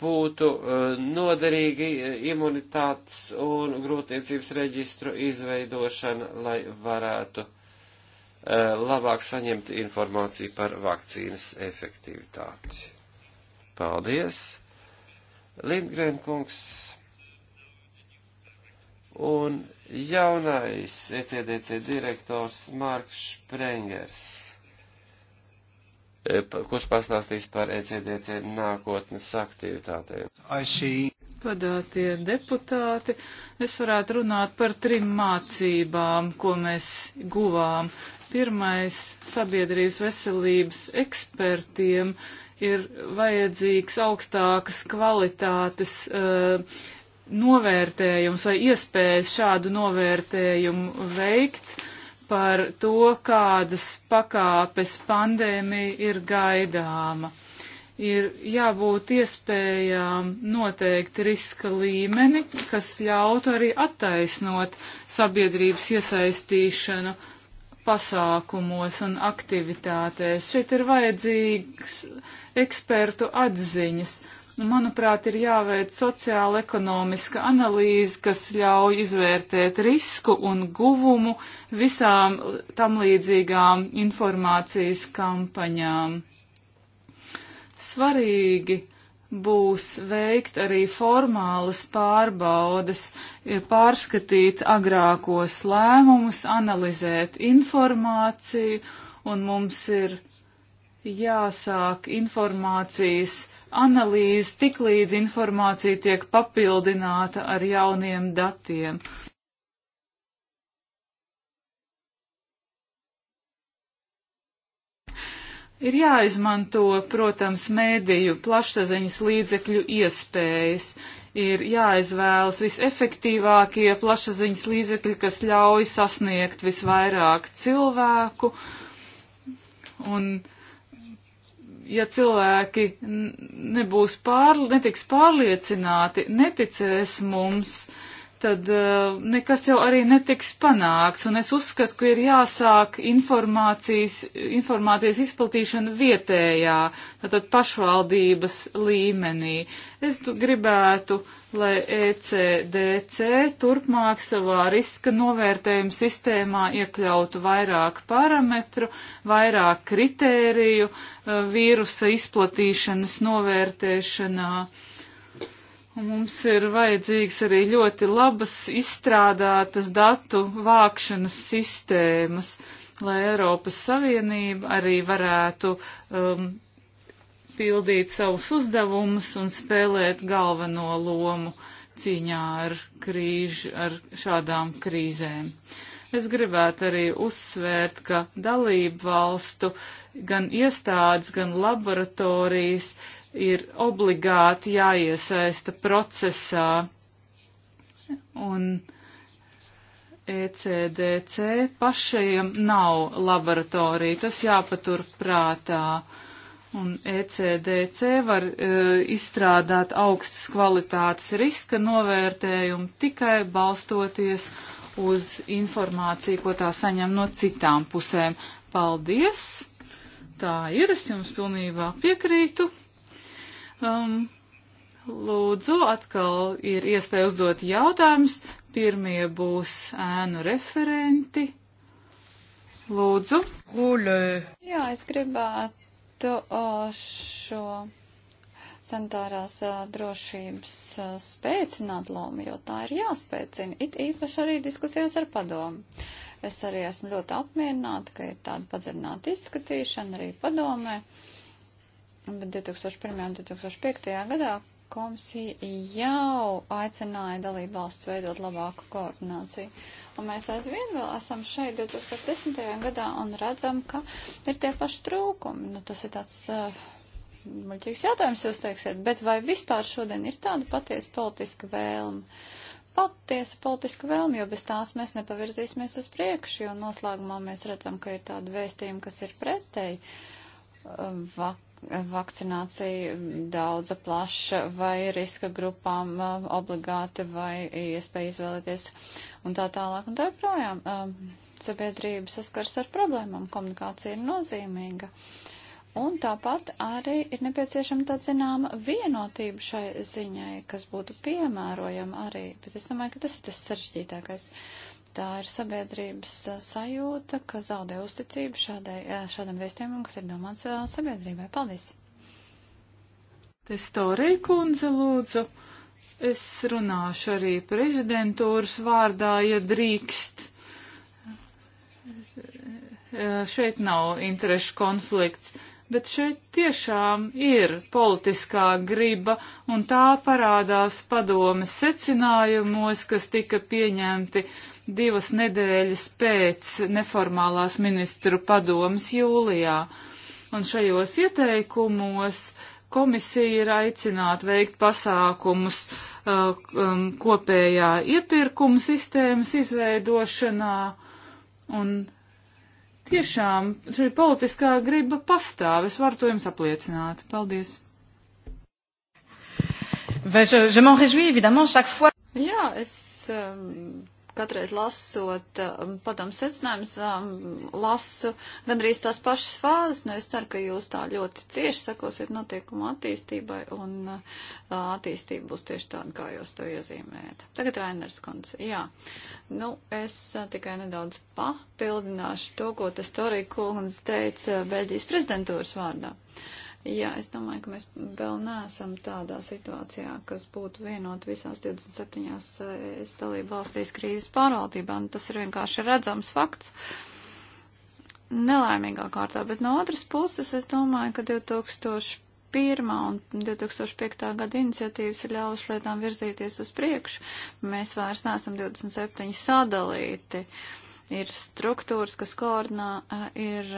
būtu e, noderīgi e, imunitātes un grūtniecības reģistru izveidošana, lai varētu Eh, labāk saņemt informāciju par vakcīnas efektivitāti. Paldies, Lindgren kungs. Un jaunais ECDC direktors Marks Sprengers, eh, kurš pastāstīs par ECDC nākotnes aktivitātēm godātie deputāti, es varētu runāt par trim mācībām, ko mēs guvām. Pirmais sabiedrības veselības ekspertiem ir vajadzīgs augstākas kvalitātes uh, novērtējums vai iespējas šādu novērtējumu veikt par to, kādas pakāpes pandēmija ir gaidāma ir jābūt iespējām noteikt riska līmeni, kas ļautu arī attaisnot sabiedrības iesaistīšanu pasākumos un aktivitātēs. Šeit ir vajadzīgs ekspertu atziņas. Manuprāt, ir jāveic sociāla ekonomiska analīze, kas ļauj izvērtēt risku un guvumu visām tam līdzīgām informācijas kampaņām svarīgi būs veikt arī formālas pārbaudes, e, pārskatīt agrākos lēmumus, analizēt informāciju, un mums ir jāsāk informācijas analīze, tiklīdz informācija tiek papildināta ar jauniem datiem. Ir jāizmanto, protams, mēdīju plašsaziņas līdzekļu iespējas, ir jāizvēlas visefektīvākie plašsaziņas līdzekļi, kas ļauj sasniegt visvairāk cilvēku. Un, ja cilvēki nebūs pār, netiks pārliecināti, neticēs mums, uh, tad uh, nekas jau arī netiks panāks. Un es uzskatu, ka ir jāsāk informācijas, informācijas izplatīšana vietējā, tātad pašvaldības līmenī. Es gribētu, lai ECDC turpmāk savā riska novērtējuma sistēmā iekļautu vairāk parametru, vairāk kritēriju uh, vīrusa izplatīšanas novērtēšanā. Uh, Mums ir vajadzīgs arī ļoti labas izstrādātas datu vākšanas sistēmas, lai Eiropas Savienība arī varētu um, pildīt savus uzdevumus un spēlēt galveno lomu cīņā ar krīžu, ar šādām krīzēm. Es gribētu arī uzsvērt, ka dalību valstu gan iestādes, gan laboratorijas ir obligāti jāiesaista procesā. Un ECDC pašiem nav laboratorija, tas jāpatur prātā. Un ECDC var e, izstrādāt augstas kvalitātes riska novērtējumu tikai balstoties uz informāciju, ko tā saņem no citām pusēm. Paldies! Tā ir, es jums pilnībā piekrītu. Um, lūdzu, atkal ir iespēja uzdot jautājumus. Pirmie būs ēnu referenti. Lūdzu. Gulē. Jā, es gribētu šo sanitārās drošības spēcināt lomu, jo tā ir jāspēcina. It īpaši arī diskusijās ar padomu. Es arī esmu ļoti apmierināta, ka ir tāda padziļināta izskatīšana arī padomē. Uh, Bet 2001. un 2005. gadā komisija jau aicināja dalību valsts veidot labāku koordināciju. Un mēs aizvien vēl esam šeit 2010. gadā un redzam, ka ir tie paši trūkumi. Nu, tas ir tāds uh, muļķīgs jautājums, jūs teiksiet, bet vai vispār šodien ir tāda patiesa politiska vēlme? Patiesa politiska vēlme, jo bez tās mēs nepavirzīsimies uz priekšu, jo noslēgumā mēs redzam, ka ir tāda vēstījuma, kas ir pretēji. Uh, vak vakcinācija daudza plaša vai riska grupām uh, obligāti vai iespēja izvēlēties un tā tālāk un tā projām. Um, sabiedrība saskars ar problēmām, komunikācija ir nozīmīga. Un tāpat arī ir nepieciešama tā zināma vienotība šai ziņai, kas būtu piemērojama arī, bet es domāju, ka tas ir tas sarežģītākais. Uh, Tā ir sabiedrības sajūta, ka zaudē uzticību šādai, šādam vēstījumam, kas ir domāts sabiedrībai. Paldies! Testorī kundze lūdzu, es runāšu arī prezidentūras vārdā, ja drīkst. Šeit nav interešu konflikts bet šeit tiešām ir politiskā griba, un tā parādās padomas secinājumos, kas tika pieņemti divas nedēļas pēc neformālās ministru padomas jūlijā. Un šajos ieteikumos komisija ir aicināta veikt pasākumus uh, um, kopējā iepirkuma sistēmas izveidošanā. Un tiešām šī politiskā griba pastāv. Es varu to jums apliecināt. Paldies! Ben, je, je m'en réjouis évidemment chaque fois. Jā, es um, katreiz lasot um, padomu secinājumus, um, lasu gandrīz tās pašas fāzes, nu es ceru, ka jūs tā ļoti cieši sakosiet notiekumu attīstībai, un uh, attīstība būs tieši tāda, kā jūs to iezīmējat. Tagad Rainers Kunds, jā. Nu, es uh, tikai nedaudz papildināšu to, ko tas Torija Kungs teica uh, Beļģijas prezidentūras vārdā. Uh, Jā, es domāju, ka mēs vēl neesam tādā situācijā, kas būtu vienot visās 27. es eh, dalību valstīs krīzes pārvaldībā, un nu, tas ir vienkārši redzams fakts. Nelaimīgā kārtā, bet no otras puses es domāju, ka 2000 pirmā un 2005. gada iniciatīvas ir ļāvuši lietām virzīties uz priekšu. Mēs vairs neesam 27 sadalīti. Uh, ir struktūras, kas koordinā, ir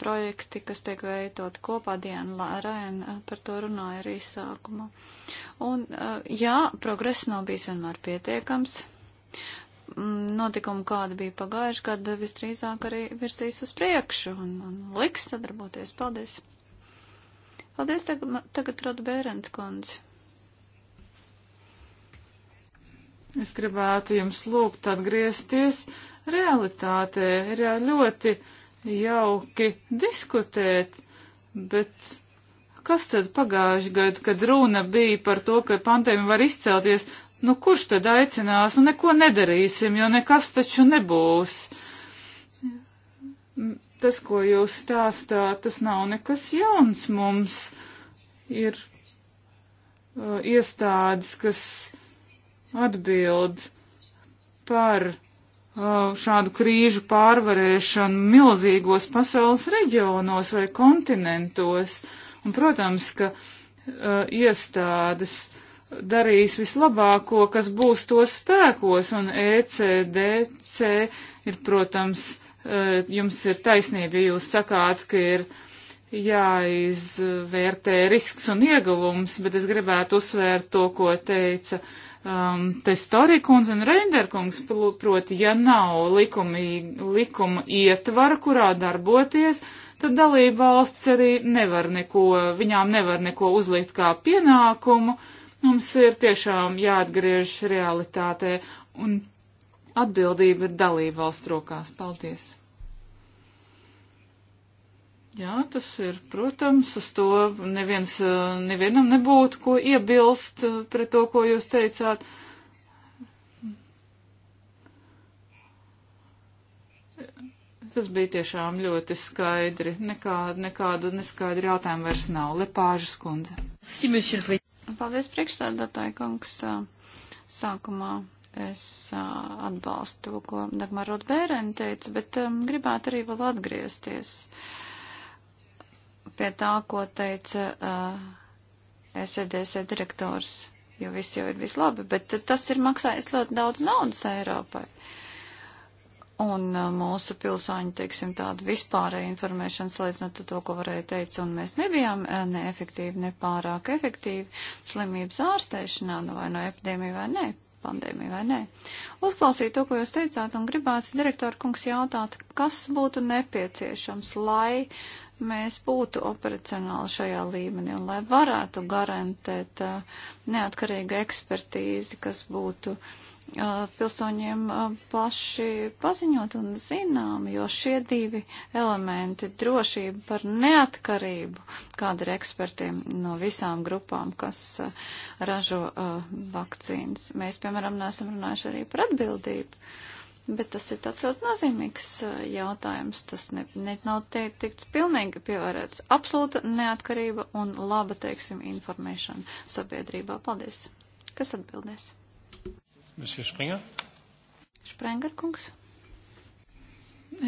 projekti, kas tiek veidot kopā dienu, Rēna par to runāja arī sākumā. Un, jā, progress nav bijis vienmēr pietiekams. Mm, Notikumu, kāda bija pagājuši gada, visdrīzāk arī virzīs uz priekšu un, un liks sadarboties. Paldies! Paldies, tagad, tagad Roda Bērens kundze. Es gribētu jums lūgt atgriezties realitātē. Ir jau ļoti jauki diskutēt, bet kas tad pagājuši gadu, kad runa bija par to, ka pandēmija var izcelties, nu kurš tad aicinās un nu, neko nedarīsim, jo nekas taču nebūs. Tas, ko jūs stāstāt, tas nav nekas jauns mums. Ir uh, iestādes, kas atbild par šādu krīžu pārvarēšanu milzīgos pasaules reģionos vai kontinentos. Un, protams, ka uh, iestādes darīs vislabāko, kas būs to spēkos, un ECDC ir, protams, uh, jums ir taisnība, ja jūs sakāt, ka ir jāizvērtē risks un ieguvums, bet es gribētu uzsvērt to, ko teica uh, um, Testori kundze un Reinderkungs, proti, ja nav likumī, likuma ietvara, kurā darboties, tad dalība valsts arī nevar neko, viņām nevar neko uzlikt kā pienākumu. Mums ir tiešām jāatgriežas realitātē un atbildība ir dalība valsts rokās. Paldies! Jā, tas ir, protams, uz to neviens, eh, nevienam nebūtu ko iebilst eh, pret to, ko jūs teicāt. Tas bija tiešām ļoti skaidri. Nekāda, nekāda neskaidra jautājuma vairs nav. Lepāžas kundze. Paldies priekšstādātāji, kungs. Eh, sākumā es atbalstu to, ko Dagmar Rotbērēna teica, bet um, gribētu arī vēl atgriezties. Uh, pie tā, ko teica uh, SEDS e e direktors, jo viss jau ir vislabi, bet tas ir maksājis ļoti daudz naudas Eiropai. Un uh, mūsu pilsāņu, teiksim, tāda vispārēja informēšana salīdzinot ar to, ko varēja teikt, un mēs nebijām uh, neefektīvi, ne pārāk efektīvi slimības ārstēšanā, nu vai no epidēmija vai nē, pandēmija, vai nē? Uzklausīju to, ko jūs teicāt, un gribētu direktoru kungs jautāt, kas būtu nepieciešams, lai mēs būtu operacionāli šajā līmenī un lai varētu garantēt uh, neatkarīgu ekspertīzi, kas būtu uh, pilsoņiem uh, plaši paziņot un zinām, jo šie divi elementi - drošība par neatkarību, kāda ir ekspertiem no visām grupām, kas uh, ražo uh, vakcīnas. Mēs, piemēram, neesam runājuši arī par atbildību. Uh, Bet tas ir tāds ļoti nozīmīgs jautājums. Tas ne, ne, nav teikt, tikts pilnīgi pievērēts. Absolūta neatkarība un laba, teiksim, informēšana sabiedrībā. Paldies. Kas atbildēs? Monsieur Springer. Sprenger kungs.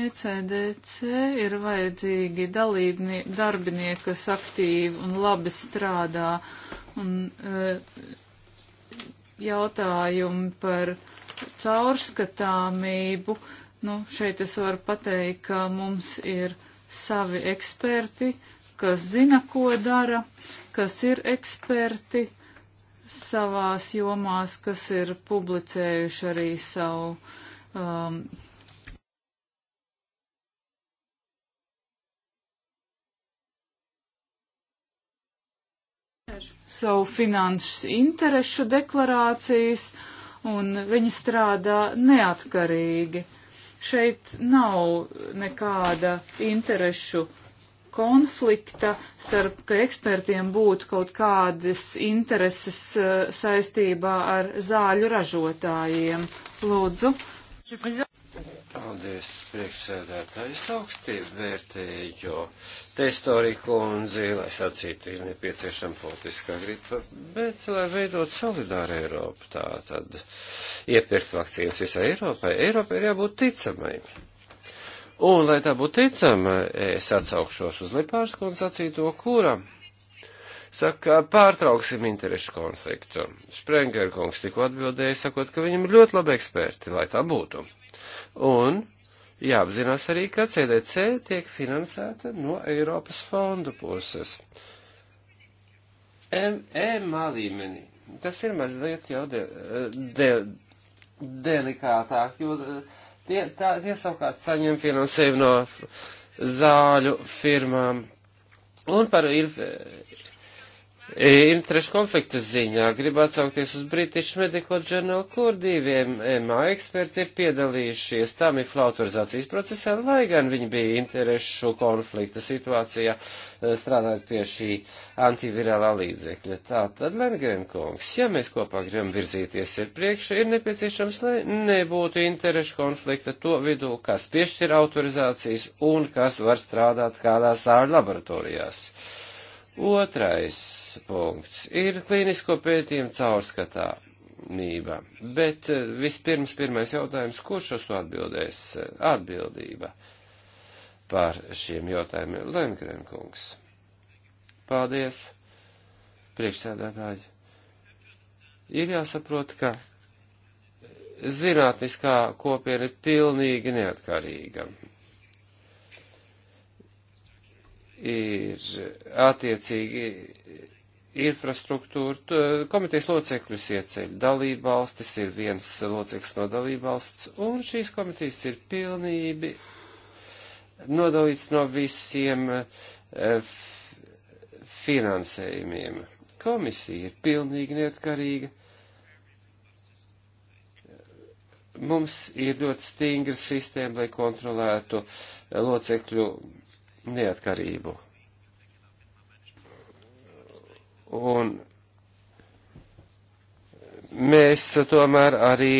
ECDC ir vajadzīgi dalībnie, darbinieki, kas aktīvi un labi strādā. Un, e, jautājumi par caurskatāmību. Nu, šeit es varu pateikt, ka mums ir savi eksperti, kas zina, ko dara, kas ir eksperti savās jomās, kas ir publicējuši arī savu um, savu finanšu interešu deklarācijas. Uh, un viņi strādā neatkarīgi. Šeit nav nekāda interešu konflikta starp, ka ekspertiem būtu kaut kādas intereses eh, saistībā ar zāļu ražotājiem. Lūdzu. Paldies, priekšsēdētājs augstī vērtēju testoriku un zilai sacītu ir nepieciešama politiskā gripa, bet, lai veidot solidāru Eiropu, tā tad iepirkt vakcīnas visai Eiropai, Eiropai ir jābūt ticamai. Un, lai tā būtu ticama, es atsaukšos uz Lipārskundu sacīto, kura saka, pārtrauksim interešu konfliktu. Sprengerkungs tikko atbildēja, sakot, ka viņam ir ļoti labi eksperti, lai tā būtu. Un jāapzinās arī, ka CDC tiek finansēta no Eiropas fondu puses. MA līmenī. Tas ir mazliet jau de, de, delikātāk, jo eh, tie, tā, tie savukārt saņem finansējumu no zāļu firmām. Un par ir, Interešu konflikta ziņā grib atsaukties uz British Medical Journal, kur diviem MA eksperti ir piedalījušies tamiflu autorizācijas procesā, lai gan viņi bija interešu konflikta situācijā eh, strādājot pie šī antivirālā līdzekļa. Tātad, Lengrenkungs, ja mēs kopā gribam virzīties ir priekšu, ir nepieciešams, lai nebūtu interešu konflikta to vidū, kas piešķir autorizācijas un kas var strādāt kādās ārlaboratorijās. laboratorijās Otrais punkts ir klīnisko pētījumu caurskatāmība, bet eh, vispirms pirmais jautājums, kurš uz to atbildēs eh, atbildība par šiem jautājumiem? Lenkrenkungs. Paldies, priekšsēdētāji. Ir jāsaprot, ka zinātniskā kopiena ir pilnīgi neatkarīga. ir attiecīgi infrastruktūra, komitejas locekļus ieceļ dalībvalstis, ir viens loceklis no dalībvalsts, un šīs komitejas ir pilnība nodalīts no visiem e, finansējumiem. Komisija ir pilnīgi neatkarīga. Mums ir ļoti stingra sistēma, lai kontrolētu locekļu neatkarību. Un mēs tomēr arī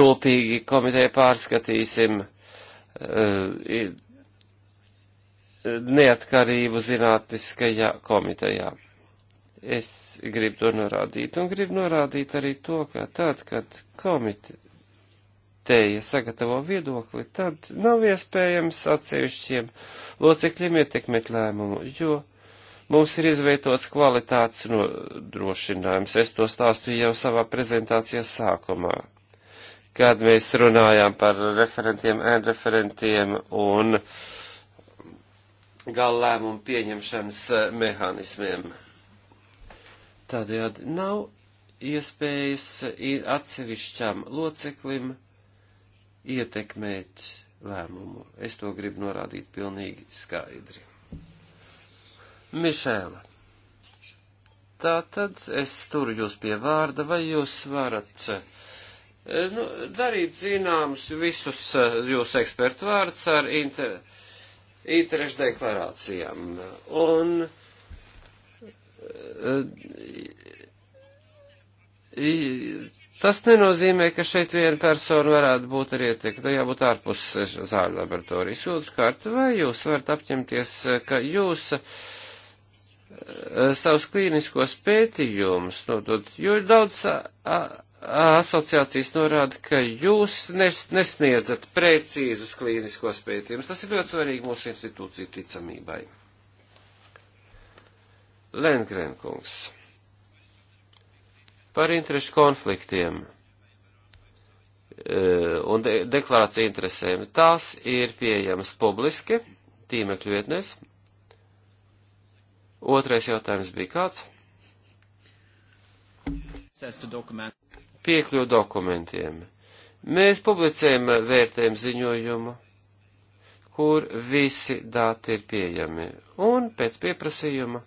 rūpīgi komiteja pārskatīsim uh, neatkarību zinātniskajā komitejā. Es gribu to norādīt un gribu norādīt arī to, ka tad, kad komite, komiteja sagatavo viedokli, tad nav iespējams atsevišķiem locekļiem ietekmēt lēmumu, jo mums ir izveidots kvalitātes nodrošinājums. Es to stāstu jau savā prezentācijas sākumā, kad mēs runājām par referentiem, ēnreferentiem un galēmumu pieņemšanas eh, mehānismiem. Tādējādi nav iespējas atsevišķam loceklim ietekmēt lēmumu. Es to gribu norādīt pilnīgi skaidri. Mišēla. Tātad es turu jūs pie vārda, vai jūs varat eh, nu, darīt zināmus visus eh, jūsu ekspertu vārdus ar inter, interešu deklarācijām. Un eh, I, I, Tas nenozīmē, ka šeit viena persona varētu būt arī ietekta, nu, jābūt ārpus zāļu laboratorijas. Otrkārt, vai jūs varat apņemties, ka jūs eh, savus klīniskos pētījumus nodot, jo daudz asociācijas norāda, ka jūs nes, nesniedzat precīzus klīniskos pētījumus. Tas ir ļoti svarīgi mūsu institūciju ticamībai. Lenkrēnkungs. Par interešu konfliktiem eh, un de deklarāciju interesēm. Tās ir pieejamas publiski tīmekļu vietnēs. Otrais jautājums bija kāds? Piekļu dokumentiem. Mēs publicējam vērtējumu ziņojumu, kur visi dati ir pieejami, un pēc pieprasījuma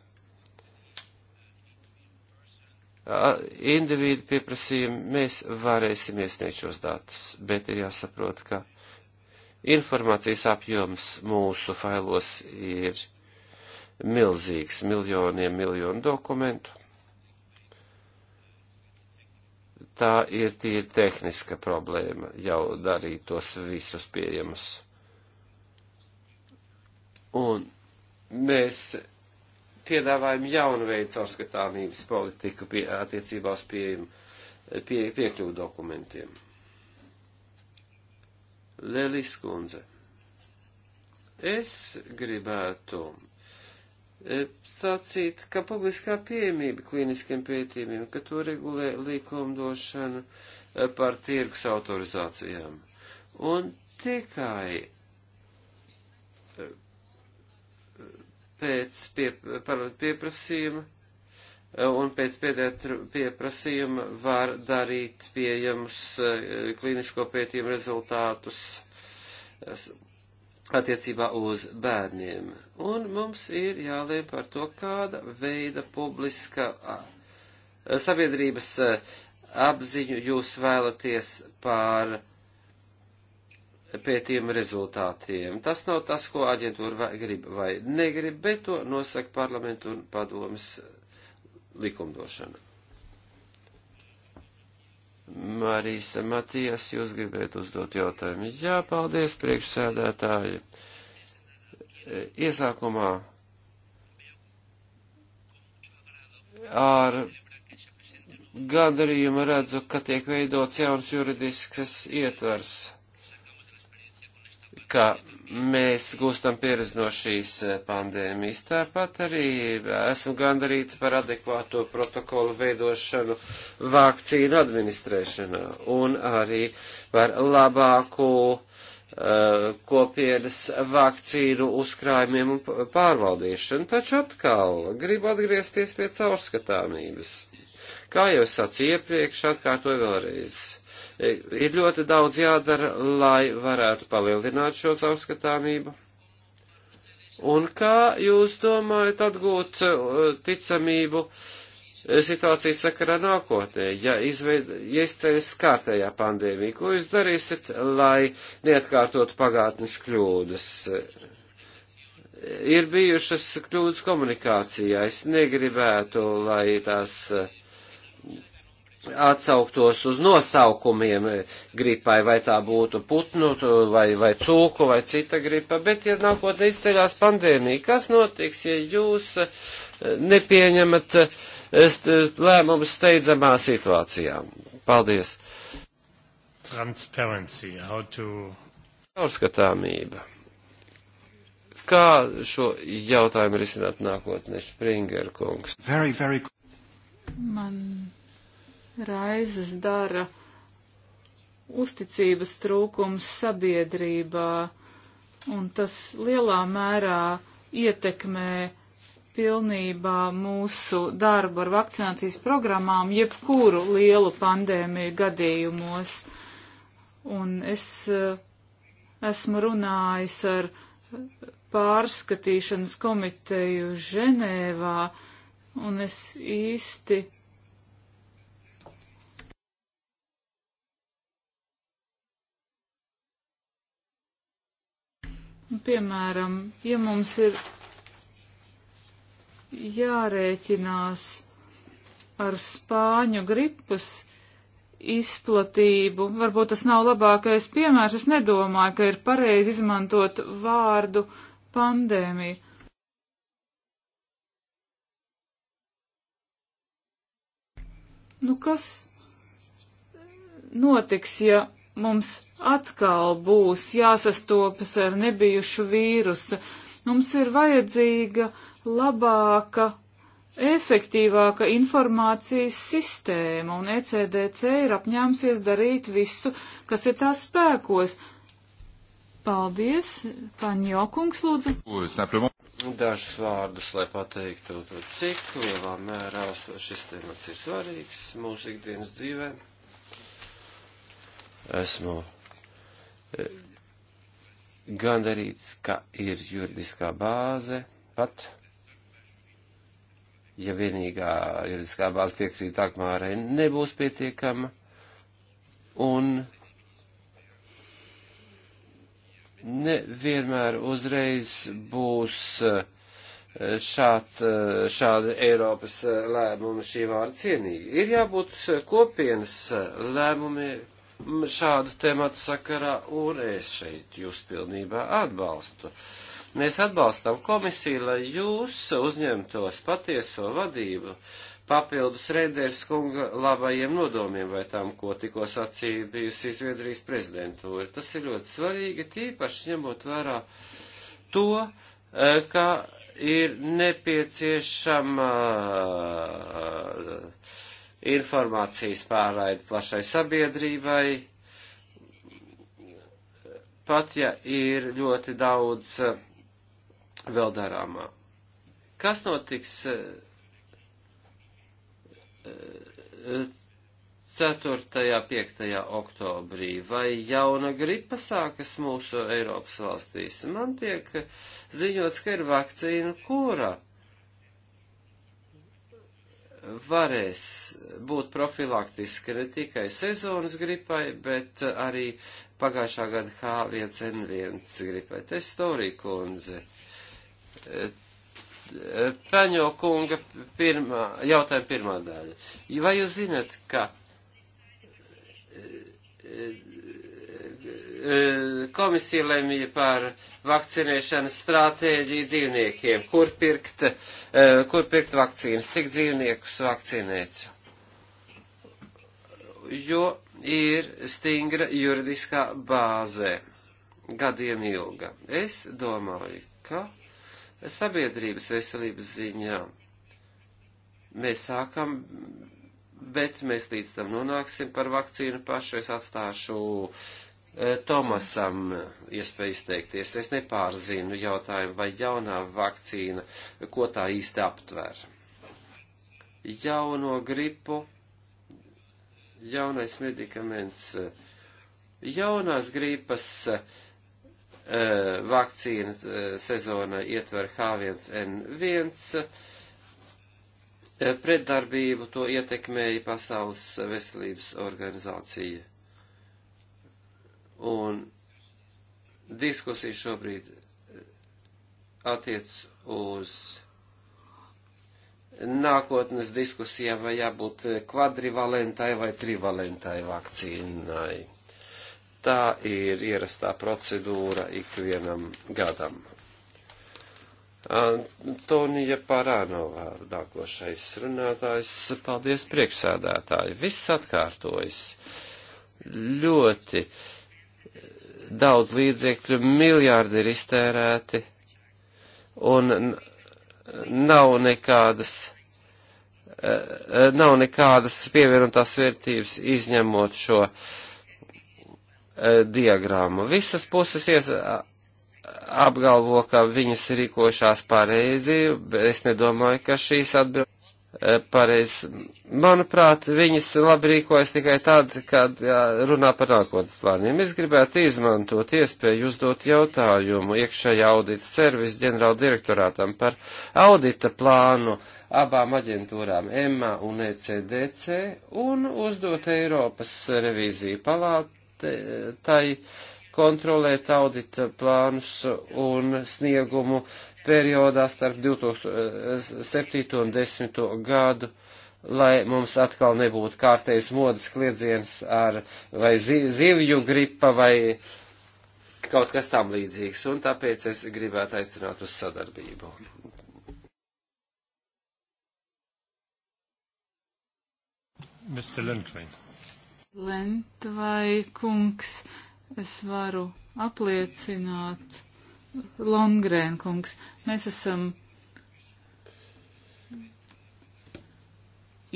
individu pieprasījumu, mēs varēsim iesniegt šos datus, bet ir jāsaprot, ka informācijas apjoms mūsu failos ir milzīgs, miljoniem miljonu dokumentu. Tā ir tīri tehniska problēma jau darīt tos visus pieejamus. Un mēs piedāvājam jaunu veidu caurskatāmības politiku pie, attiecībā uz pieejumu pie, piekļuvu dokumentiem. Lelis kundze, es gribētu e, sacīt, ka publiskā pieejamība klīniskiem pētījumiem, ka to regulē likumdošana e, par tirgus autorizācijām. Un tikai e, pēc pie, pieprasījuma eh, un pēc pieprasījuma var darīt pieejamus eh, klīnisko pētījumu rezultātus attiecībā uz bērniem. Un mums ir jālēm par to, kāda veida publiska eh, sabiedrības apziņu jūs vēlaties pār pie tiem rezultātiem. Tas nav tas, ko aģentūra vai grib vai negrib, bet to nosaka parlamentu un padomas likumdošana. Marīsa Matijas, jūs gribētu uzdot jautājumu. Jā, paldies, priekšsēdētāji. Iesākumā ar gandarījumu redzu, ka tiek veidots jauns juridisks ietvers ka mēs gūstam pieredzi no šīs eh, pandēmijas. Tāpat arī esmu gandarīta par adekvāto protokolu veidošanu vakcīnu administrēšanā un arī par labāku uh, kopienas vakcīnu uzkrājumiem un pārvaldīšanu. Taču atkal gribu atgriezties pie caurskatāmības. Kā jau sacīju iepriekš, atkārtoju vēlreiz Ir ļoti daudz jādara, lai varētu palielināt šo caurskatāmību. Un kā jūs domājat atgūt eh, ticamību eh, situācijas sakarā nākotnē, ja, izveid, ja izceļas kārtējā pandēmija? Ko jūs darīsiet, lai neatkārtotu pagātnes kļūdas? Ir bijušas kļūdas komunikācijā. Es negribētu, lai tās uh, atsauktos uz nosaukumiem gripai, vai tā būtu putnu, vai, vai cūku, vai cita gripa, bet, ja nākotnē izceļās pandēmija, kas notiks, ja jūs eh, nepieņemat eh, lēmumus steidzamā situācijā? Paldies! Transparency, how to. Caurskatāmība. Kā šo jautājumu risināt nākotnē, Springer kungs? Very, very... Man raizes dara uzticības trūkums sabiedrībā, un tas lielā mērā ietekmē pilnībā mūsu darbu ar vakcinācijas programmām, jebkuru lielu pandēmiju gadījumos. Un es eh, esmu runājis ar pārskatīšanas komiteju Ženēvā, un es īsti Piemēram, ja mums ir jārēķinās ar spāņu gripas izplatību, varbūt tas nav labākais piemērs, es nedomāju, ka ir pareizi izmantot vārdu pandēmija. Nu kas notiks, ja mums atkal būs jāsastopas ar nebijušu vīrusu. Mums ir vajadzīga labāka, efektīvāka informācijas sistēma, un ECDC ir apņēmusies darīt visu, kas ir tās spēkos. Paldies, Paņokungs, lūdzu. Dažus vārdus, lai pateiktu, cik lielā mērā šis temats ir svarīgs mūsu ikdienas dzīvēm Esmu e, gandarīts, ka ir juridiskā bāze pat, ja vienīgā juridiskā bāze piekrīt Akmārai, nebūs pietiekama, un nevienmēr uzreiz būs e, šāds, e, šādi Eiropas lēmumi šī vārda cienīgi. Ir jābūt kopienas lēmumiem šādu tēmatu sakarā, un es šeit jūs pilnībā atbalstu. Mēs atbalstam komisiju, lai jūs uzņemtos patieso vadību papildus Reiders kunga labajiem nodomiem vai tam, ko tikko sacīja bijusi Zviedrijas prezidentūra. Tas ir ļoti svarīgi, tīpaši ņemot vērā to, eh, ka ir nepieciešama uh, informācijas pārraidi plašai sabiedrībai, pat ja ir ļoti daudz eh, vēl darāmā. Kas notiks uh, 4. 5. oktobrī, vai jauna gripa sākas mūsu Eiropas valstīs? Man tiek ziņots, ka ir vakcīna kūra varēs būt profilaktiski ne tikai sezonas gripai, bet arī pagājušā gada H1N1 gripai. Testorī kundze. Peņo kunga pirmā, jautājuma pirmā daļa. Vai jūs zinat, ka E, komisija lemja par vakcinēšanas stratēģiju dzīvniekiem, kur pirkt, e, kur pirkt vakcīnas, cik dzīvniekus vakcinēt. Jo ir stingra juridiskā bāze, gadiem ilga. Es domāju, ka sabiedrības veselības ziņā mēs sākam bet mēs līdz tam nonāksim par vakcīnu pašu. Es atstāšu Eh, Tomasam iespēja izteikties. Es nepārzinu jautājumu, vai jaunā vakcīna, ko tā īsti aptver. Jauno gripu, jaunais medikaments, eh, jaunās gripas eh, vakcīnas sezona ietver H1N1 pretdarbību, to ietekmēja Pasaules veselības organizācija Un diskusija šobrīd eh, attiec uz nākotnes diskusijām, vai jābūt eh, kvadrivalentai vai trivalentai vakcīnai. Tā ir ierastā procedūra ikvienam gadam. Antonija Parānovā nākošais runātājs. Paldies priekšsēdētāji. Viss atkārtojas. Ļoti uh, daudz līdzekļu, miljārdi ir iztērēti, un nav nekādas, e, e, nav nekādas pievienotās vērtības izņemot šo e, diagrammu. Visas puses ies, apgalvo, ka viņas rīkošās pareizi, es nedomāju, ka šīs atbildes Eh, pareiz. Manuprāt, viņas labi rīkojas tikai tad, kad jā, runā par nākotnes plāniem. Es gribētu izmantot iespēju uzdot jautājumu iekšējā audita servisa ģenerāla direktorātam par audita plānu abām aģentūrām EMA un ECDC un uzdot Eiropas revīziju palātai eh, kontrolēt audita plānus un sniegumu uh, periodā starp 2007 eh, un 2010 gadu, lai mums atkal nebūtu kārtējs modas kliedziens ar vai zi, zivju gripa vai kaut kas tam līdzīgs, un tāpēc es gribētu aicināt uz sadarbību. Mr. Lundgren. Lentvai kungs, es varu apliecināt Longrēnkungs, mēs esam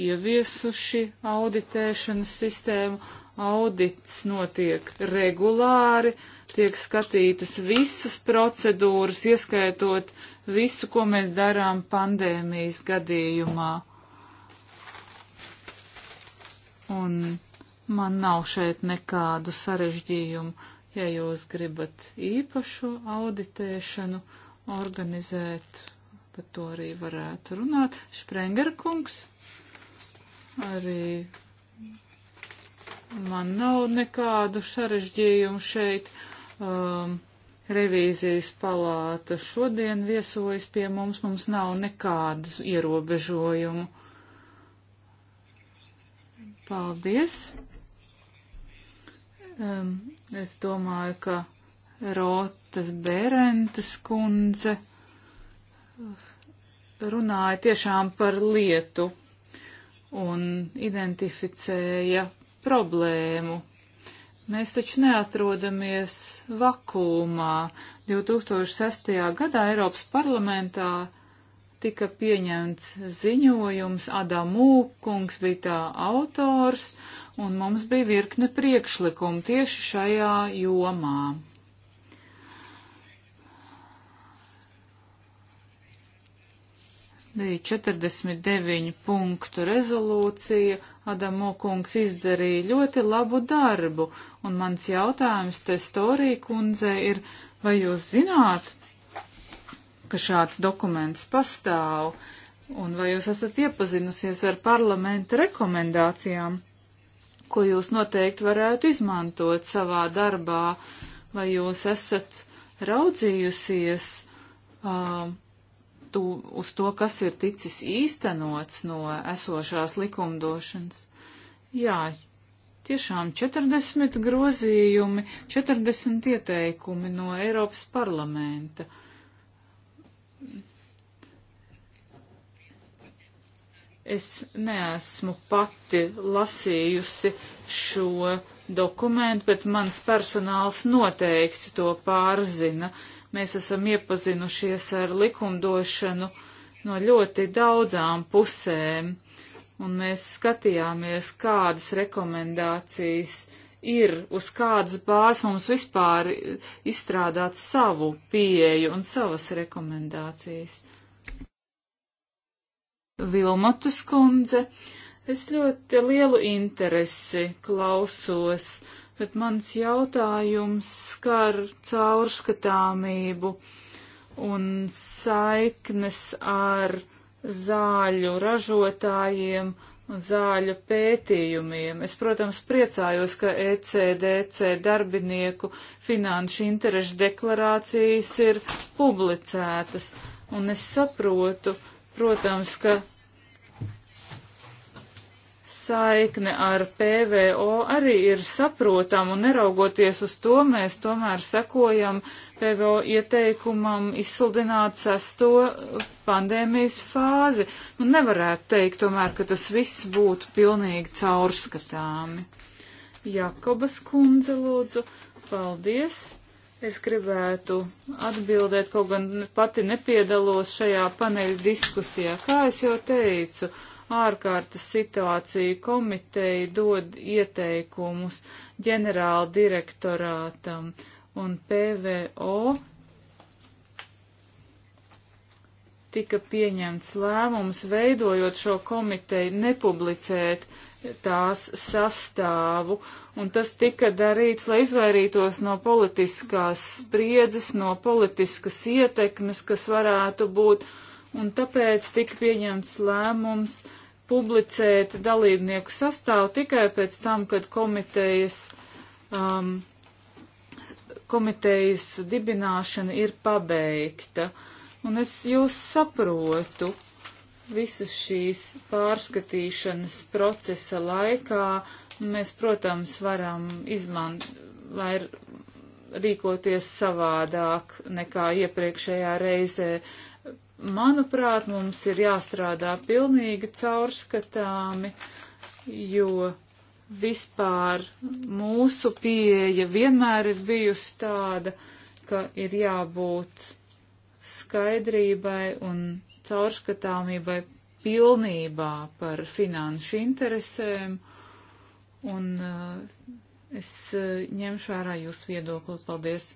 ieviesuši auditēšanas sistēmu. Audits notiek regulāri, tiek skatītas visas procedūras, ieskaitot visu, ko mēs darām pandēmijas gadījumā. Un man nav šeit nekādu sarežģījumu ja jūs gribat īpašu auditēšanu organizēt, par to arī varētu runāt. Šprengerkungs arī man nav nekādu sarežģījumu šeit. Um, Revīzijas palāta šodien viesojas pie mums, mums nav nekādas ierobežojumu. Paldies! Um, Es domāju, ka Rotas Berentes kundze runāja tiešām par lietu un identificēja problēmu. Mēs taču neatrodamies vakūmā. 2006. gadā Eiropas parlamentā tika pieņemts ziņojums, Adamu kungs bija tā autors, un mums bija virkne priekšlikumu tieši šajā jomā. bija 49 punktu rezolūcija, Adamo kungs izdarīja ļoti labu darbu, un mans jautājums te storī kundze ir, vai jūs zināt, ka šāds dokuments pastāv, un vai jūs esat iepazinusies ar parlamenta rekomendācijām, ko jūs noteikti varētu izmantot savā darbā, vai jūs esat raudzījusies uh, tu, uz to, kas ir ticis īstenots no esošās likumdošanas. Jā, tiešām 40 grozījumi, 40 ieteikumi no Eiropas parlamenta. Uh, Es neesmu pati lasījusi šo dokumentu, bet mans personāls noteikti to pārzina. Mēs esam iepazinušies ar likumdošanu no ļoti daudzām pusēm, un mēs skatījāmies, kādas rekomendācijas ir, uz kādas bāzes mums vispār izstrādāt savu pieeju un savas rekomendācijas. Vilmotas kundze. Es ļoti lielu interesi klausos, bet mans jautājums skar caurskatāmību un saiknes ar zāļu ražotājiem un zāļu pētījumiem. Es, protams, priecājos, ka ECDC darbinieku finanšu interešu deklarācijas ir publicētas, un es saprotu, ka Protams, ka saikne ar PVO arī ir saprotama, un neraugoties uz to, mēs tomēr sekojam PVO ieteikumam izsludināt sesto pandēmijas fāzi. Nu, nevarētu teikt tomēr, ka tas viss būtu pilnīgi caurskatāmi. Jakobas kundze, lūdzu, paldies! Es gribētu atbildēt, kaut gan pati nepiedalos šajā paneļa diskusijā. Kā es jau teicu, ārkārtas situāciju komiteja dod ieteikumus ģenerāla direktorātam un PVO tika pieņemts lēmums veidojot šo komiteju nepublicēt tās sastāvu, un tas tika darīts, lai izvairītos no politiskās spriedzes, no politiskas ietekmes, kas varētu būt, un tāpēc tika pieņemts lēmums publicēt dalībnieku sastāvu tikai pēc tam, kad komitejas, um, komitejas dibināšana ir pabeigta. Un es jūs saprotu, visas šīs pārskatīšanas procesa laikā mēs, protams, varam izmantot vai rīkoties savādāk nekā iepriekšējā reizē. Manuprāt, mums ir jāstrādā pilnīgi caurskatāmi, jo vispār mūsu pieeja vienmēr ir bijusi tāda, ka ir jābūt skaidrībai un caurskatāmībai pilnībā par finanšu interesēm, un uh, es uh, ņemšu vērā jūsu viedokli. Paldies!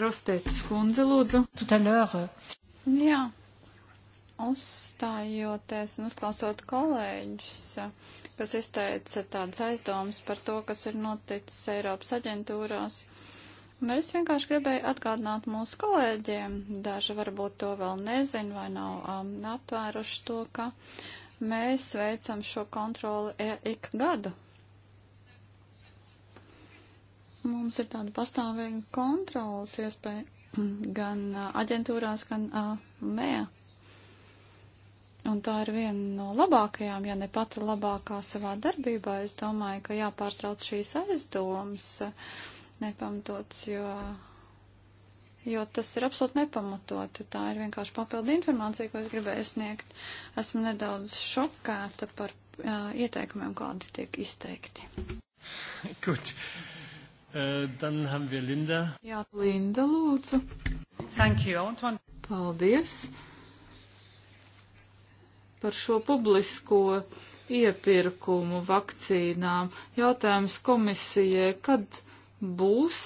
Grostētas kundze, lūdzu. Jā, uzstājoties un uzklausot kolēģus, kas izteica tādas aizdomas par to, kas ir noticis Eiropas aģentūrās. Uh, Nu, es vienkārši gribēju atgādināt mūsu kolēģiem, daži varbūt to vēl nezin vai nav um, aptvēruši to, ka mēs veicam šo kontroli e, ik gadu. Mums ir tāda pastāvīga kontrolas iespēja gan uh, aģentūrās, gan uh, mēā. Un tā ir viena no labākajām, ja ne pati labākā savā darbībā. Es domāju, ka jāpārtrauc šīs aizdomas. Uh, nepamatots, jo, jo tas ir absolūti nepamatoti. Tā ir vienkārši papildu informācija, ko es gribēju sniegt. Esmu nedaudz šokēta par uh, ieteikumiem, kādi tiek izteikti. Gut. Uh, dann haben wir Linda. Jā, Linda, lūdzu. Thank you. Antoine. Paldies par šo publisko iepirkumu vakcīnām. Jautājums komisijai, kad būs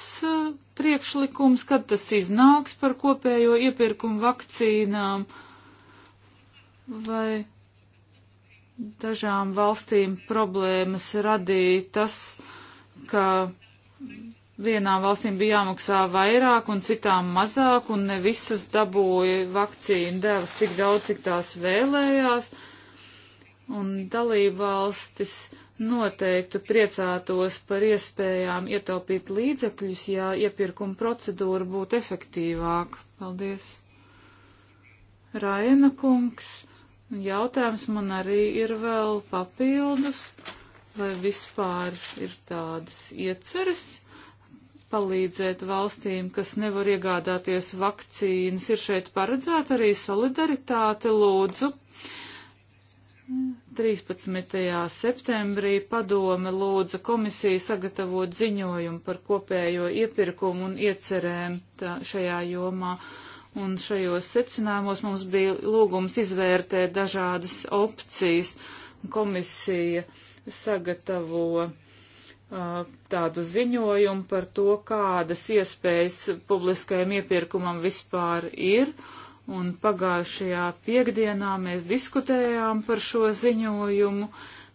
priekšlikums, kad tas iznāks par kopējo iepirkumu vakcīnām vai dažām valstīm problēmas radīja tas, ka vienām valstīm bija jāmaksā vairāk un citām mazāk, un ne visas dabūja vakcīnu devas tik daudz, cik tās vēlējās, un dalībvalstis valstis noteikti priecātos par iespējām ietaupīt līdzekļus, ja iepirkuma procedūra būtu efektīvāka. Paldies! Raina kungs, jautājums man arī ir vēl papildus, vai vispār ir tādas ieceres palīdzēt valstīm, kas nevar iegādāties vakcīnas, ir šeit paredzēta arī solidaritāte, lūdzu. 13. septembrī padome lūdza komisiju sagatavot ziņojumu par kopējo iepirkumu un iecerēm tā, šajā jomā. Un šajos secinājumos mums bija lūgums izvērtēt dažādas opcijas. Komisija sagatavo uh, tādu ziņojumu par to, kādas iespējas publiskajam iepirkumam vispār ir. Uh, un pagājušajā piekdienā mēs diskutējām par šo ziņojumu.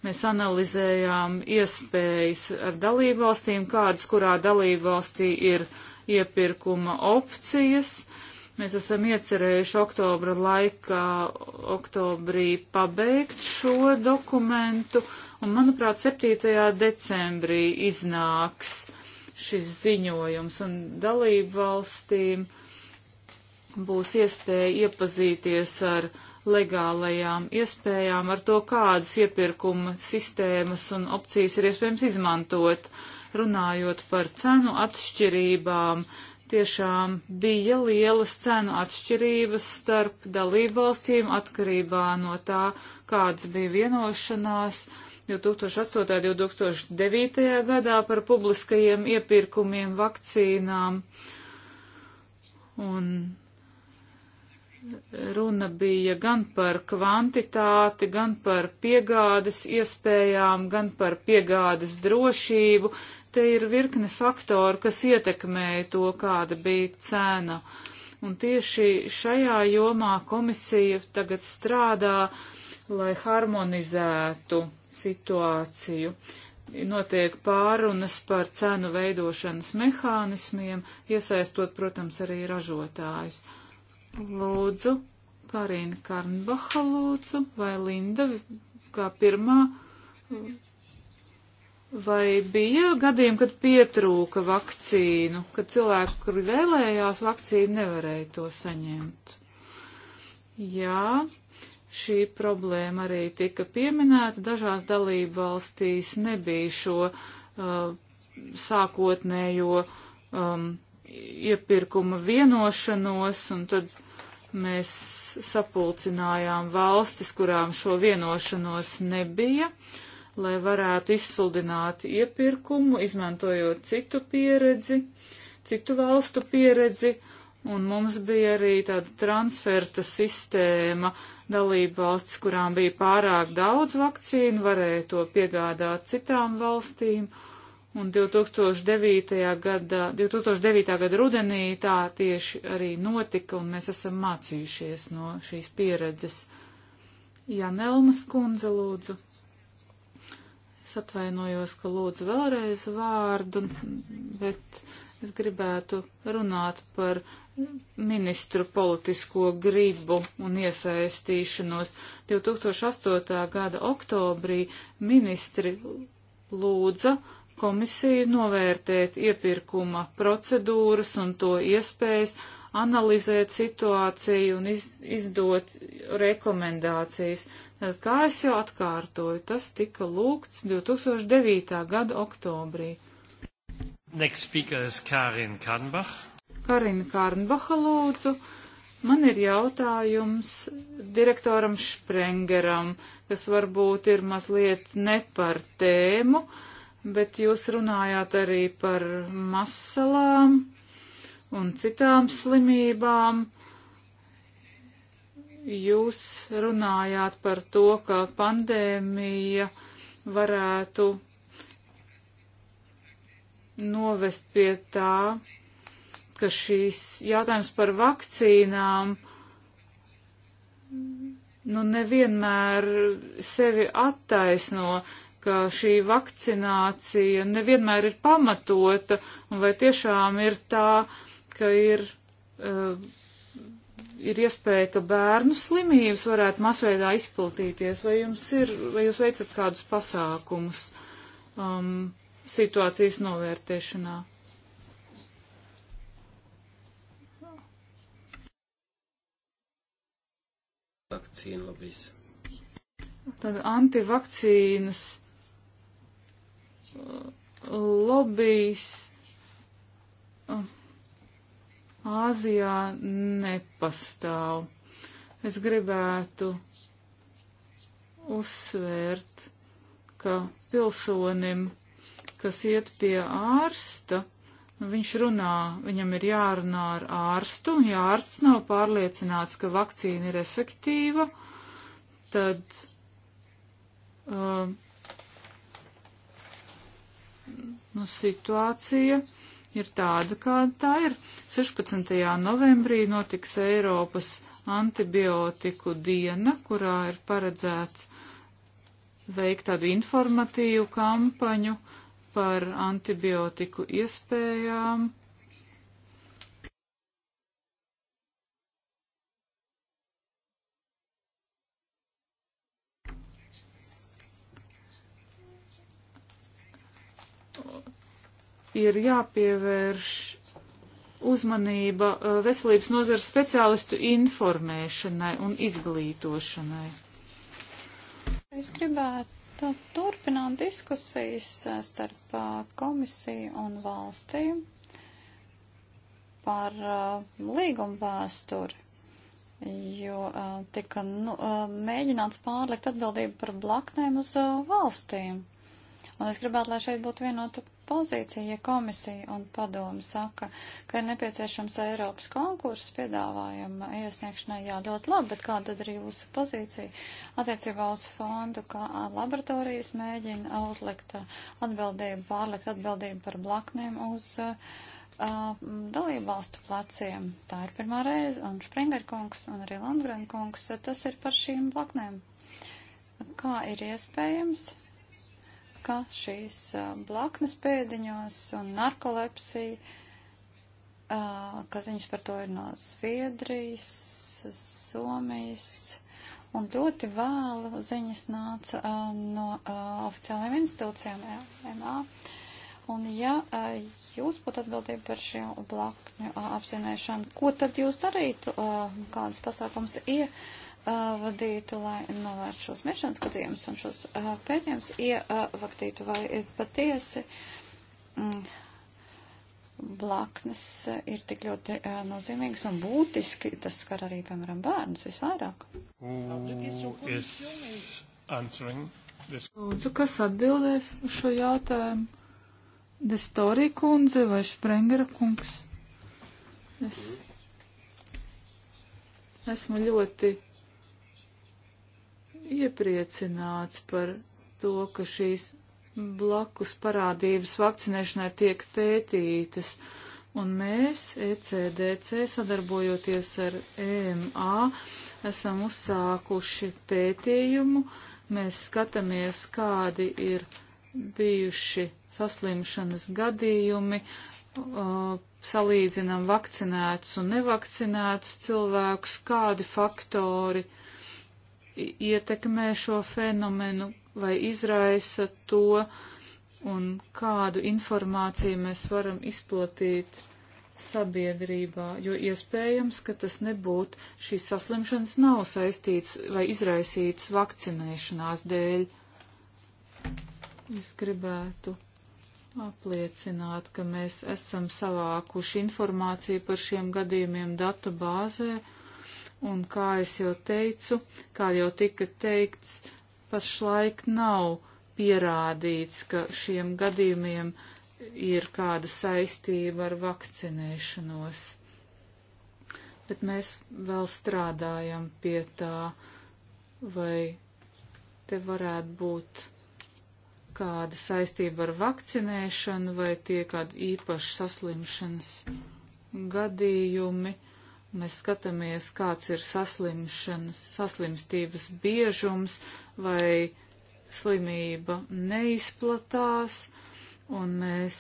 Mēs analizējām iespējas ar dalībvalstīm, kādas kurā dalībvalstī ir iepirkuma opcijas. Mēs esam iecerējuši oktobra laikā, oktobrī pabeigt šo dokumentu, un manuprāt, 7. decembrī iznāks šis ziņojums un dalībvalstīm valstīm būs iespēja iepazīties ar legālajām iespējām, ar to, kādas iepirkuma sistēmas un opcijas ir iespējams izmantot. Runājot par cenu atšķirībām, tiešām bija lielas cenu atšķirības starp dalībvalstīm atkarībā no tā, kādas bija vienošanās 2008. un 2009. gadā par publiskajiem iepirkumiem vakcīnām. Un Runa bija gan par kvantitāti, gan par piegādes iespējām, gan par piegādes drošību. Te ir virkne faktoru, kas ietekmēja to, kāda bija cena. Un tieši šajā jomā komisija tagad strādā, lai harmonizētu situāciju notiek pārunas par cenu veidošanas mehānismiem, iesaistot, protams, arī ražotājus. Lūdzu, Karina Karnbaha lūdzu, vai Linda kā pirmā. Vai bija gadījumi, kad pietrūka vakcīnu, kad cilvēki, kuri vēlējās vakcīnu, nevarēja to saņemt? Jā, šī problēma arī tika pieminēta. Dažās dalību valstīs nebija šo uh, sākotnējo um, iepirkuma vienošanos, un tad mēs sapulcinājām valstis, kurām šo vienošanos nebija, lai varētu izsludināt iepirkumu, izmantojot citu pieredzi, citu valstu pieredzi, un mums bija arī tāda transferta sistēma, dalība valsts, kurām bija pārāk daudz vakcīnu, varēja to piegādāt citām valstīm, Un 2009. gada, 2009. gada rudenī tā tieši arī notika, un mēs esam mācījušies no šīs pieredzes. Janelmas kundze lūdzu. Es atvainojos, ka lūdzu vēlreiz vārdu, bet es gribētu runāt par ministru politisko gribu un iesaistīšanos. 2008. gada oktobrī ministri lūdza, komisiju novērtēt iepirkuma procedūras un to iespējas, analizēt situāciju un iz, izdot rekomendācijas. Tad, kā es jau atkārtoju, tas tika lūgts 2009. gada oktobrī. Next speaker is Karin Karnbach. Karina Karnbacha lūdzu. Man ir jautājums direktoram Šprengeram, kas varbūt ir mazliet ne par tēmu. Uh, bet jūs runājāt arī par masalām un citām slimībām. Jūs runājāt par to, ka pandēmija varētu novest pie tā, ka šīs jautājums par vakcīnām nu nevienmēr sevi attaisno, ka šī vakcinācija nevienmēr ir pamatota, un vai tiešām ir tā, ka ir, uh, ir iespēja, ka bērnu slimības varētu masveidā izplatīties, vai jums ir, vai jūs veicat kādus pasākumus um, situācijas novērtēšanā? Vakcīna lobbyis. Tad antivakcīnas lobijs ah, Āzijā nepastāv. Es gribētu uzsvērt, ka pilsonim, kas iet pie ārsta, nu, Viņš runā, viņam ir jārunā ar ārstu, un ja ārsts nav pārliecināts, ka vakcīna ir efektīva, tad uh, Nu, situācija ir tāda, kāda tā ir. 16. novembrī notiks Eiropas antibiotiku diena, kurā ir paredzēts veikt tādu informatīvu kampaņu par antibiotiku iespējām ir jāpievērš uzmanība uh, veselības nozares speciālistu informēšanai un izglītošanai. Es gribētu turpināt diskusijas uh, starp uh, komisiju un valstīm par līgumu vēsturi, jo tika nu, mēģināts pārlikt atbildību par blaknēm uz valstīm. Un es gribētu, lai šeit būtu vienota pozīcija, ja komisija un padoma saka, ka ir nepieciešams Eiropas konkurss piedāvājuma iesniegšanai, jā, ļoti labi, bet kāda tad ir jūsu pozīcija attiecībā uz fondu, kā laboratorijas mēģina uzlikt atbildību, pārlikt atbildību par blakniem uz uh, dalību valstu pleciem. Tā ir pirmā reize, un Springer kungs un arī Landgren kungs, tas ir par šīm blaknēm. Kā ir iespējams? ka šīs blaknes pēdiņos un narkolepsija, ka ziņas par to ir no Zviedrijas, Somijas, un ļoti vēlu ziņas nāca uh, no uh, oficiālajām institūcijām MA. Un ja uh, jūs būtu atbildība par šo blakņu apzinēšanu, ko tad jūs darītu, kādas pasākums ir? Ja vadītu, lai novērstu šos mešanas gadījumus un šos pēdējums ievaktītu vai patiesi mm, blaknes ir tik ļoti nozīmīgas un būtiski. Tas skar arī, piemēram, bērnus visvairāk. Lūdzu, kas atbildēs uz šo jautājumu? Destorī kundze vai Sprengera kungs? Es esmu ļoti iepriecināts par to, ka šīs blakus parādības vakcinēšanai tiek pētītas. Un mēs, ECDC, sadarbojoties ar EMA, esam uzsākuši pētījumu. Mēs skatāmies, kādi ir bijuši saslimšanas gadījumi, uh, salīdzinām vakcinētus un nevakcinētus cilvēkus, kādi faktori uh, ietekmē šo fenomenu vai izraisa to, un kādu informāciju mēs varam izplatīt sabiedrībā, jo iespējams, ka tas nebūtu šīs saslimšanas nav saistīts vai izraisīts vakcinēšanās dēļ. Es gribētu apliecināt, ka mēs esam savākuši informāciju par šiem gadījumiem datu bāzē Un kā es jau teicu, kā jau tika teikts, pašlaik nav pierādīts, ka šiem gadījumiem ir kāda saistība ar vakcinēšanos. Bet mēs vēl strādājam pie tā, vai te varētu būt kāda saistība ar vakcinēšanu vai tie kādi īpaši saslimšanas gadījumi. Mēs skatāmies, kāds ir saslimšanas, saslimstības biežums vai slimība neizplatās, un mēs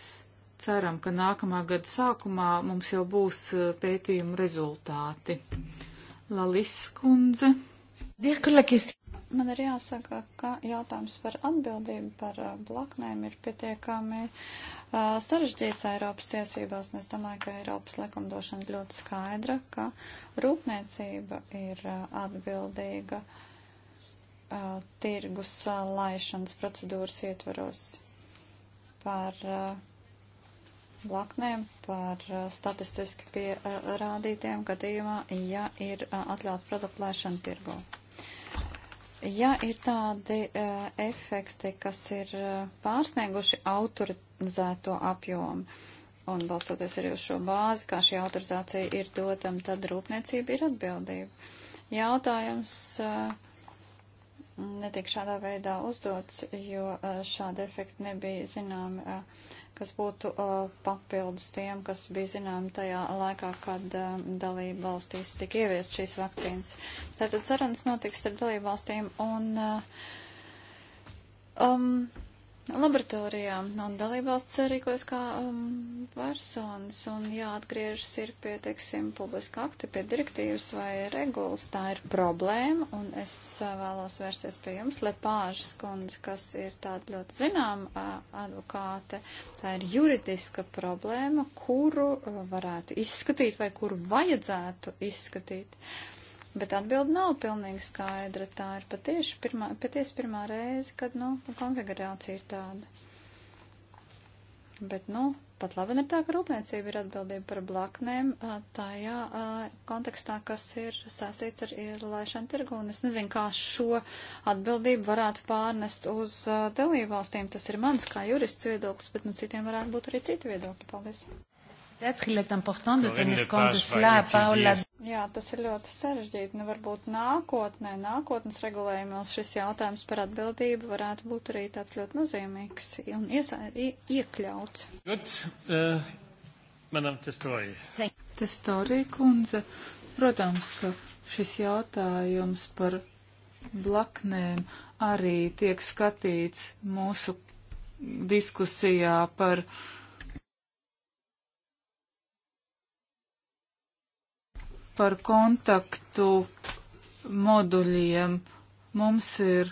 ceram, ka nākamā gada sākumā mums jau būs e, pētījuma rezultāti. Lalis kundze. Man ir jāsaka, ka jautājums par atbildību par e, blaknēm ir pietiekami sarežģīts Eiropas tiesībās, un es domāju, ka Eiropas likumdošana ļoti skaidra, ka rūpniecība ir atbildīga tirgus laišanas procedūras ietvaros par blaknēm, par statistiski pierādītiem gadījumā, ja ir atļauts produktu laišana tirgu. Ja ir tādi uh, efekti, kas ir uh, pārsnieguši autorizēto apjomu, un balstoties arī uz šo bāzi, kā šī autorizācija ir dotam, tad rūpniecība ir atbildība. Jautājums uh, netiek šādā veidā uzdots, jo uh, šādi efekti nebija zināmi. Uh, kas būtu uh, papildus tiem, kas bija zinām tajā laikā, kad uh, dalība valstīs tika ieviest šīs vakcīnas. Tātad sarunas notiks starp dalību valstīm un. Uh, um, laboratorijām, un dalībvalsts rīkojas kā um, personas, un jāatgriežas ir pie, teiksim, publiska akta, pie direktīvas vai regulas. Tā ir problēma, un es uh, vēlos vērsties pie jums, Lepāžas kundze, kas ir tāda ļoti zinām uh, advokāte. Tā ir juridiska problēma, kuru uh, varētu izskatīt vai kuru vajadzētu izskatīt. Uh, Bet atbildi nav pilnīgi skaidra. Tā ir patieši pirmā, patiesi pirmā reize, kad, nu, konfigurācija ir tāda. Bet, nu, pat labi ir tā, ka rūpniecība ir atbildība par blaknēm tajā kontekstā, kas ir sāstīts ar ielaišanu tirgu. Un es nezinu, kā šo atbildību varētu pārnest uz dalībvalstīm. Tas ir mans kā jurists viedoklis, bet nu citiem varētu būt arī citi viedokļi. Paldies! Jā, tas ir ļoti sarežģīti. Nu, varbūt nākotnē, nākotnes regulējumos šis jautājums par atbildību varētu būt arī tāds ļoti nozīmīgs un iesa, ie, iekļauts. Good, uh, manam testori. Testori, kundze. Protams, ka šis jautājums par blaknēm arī tiek skatīts mūsu diskusijā par uh, par kontaktu moduļiem. Mums ir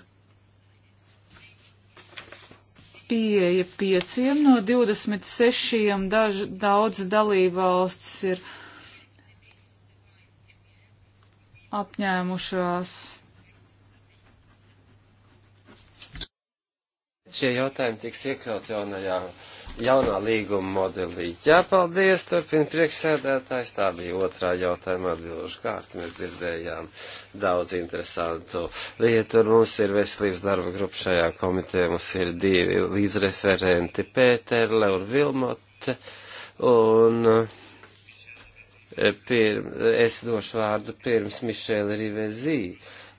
pieeja pieciem no 26, daž, daudz dalībvalsts ir apņēmušās. Šie jautājumi tiks iekļaut jaunajā jaunā līguma modelī. Jā, paldies, turpina priekšsēdētājs. Tā bija otrā jautājuma atbilžu kārta. Mēs dzirdējām daudz interesantu lietu, un mums ir veselības darba grupa šajā komitē. Mums ir divi līdzreferenti - Pēterle un Vilmote. Un e, pirm, es došu vārdu pirms Mišēla Rivezī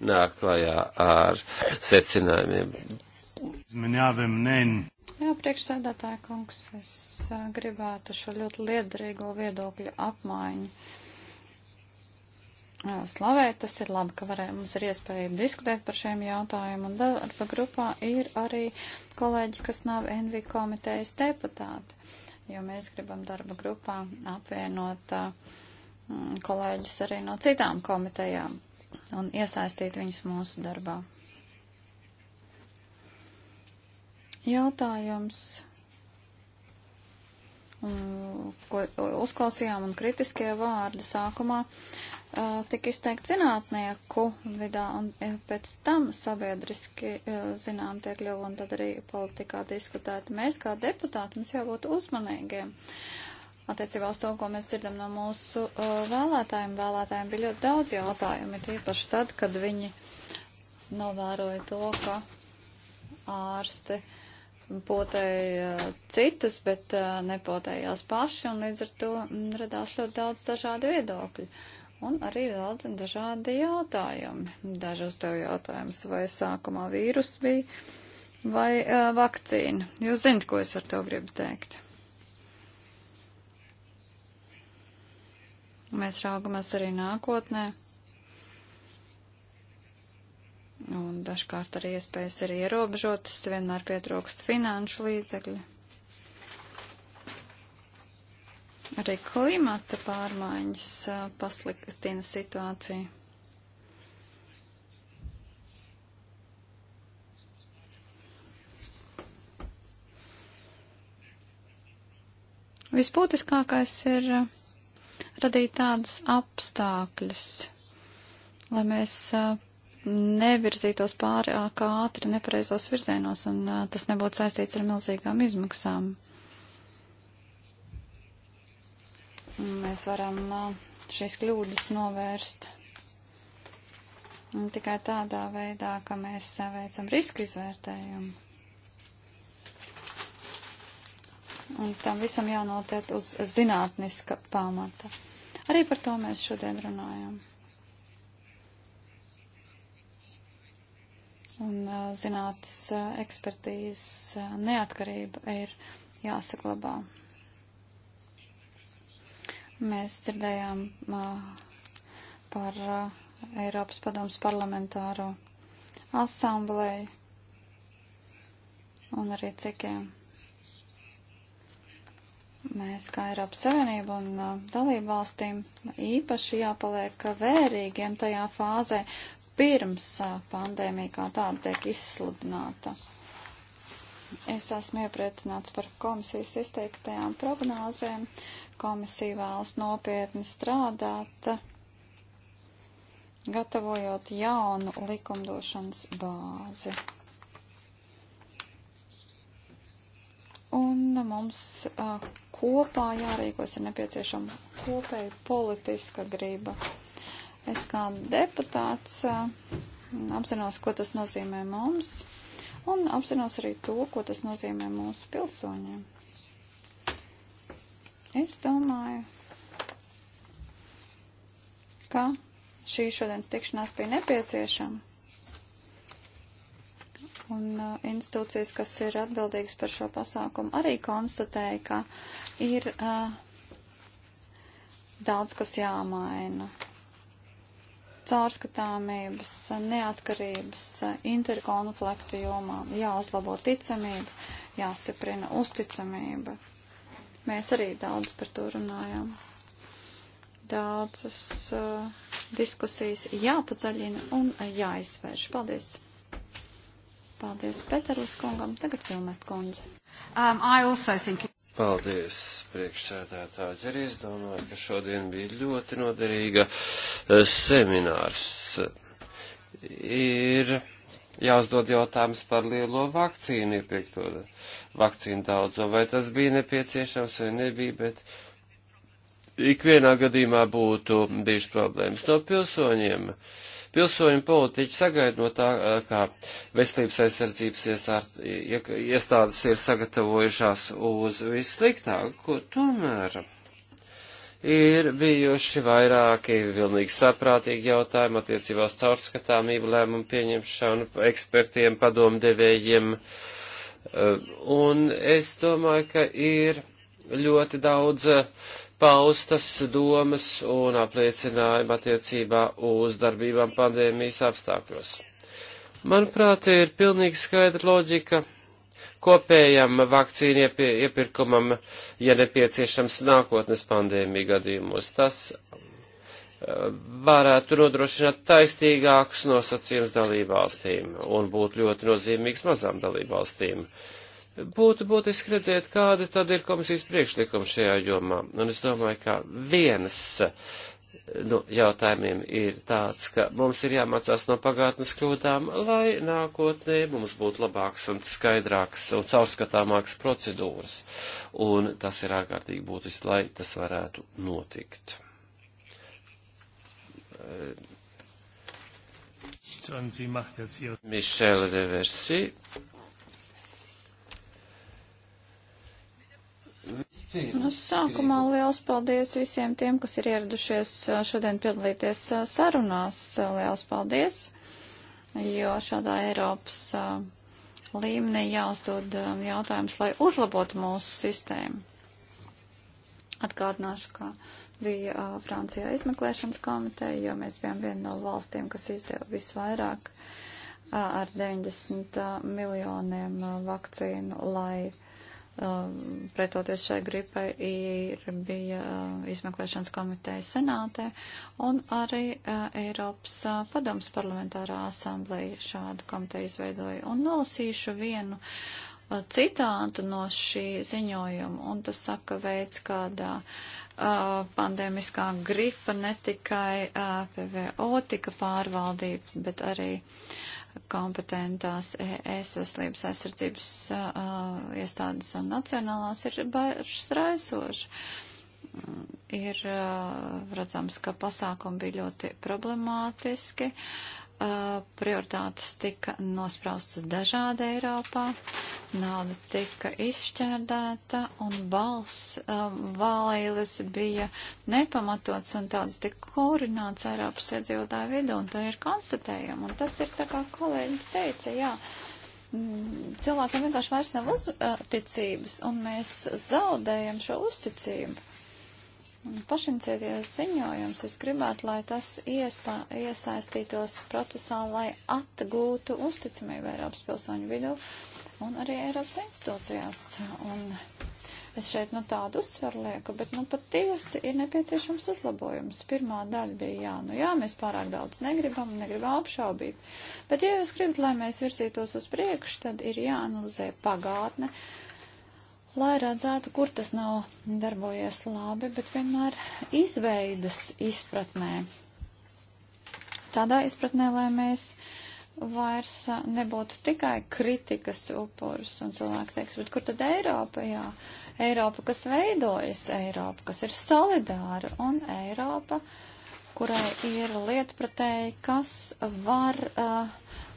nāk klajā ar secinājumiem. Izmenjave mnen Jā, priekšsēdētāja kungs, es gribētu šo ļoti liederīgo viedokļu apmaiņu slavēt. Tas ir labi, ka varē, mums ir iespēja diskutēt par šiem jautājumiem, un darba grupā ir arī kolēģi, kas nav NV komitejas deputāti, jo mēs gribam darba grupā apvienot kolēģus arī no citām komitejām un iesaistīt viņus mūsu darbā. jautājums, ko uzklausījām un kritiskie vārdi sākumā, tika izteikt zinātnieku vidā un e, pēc tam sabiedriski zinām tiek kļuva un tad arī politikā diskutēta. Mēs kā deputāti mums jābūt uzmanīgiem. Attiecībā uz to, ko mēs dzirdam no mūsu vēlētājiem, vēlētājiem bija ļoti daudz jautājumu, it īpaši tad, kad viņi novēroja to, ka ārsti potēja uh, citus, bet uh, nepotējās paši, un līdz ar to mm, radās ļoti daudz dažādu viedokļu. Un arī daudz dažādi jautājumi. Daži uzdev jautājumus, vai sākumā vīrus bija, vai uh, vakcīna. Jūs zinat, ko es ar to gribu teikt. Mēs raugamies arī nākotnē. Un dažkārt arī iespējas ir ierobežotas, vienmēr pietrūkst finanšu līdzekļu. Arī klimata pārmaiņas pasliktina situāciju. Visbūtiskākais ir radīt tādus apstākļus, lai mēs nevirzītos pārāk ātri nepareizos virzienos, un uh, tas nebūtu saistīts ar milzīgām izmaksām. Mēs varam uh, šīs kļūdas novērst un tikai tādā veidā, ka mēs uh, veicam risku izvērtējumu. Un tam visam jānotiek uz zinātniska pamata. Arī par to mēs šodien runājam. un zinātnes ekspertīzes neatkarība ir jāsaglabā. Mēs dzirdējām par Eiropas padomus parlamentāro asamblēju un arī cikiem. Mēs kā Eiropas Savienība un dalību valstīm īpaši jāpaliek vērīgiem tajā fāzē, pirms pandēmija kā tāda tiek izsludināta. Es esmu iepriecināts par komisijas izteiktajām prognozēm. Komisija vēlas nopietni strādāt, gatavojot jaunu likumdošanas bāzi. Un mums uh, kopā jārīkos ir nepieciešama kopēja politiska grība Es kā deputāts eh, apzinos, ko tas nozīmē mums, un apzinos arī to, ko tas nozīmē mūsu pilsoņiem. Es domāju, ka šī šodienas tikšanās bija nepieciešama. Un uh, institūcijas, kas ir atbildīgas par šo pasākumu, arī konstatēja, ka ir uh, daudz kas jāmaina caurskatāmības, neatkarības, interkonfliktu jomā, jāuzlabo ticamība, jāstiprina uzticamība. Mēs arī daudz par to runājām. Daudzas uh, diskusijas jāpaceļina un jāizvērš. Paldies! Paldies Peterlis kungam, tagad filmēt kundze. Um, think... Paldies, priekšsēdētāji. Arī es domāju, ka šodien bija ļoti noderīga eh, seminārs. Ir jāuzdod jautājums par lielo vakcīnu iepirkto vakcīnu daudzumu. Vai tas bija nepieciešams vai nebija, bet ikvienā gadījumā būtu bijušas problēmas no pilsoņiem. Uh, Pilsoņu politiķi sagaida no tā, eh, kā veselības aizsardzības iesārt, iestādes ir sagatavojušās uz vissliktāko. Tomēr ir bijuši vairāki pilnīgi saprātīgi jautājumi attiecībā uz caurskatāmību lēmumu pieņemšanu ekspertiem, padomdevējiem. Eh, un es domāju, ka ir ļoti daudz eh, paustas domas un apliecinājumi attiecībā uz darbībām pandēmijas apstākļos. Manuprāt, ir pilnīgi skaidra loģika kopējam vakcīnu iepirkumam, ja nepieciešams, nākotnes pandēmija gadījumos. Tas eh, varētu nodrošināt taistīgākus nosacījumus dalībvalstīm un būt ļoti nozīmīgs mazām dalībvalstīm. valstīm būtu būtiski redzēt, kāda tad ir komisijas priekšlikuma šajā jomā. Un es domāju, ka viens nu, jautājumiem ir tāds, ka mums ir jāmācās no pagātnes kļūdām, lai nākotnē mums būtu labāks un skaidrāks un caurskatāmāks procedūras. Un tas ir ārkārtīgi būtiski, lai tas varētu notikt. Mišela Reversi. Nu, sākumā liels paldies visiem tiem, kas ir ieradušies šodien piedalīties sarunās. Liels paldies, jo šādā Eiropas līmenī jāuzdod jautājums, lai uzlabotu mūsu sistēmu. Atgādināšu, ka bija Francijā izmeklēšanas komiteja, jo mēs bijām viena no valstīm, kas izdeva visvairāk ar 90 miljoniem vakcīnu, lai Um, pretoties šai gripai ir bija uh, izmeklēšanas komiteja senātē un arī uh, Eiropas uh, padoms parlamentārā asambleja šādu komiteju izveidoja. Un nolasīšu vienu citātu no šī ziņojuma, un tas saka veids, kādā uh, pandēmiskā gripa ne tikai uh, PVO tika pārvaldīta, bet arī uh, kompetentās ES veselības aizsardzības uh, iestādes un nacionālās ir bažas raisoši. Mm, ir uh, redzams, ka pasākumi bija ļoti problemātiski. Uh, prioritātes tika nospraustas dažādi Eiropā, nauda tika izšķērdēta un balss vālīles bija nepamatots un tāds tika kurināts Eiropas iedzīvotāju vidū un tā ir konstatējama. Un tas ir tā kā kolēģi teica, jā mm, cilvēkiem vienkārši vairs nav uzticības, un mēs zaudējam šo uzticību pašinciatīvas ziņojums, es gribētu, lai tas iespā, iesaistītos procesā, lai atgūtu uzticamību Eiropas pilsoņu vidū un arī Eiropas institūcijās. Un Es šeit nu tādu uzsvaru lieku, bet nu patiesi ir nepieciešams uzlabojums. Pirmā daļa bija jā, nu jā, mēs pārāk daudz negribam, negribam apšaubīt. Bet ja jūs gribat, lai mēs virzītos uz priekšu, tad ir jāanalizē pagātne lai redzētu, kur tas nav darbojies labi, bet vienmēr izveidas izpratnē. Tādā izpratnē, lai mēs vairs nebūtu tikai kritikas upurs un cilvēki teiks, bet kur tad Eiropa, jā, Eiropa, kas veidojas, Eiropa, kas ir solidāra un Eiropa, kurai ir lietpratēji, kas var uh,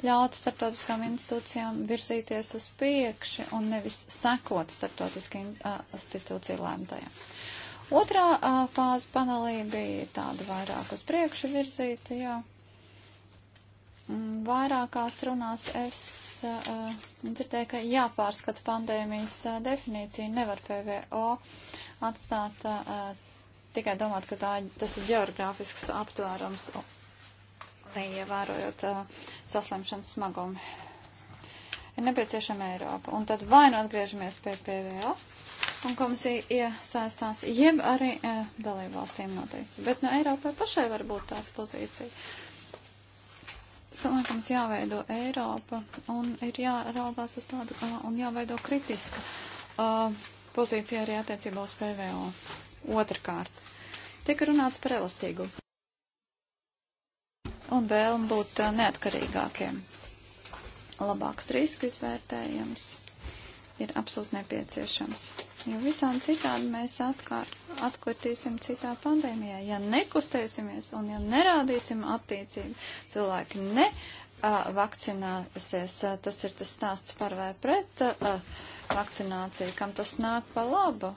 ļaut starptautiskām institūcijām virzīties uz priekšu un nevis sekot starptautiskajiem uh, institūciju lēmtajiem. Otrā uh, fāze panelī bija tāda vairāk uz priekšu virzīta, jā. Vairākās runās es uh, dzirdēju, ka jāpārskata pandēmijas uh, definīcija, nevar PVO atstāt uh, tikai domāt, ka tā, tas ir geogrāfisks aptvērums neievērojot saslimšanas smagumu. Ir nepieciešama Eiropa. Un tad vai nu atgriežamies pie PVO un komisija iesaistās, jeb arī e, dalībvalstīm noteikti. Bet no Eiropai pašai var būt tās pozīcija. Domāju, ka mums jāveido Eiropa un ir jāraugās uz tādu un jāveido kritiska uh, pozīcija arī attiecībā uz PVO. Otrakārt, tika runāts par elastīgu un vēlme būt uh, neatkarīgākiem. Labāks riska izvērtējums ir absolūti nepieciešams. Jo visādi citādi mēs atkār, atkartīsim citā pandēmijā. Ja nekustēsimies un ja nerādīsim attiecību, cilvēki ne a, uh, vakcinēsies. A, uh, tas ir tas stāsts par vai pret a, vakcināciju, kam tas nāk pa labu.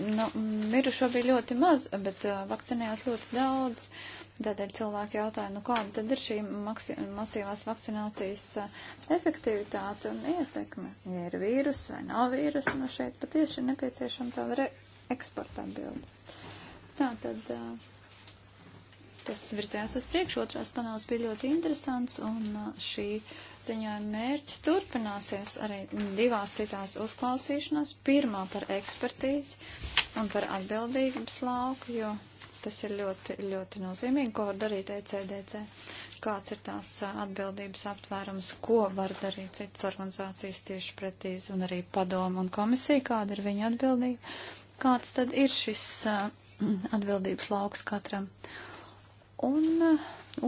Nu, mirušo bija ļoti maz, bet vakcinējās ļoti daudz. Uh, Tādēļ cilvēki jautāja, nu kāda tad ir šī masīvās vakcinācijas eh, efektivitāte un ietekme? Ja ir vīrus vai nav vīrus, nu šeit patiesi ir nepieciešama tāda eksporta atbilde. Tā tad eh, tas virzījās uz priekšu, otrās panels bija ļoti interesants un eh, šī ziņojuma mērķis turpināsies arī divās citās uzklausīšanās. Pirmā par ekspertīzi un par atbildības lauku, jo Tas ir ļoti, ļoti nozīmīgi, ko var darīt ECDC. Kāds ir tās atbildības aptvērums, ko var darīt citas organizācijas tieši pretīs, un arī padomu un komisija, kāda ir viņa atbildība. Kāds tad ir šis atbildības lauks katram? Un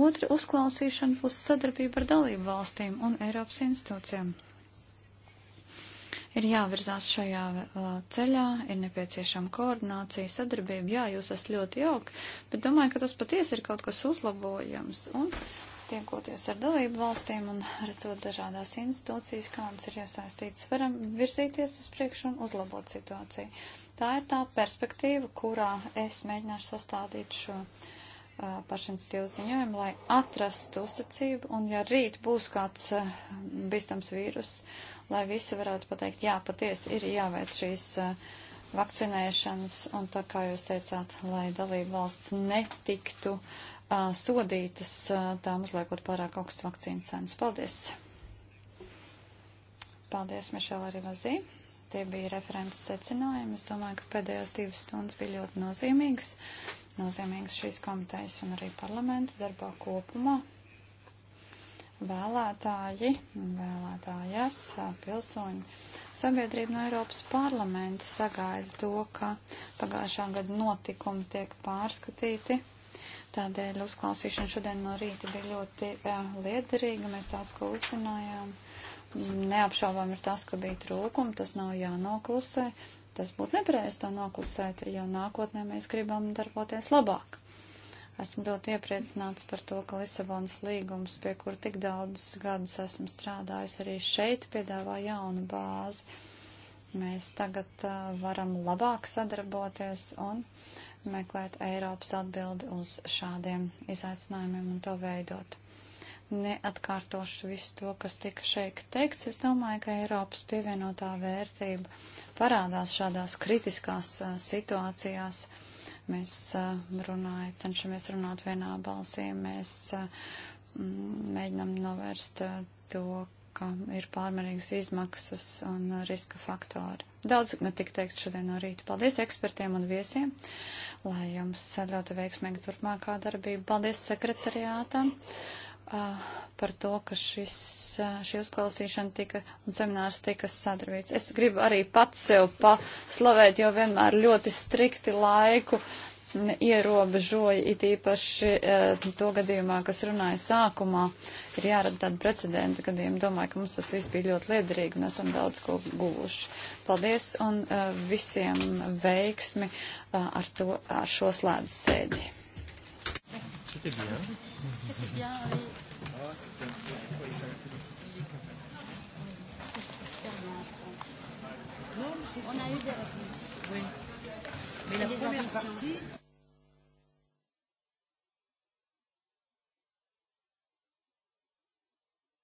otra uzklausīšana būs sadarbība ar dalību valstīm un Eiropas institūcijām ir jāvirzās šajā uh, ceļā, ir nepieciešama koordinācija, sadarbība. Jā, jūs esat ļoti jauki, bet domāju, ka tas patiesi ir kaut kas uzlabojams. Un tiekoties ar dalību valstīm un redzot dažādās institūcijas, kādas ir iesaistītas, varam virzīties uz priekšu un uzlabot situāciju. Tā ir tā perspektīva, kurā es mēģināšu sastādīt šo uh, pašinstīvu ziņojumu, lai atrastu uzticību, un ja rīt būs kāds uh, bīstams vīruss, lai visi varētu pateikt, jā, patiesi ir jāveic šīs eh, vakcinēšanas, un tā kā jūs teicāt, lai dalība valsts netiktu uh, sodītas, uh, tām uzliekot pārāk augsts vakcīnu cenas. Paldies! Paldies, Mišela Rivazī! Tie bija referents secinājumi. Es domāju, ka pēdējās divas stundas bija ļoti nozīmīgas. Nozīmīgas šīs komitejas un arī parlamenta darbā kopumā vēlētāji un vēlētājas, pilsoņi, sabiedrība no Eiropas parlamenta sagaida to, ka pagājušā gada notikumi tiek pārskatīti. Tādēļ uzklausīšana šodien no rīta bija ļoti jā, liederīga, mēs daudz ko uzzinājām. Neapšaubām ir tas, ka bija trūkumi, tas nav jānoklusē. Tas būtu nepareizi to noklusēt, jo nākotnē mēs gribam darboties labāk. Esmu ļoti iepriecināts par to, ka Lisabonas līgums, pie kur tik daudz gadus esmu strādājis, arī šeit piedāvā jaunu bāzi. Mēs tagad uh, varam labāk sadarboties un meklēt Eiropas atbildi uz šādiem izaicinājumiem un to veidot. Neatkārtošu visu to, kas tika šeit teikts. Es domāju, ka Eiropas pievienotā vērtība parādās šādās kritiskās uh, situācijās. Uh, Mēs runāja, cenšamies runāt vienā balsī, mēs mēģinam novērst to, ka ir pārmērīgas izmaksas un riska faktori. Daudz tika teikt šodien no rīta. Paldies ekspertiem un viesiem, lai jums ļoti veiksmīgi turpmākā darbība. Paldies sekretariātam uh, par to, ka šis, šī uzklausīšana tika un seminārs tika sadarbīts. Es gribu arī pats sev paslavēt, jo vienmēr ļoti strikti laiku ierobežoja, it īpaši uh, to gadījumā, kas runāja sākumā, ir jārada tāda precedenta gadījuma. Domāju, ka mums tas viss bija ļoti liederīgi un esam daudz ko guvuši. Paldies un uh, visiem veiksmi ar, to, ar šo slēdzu sēdi. C'était bien. C'était bien, oui. Non, mais on a eu des réponses. Oui. Mais la première partie.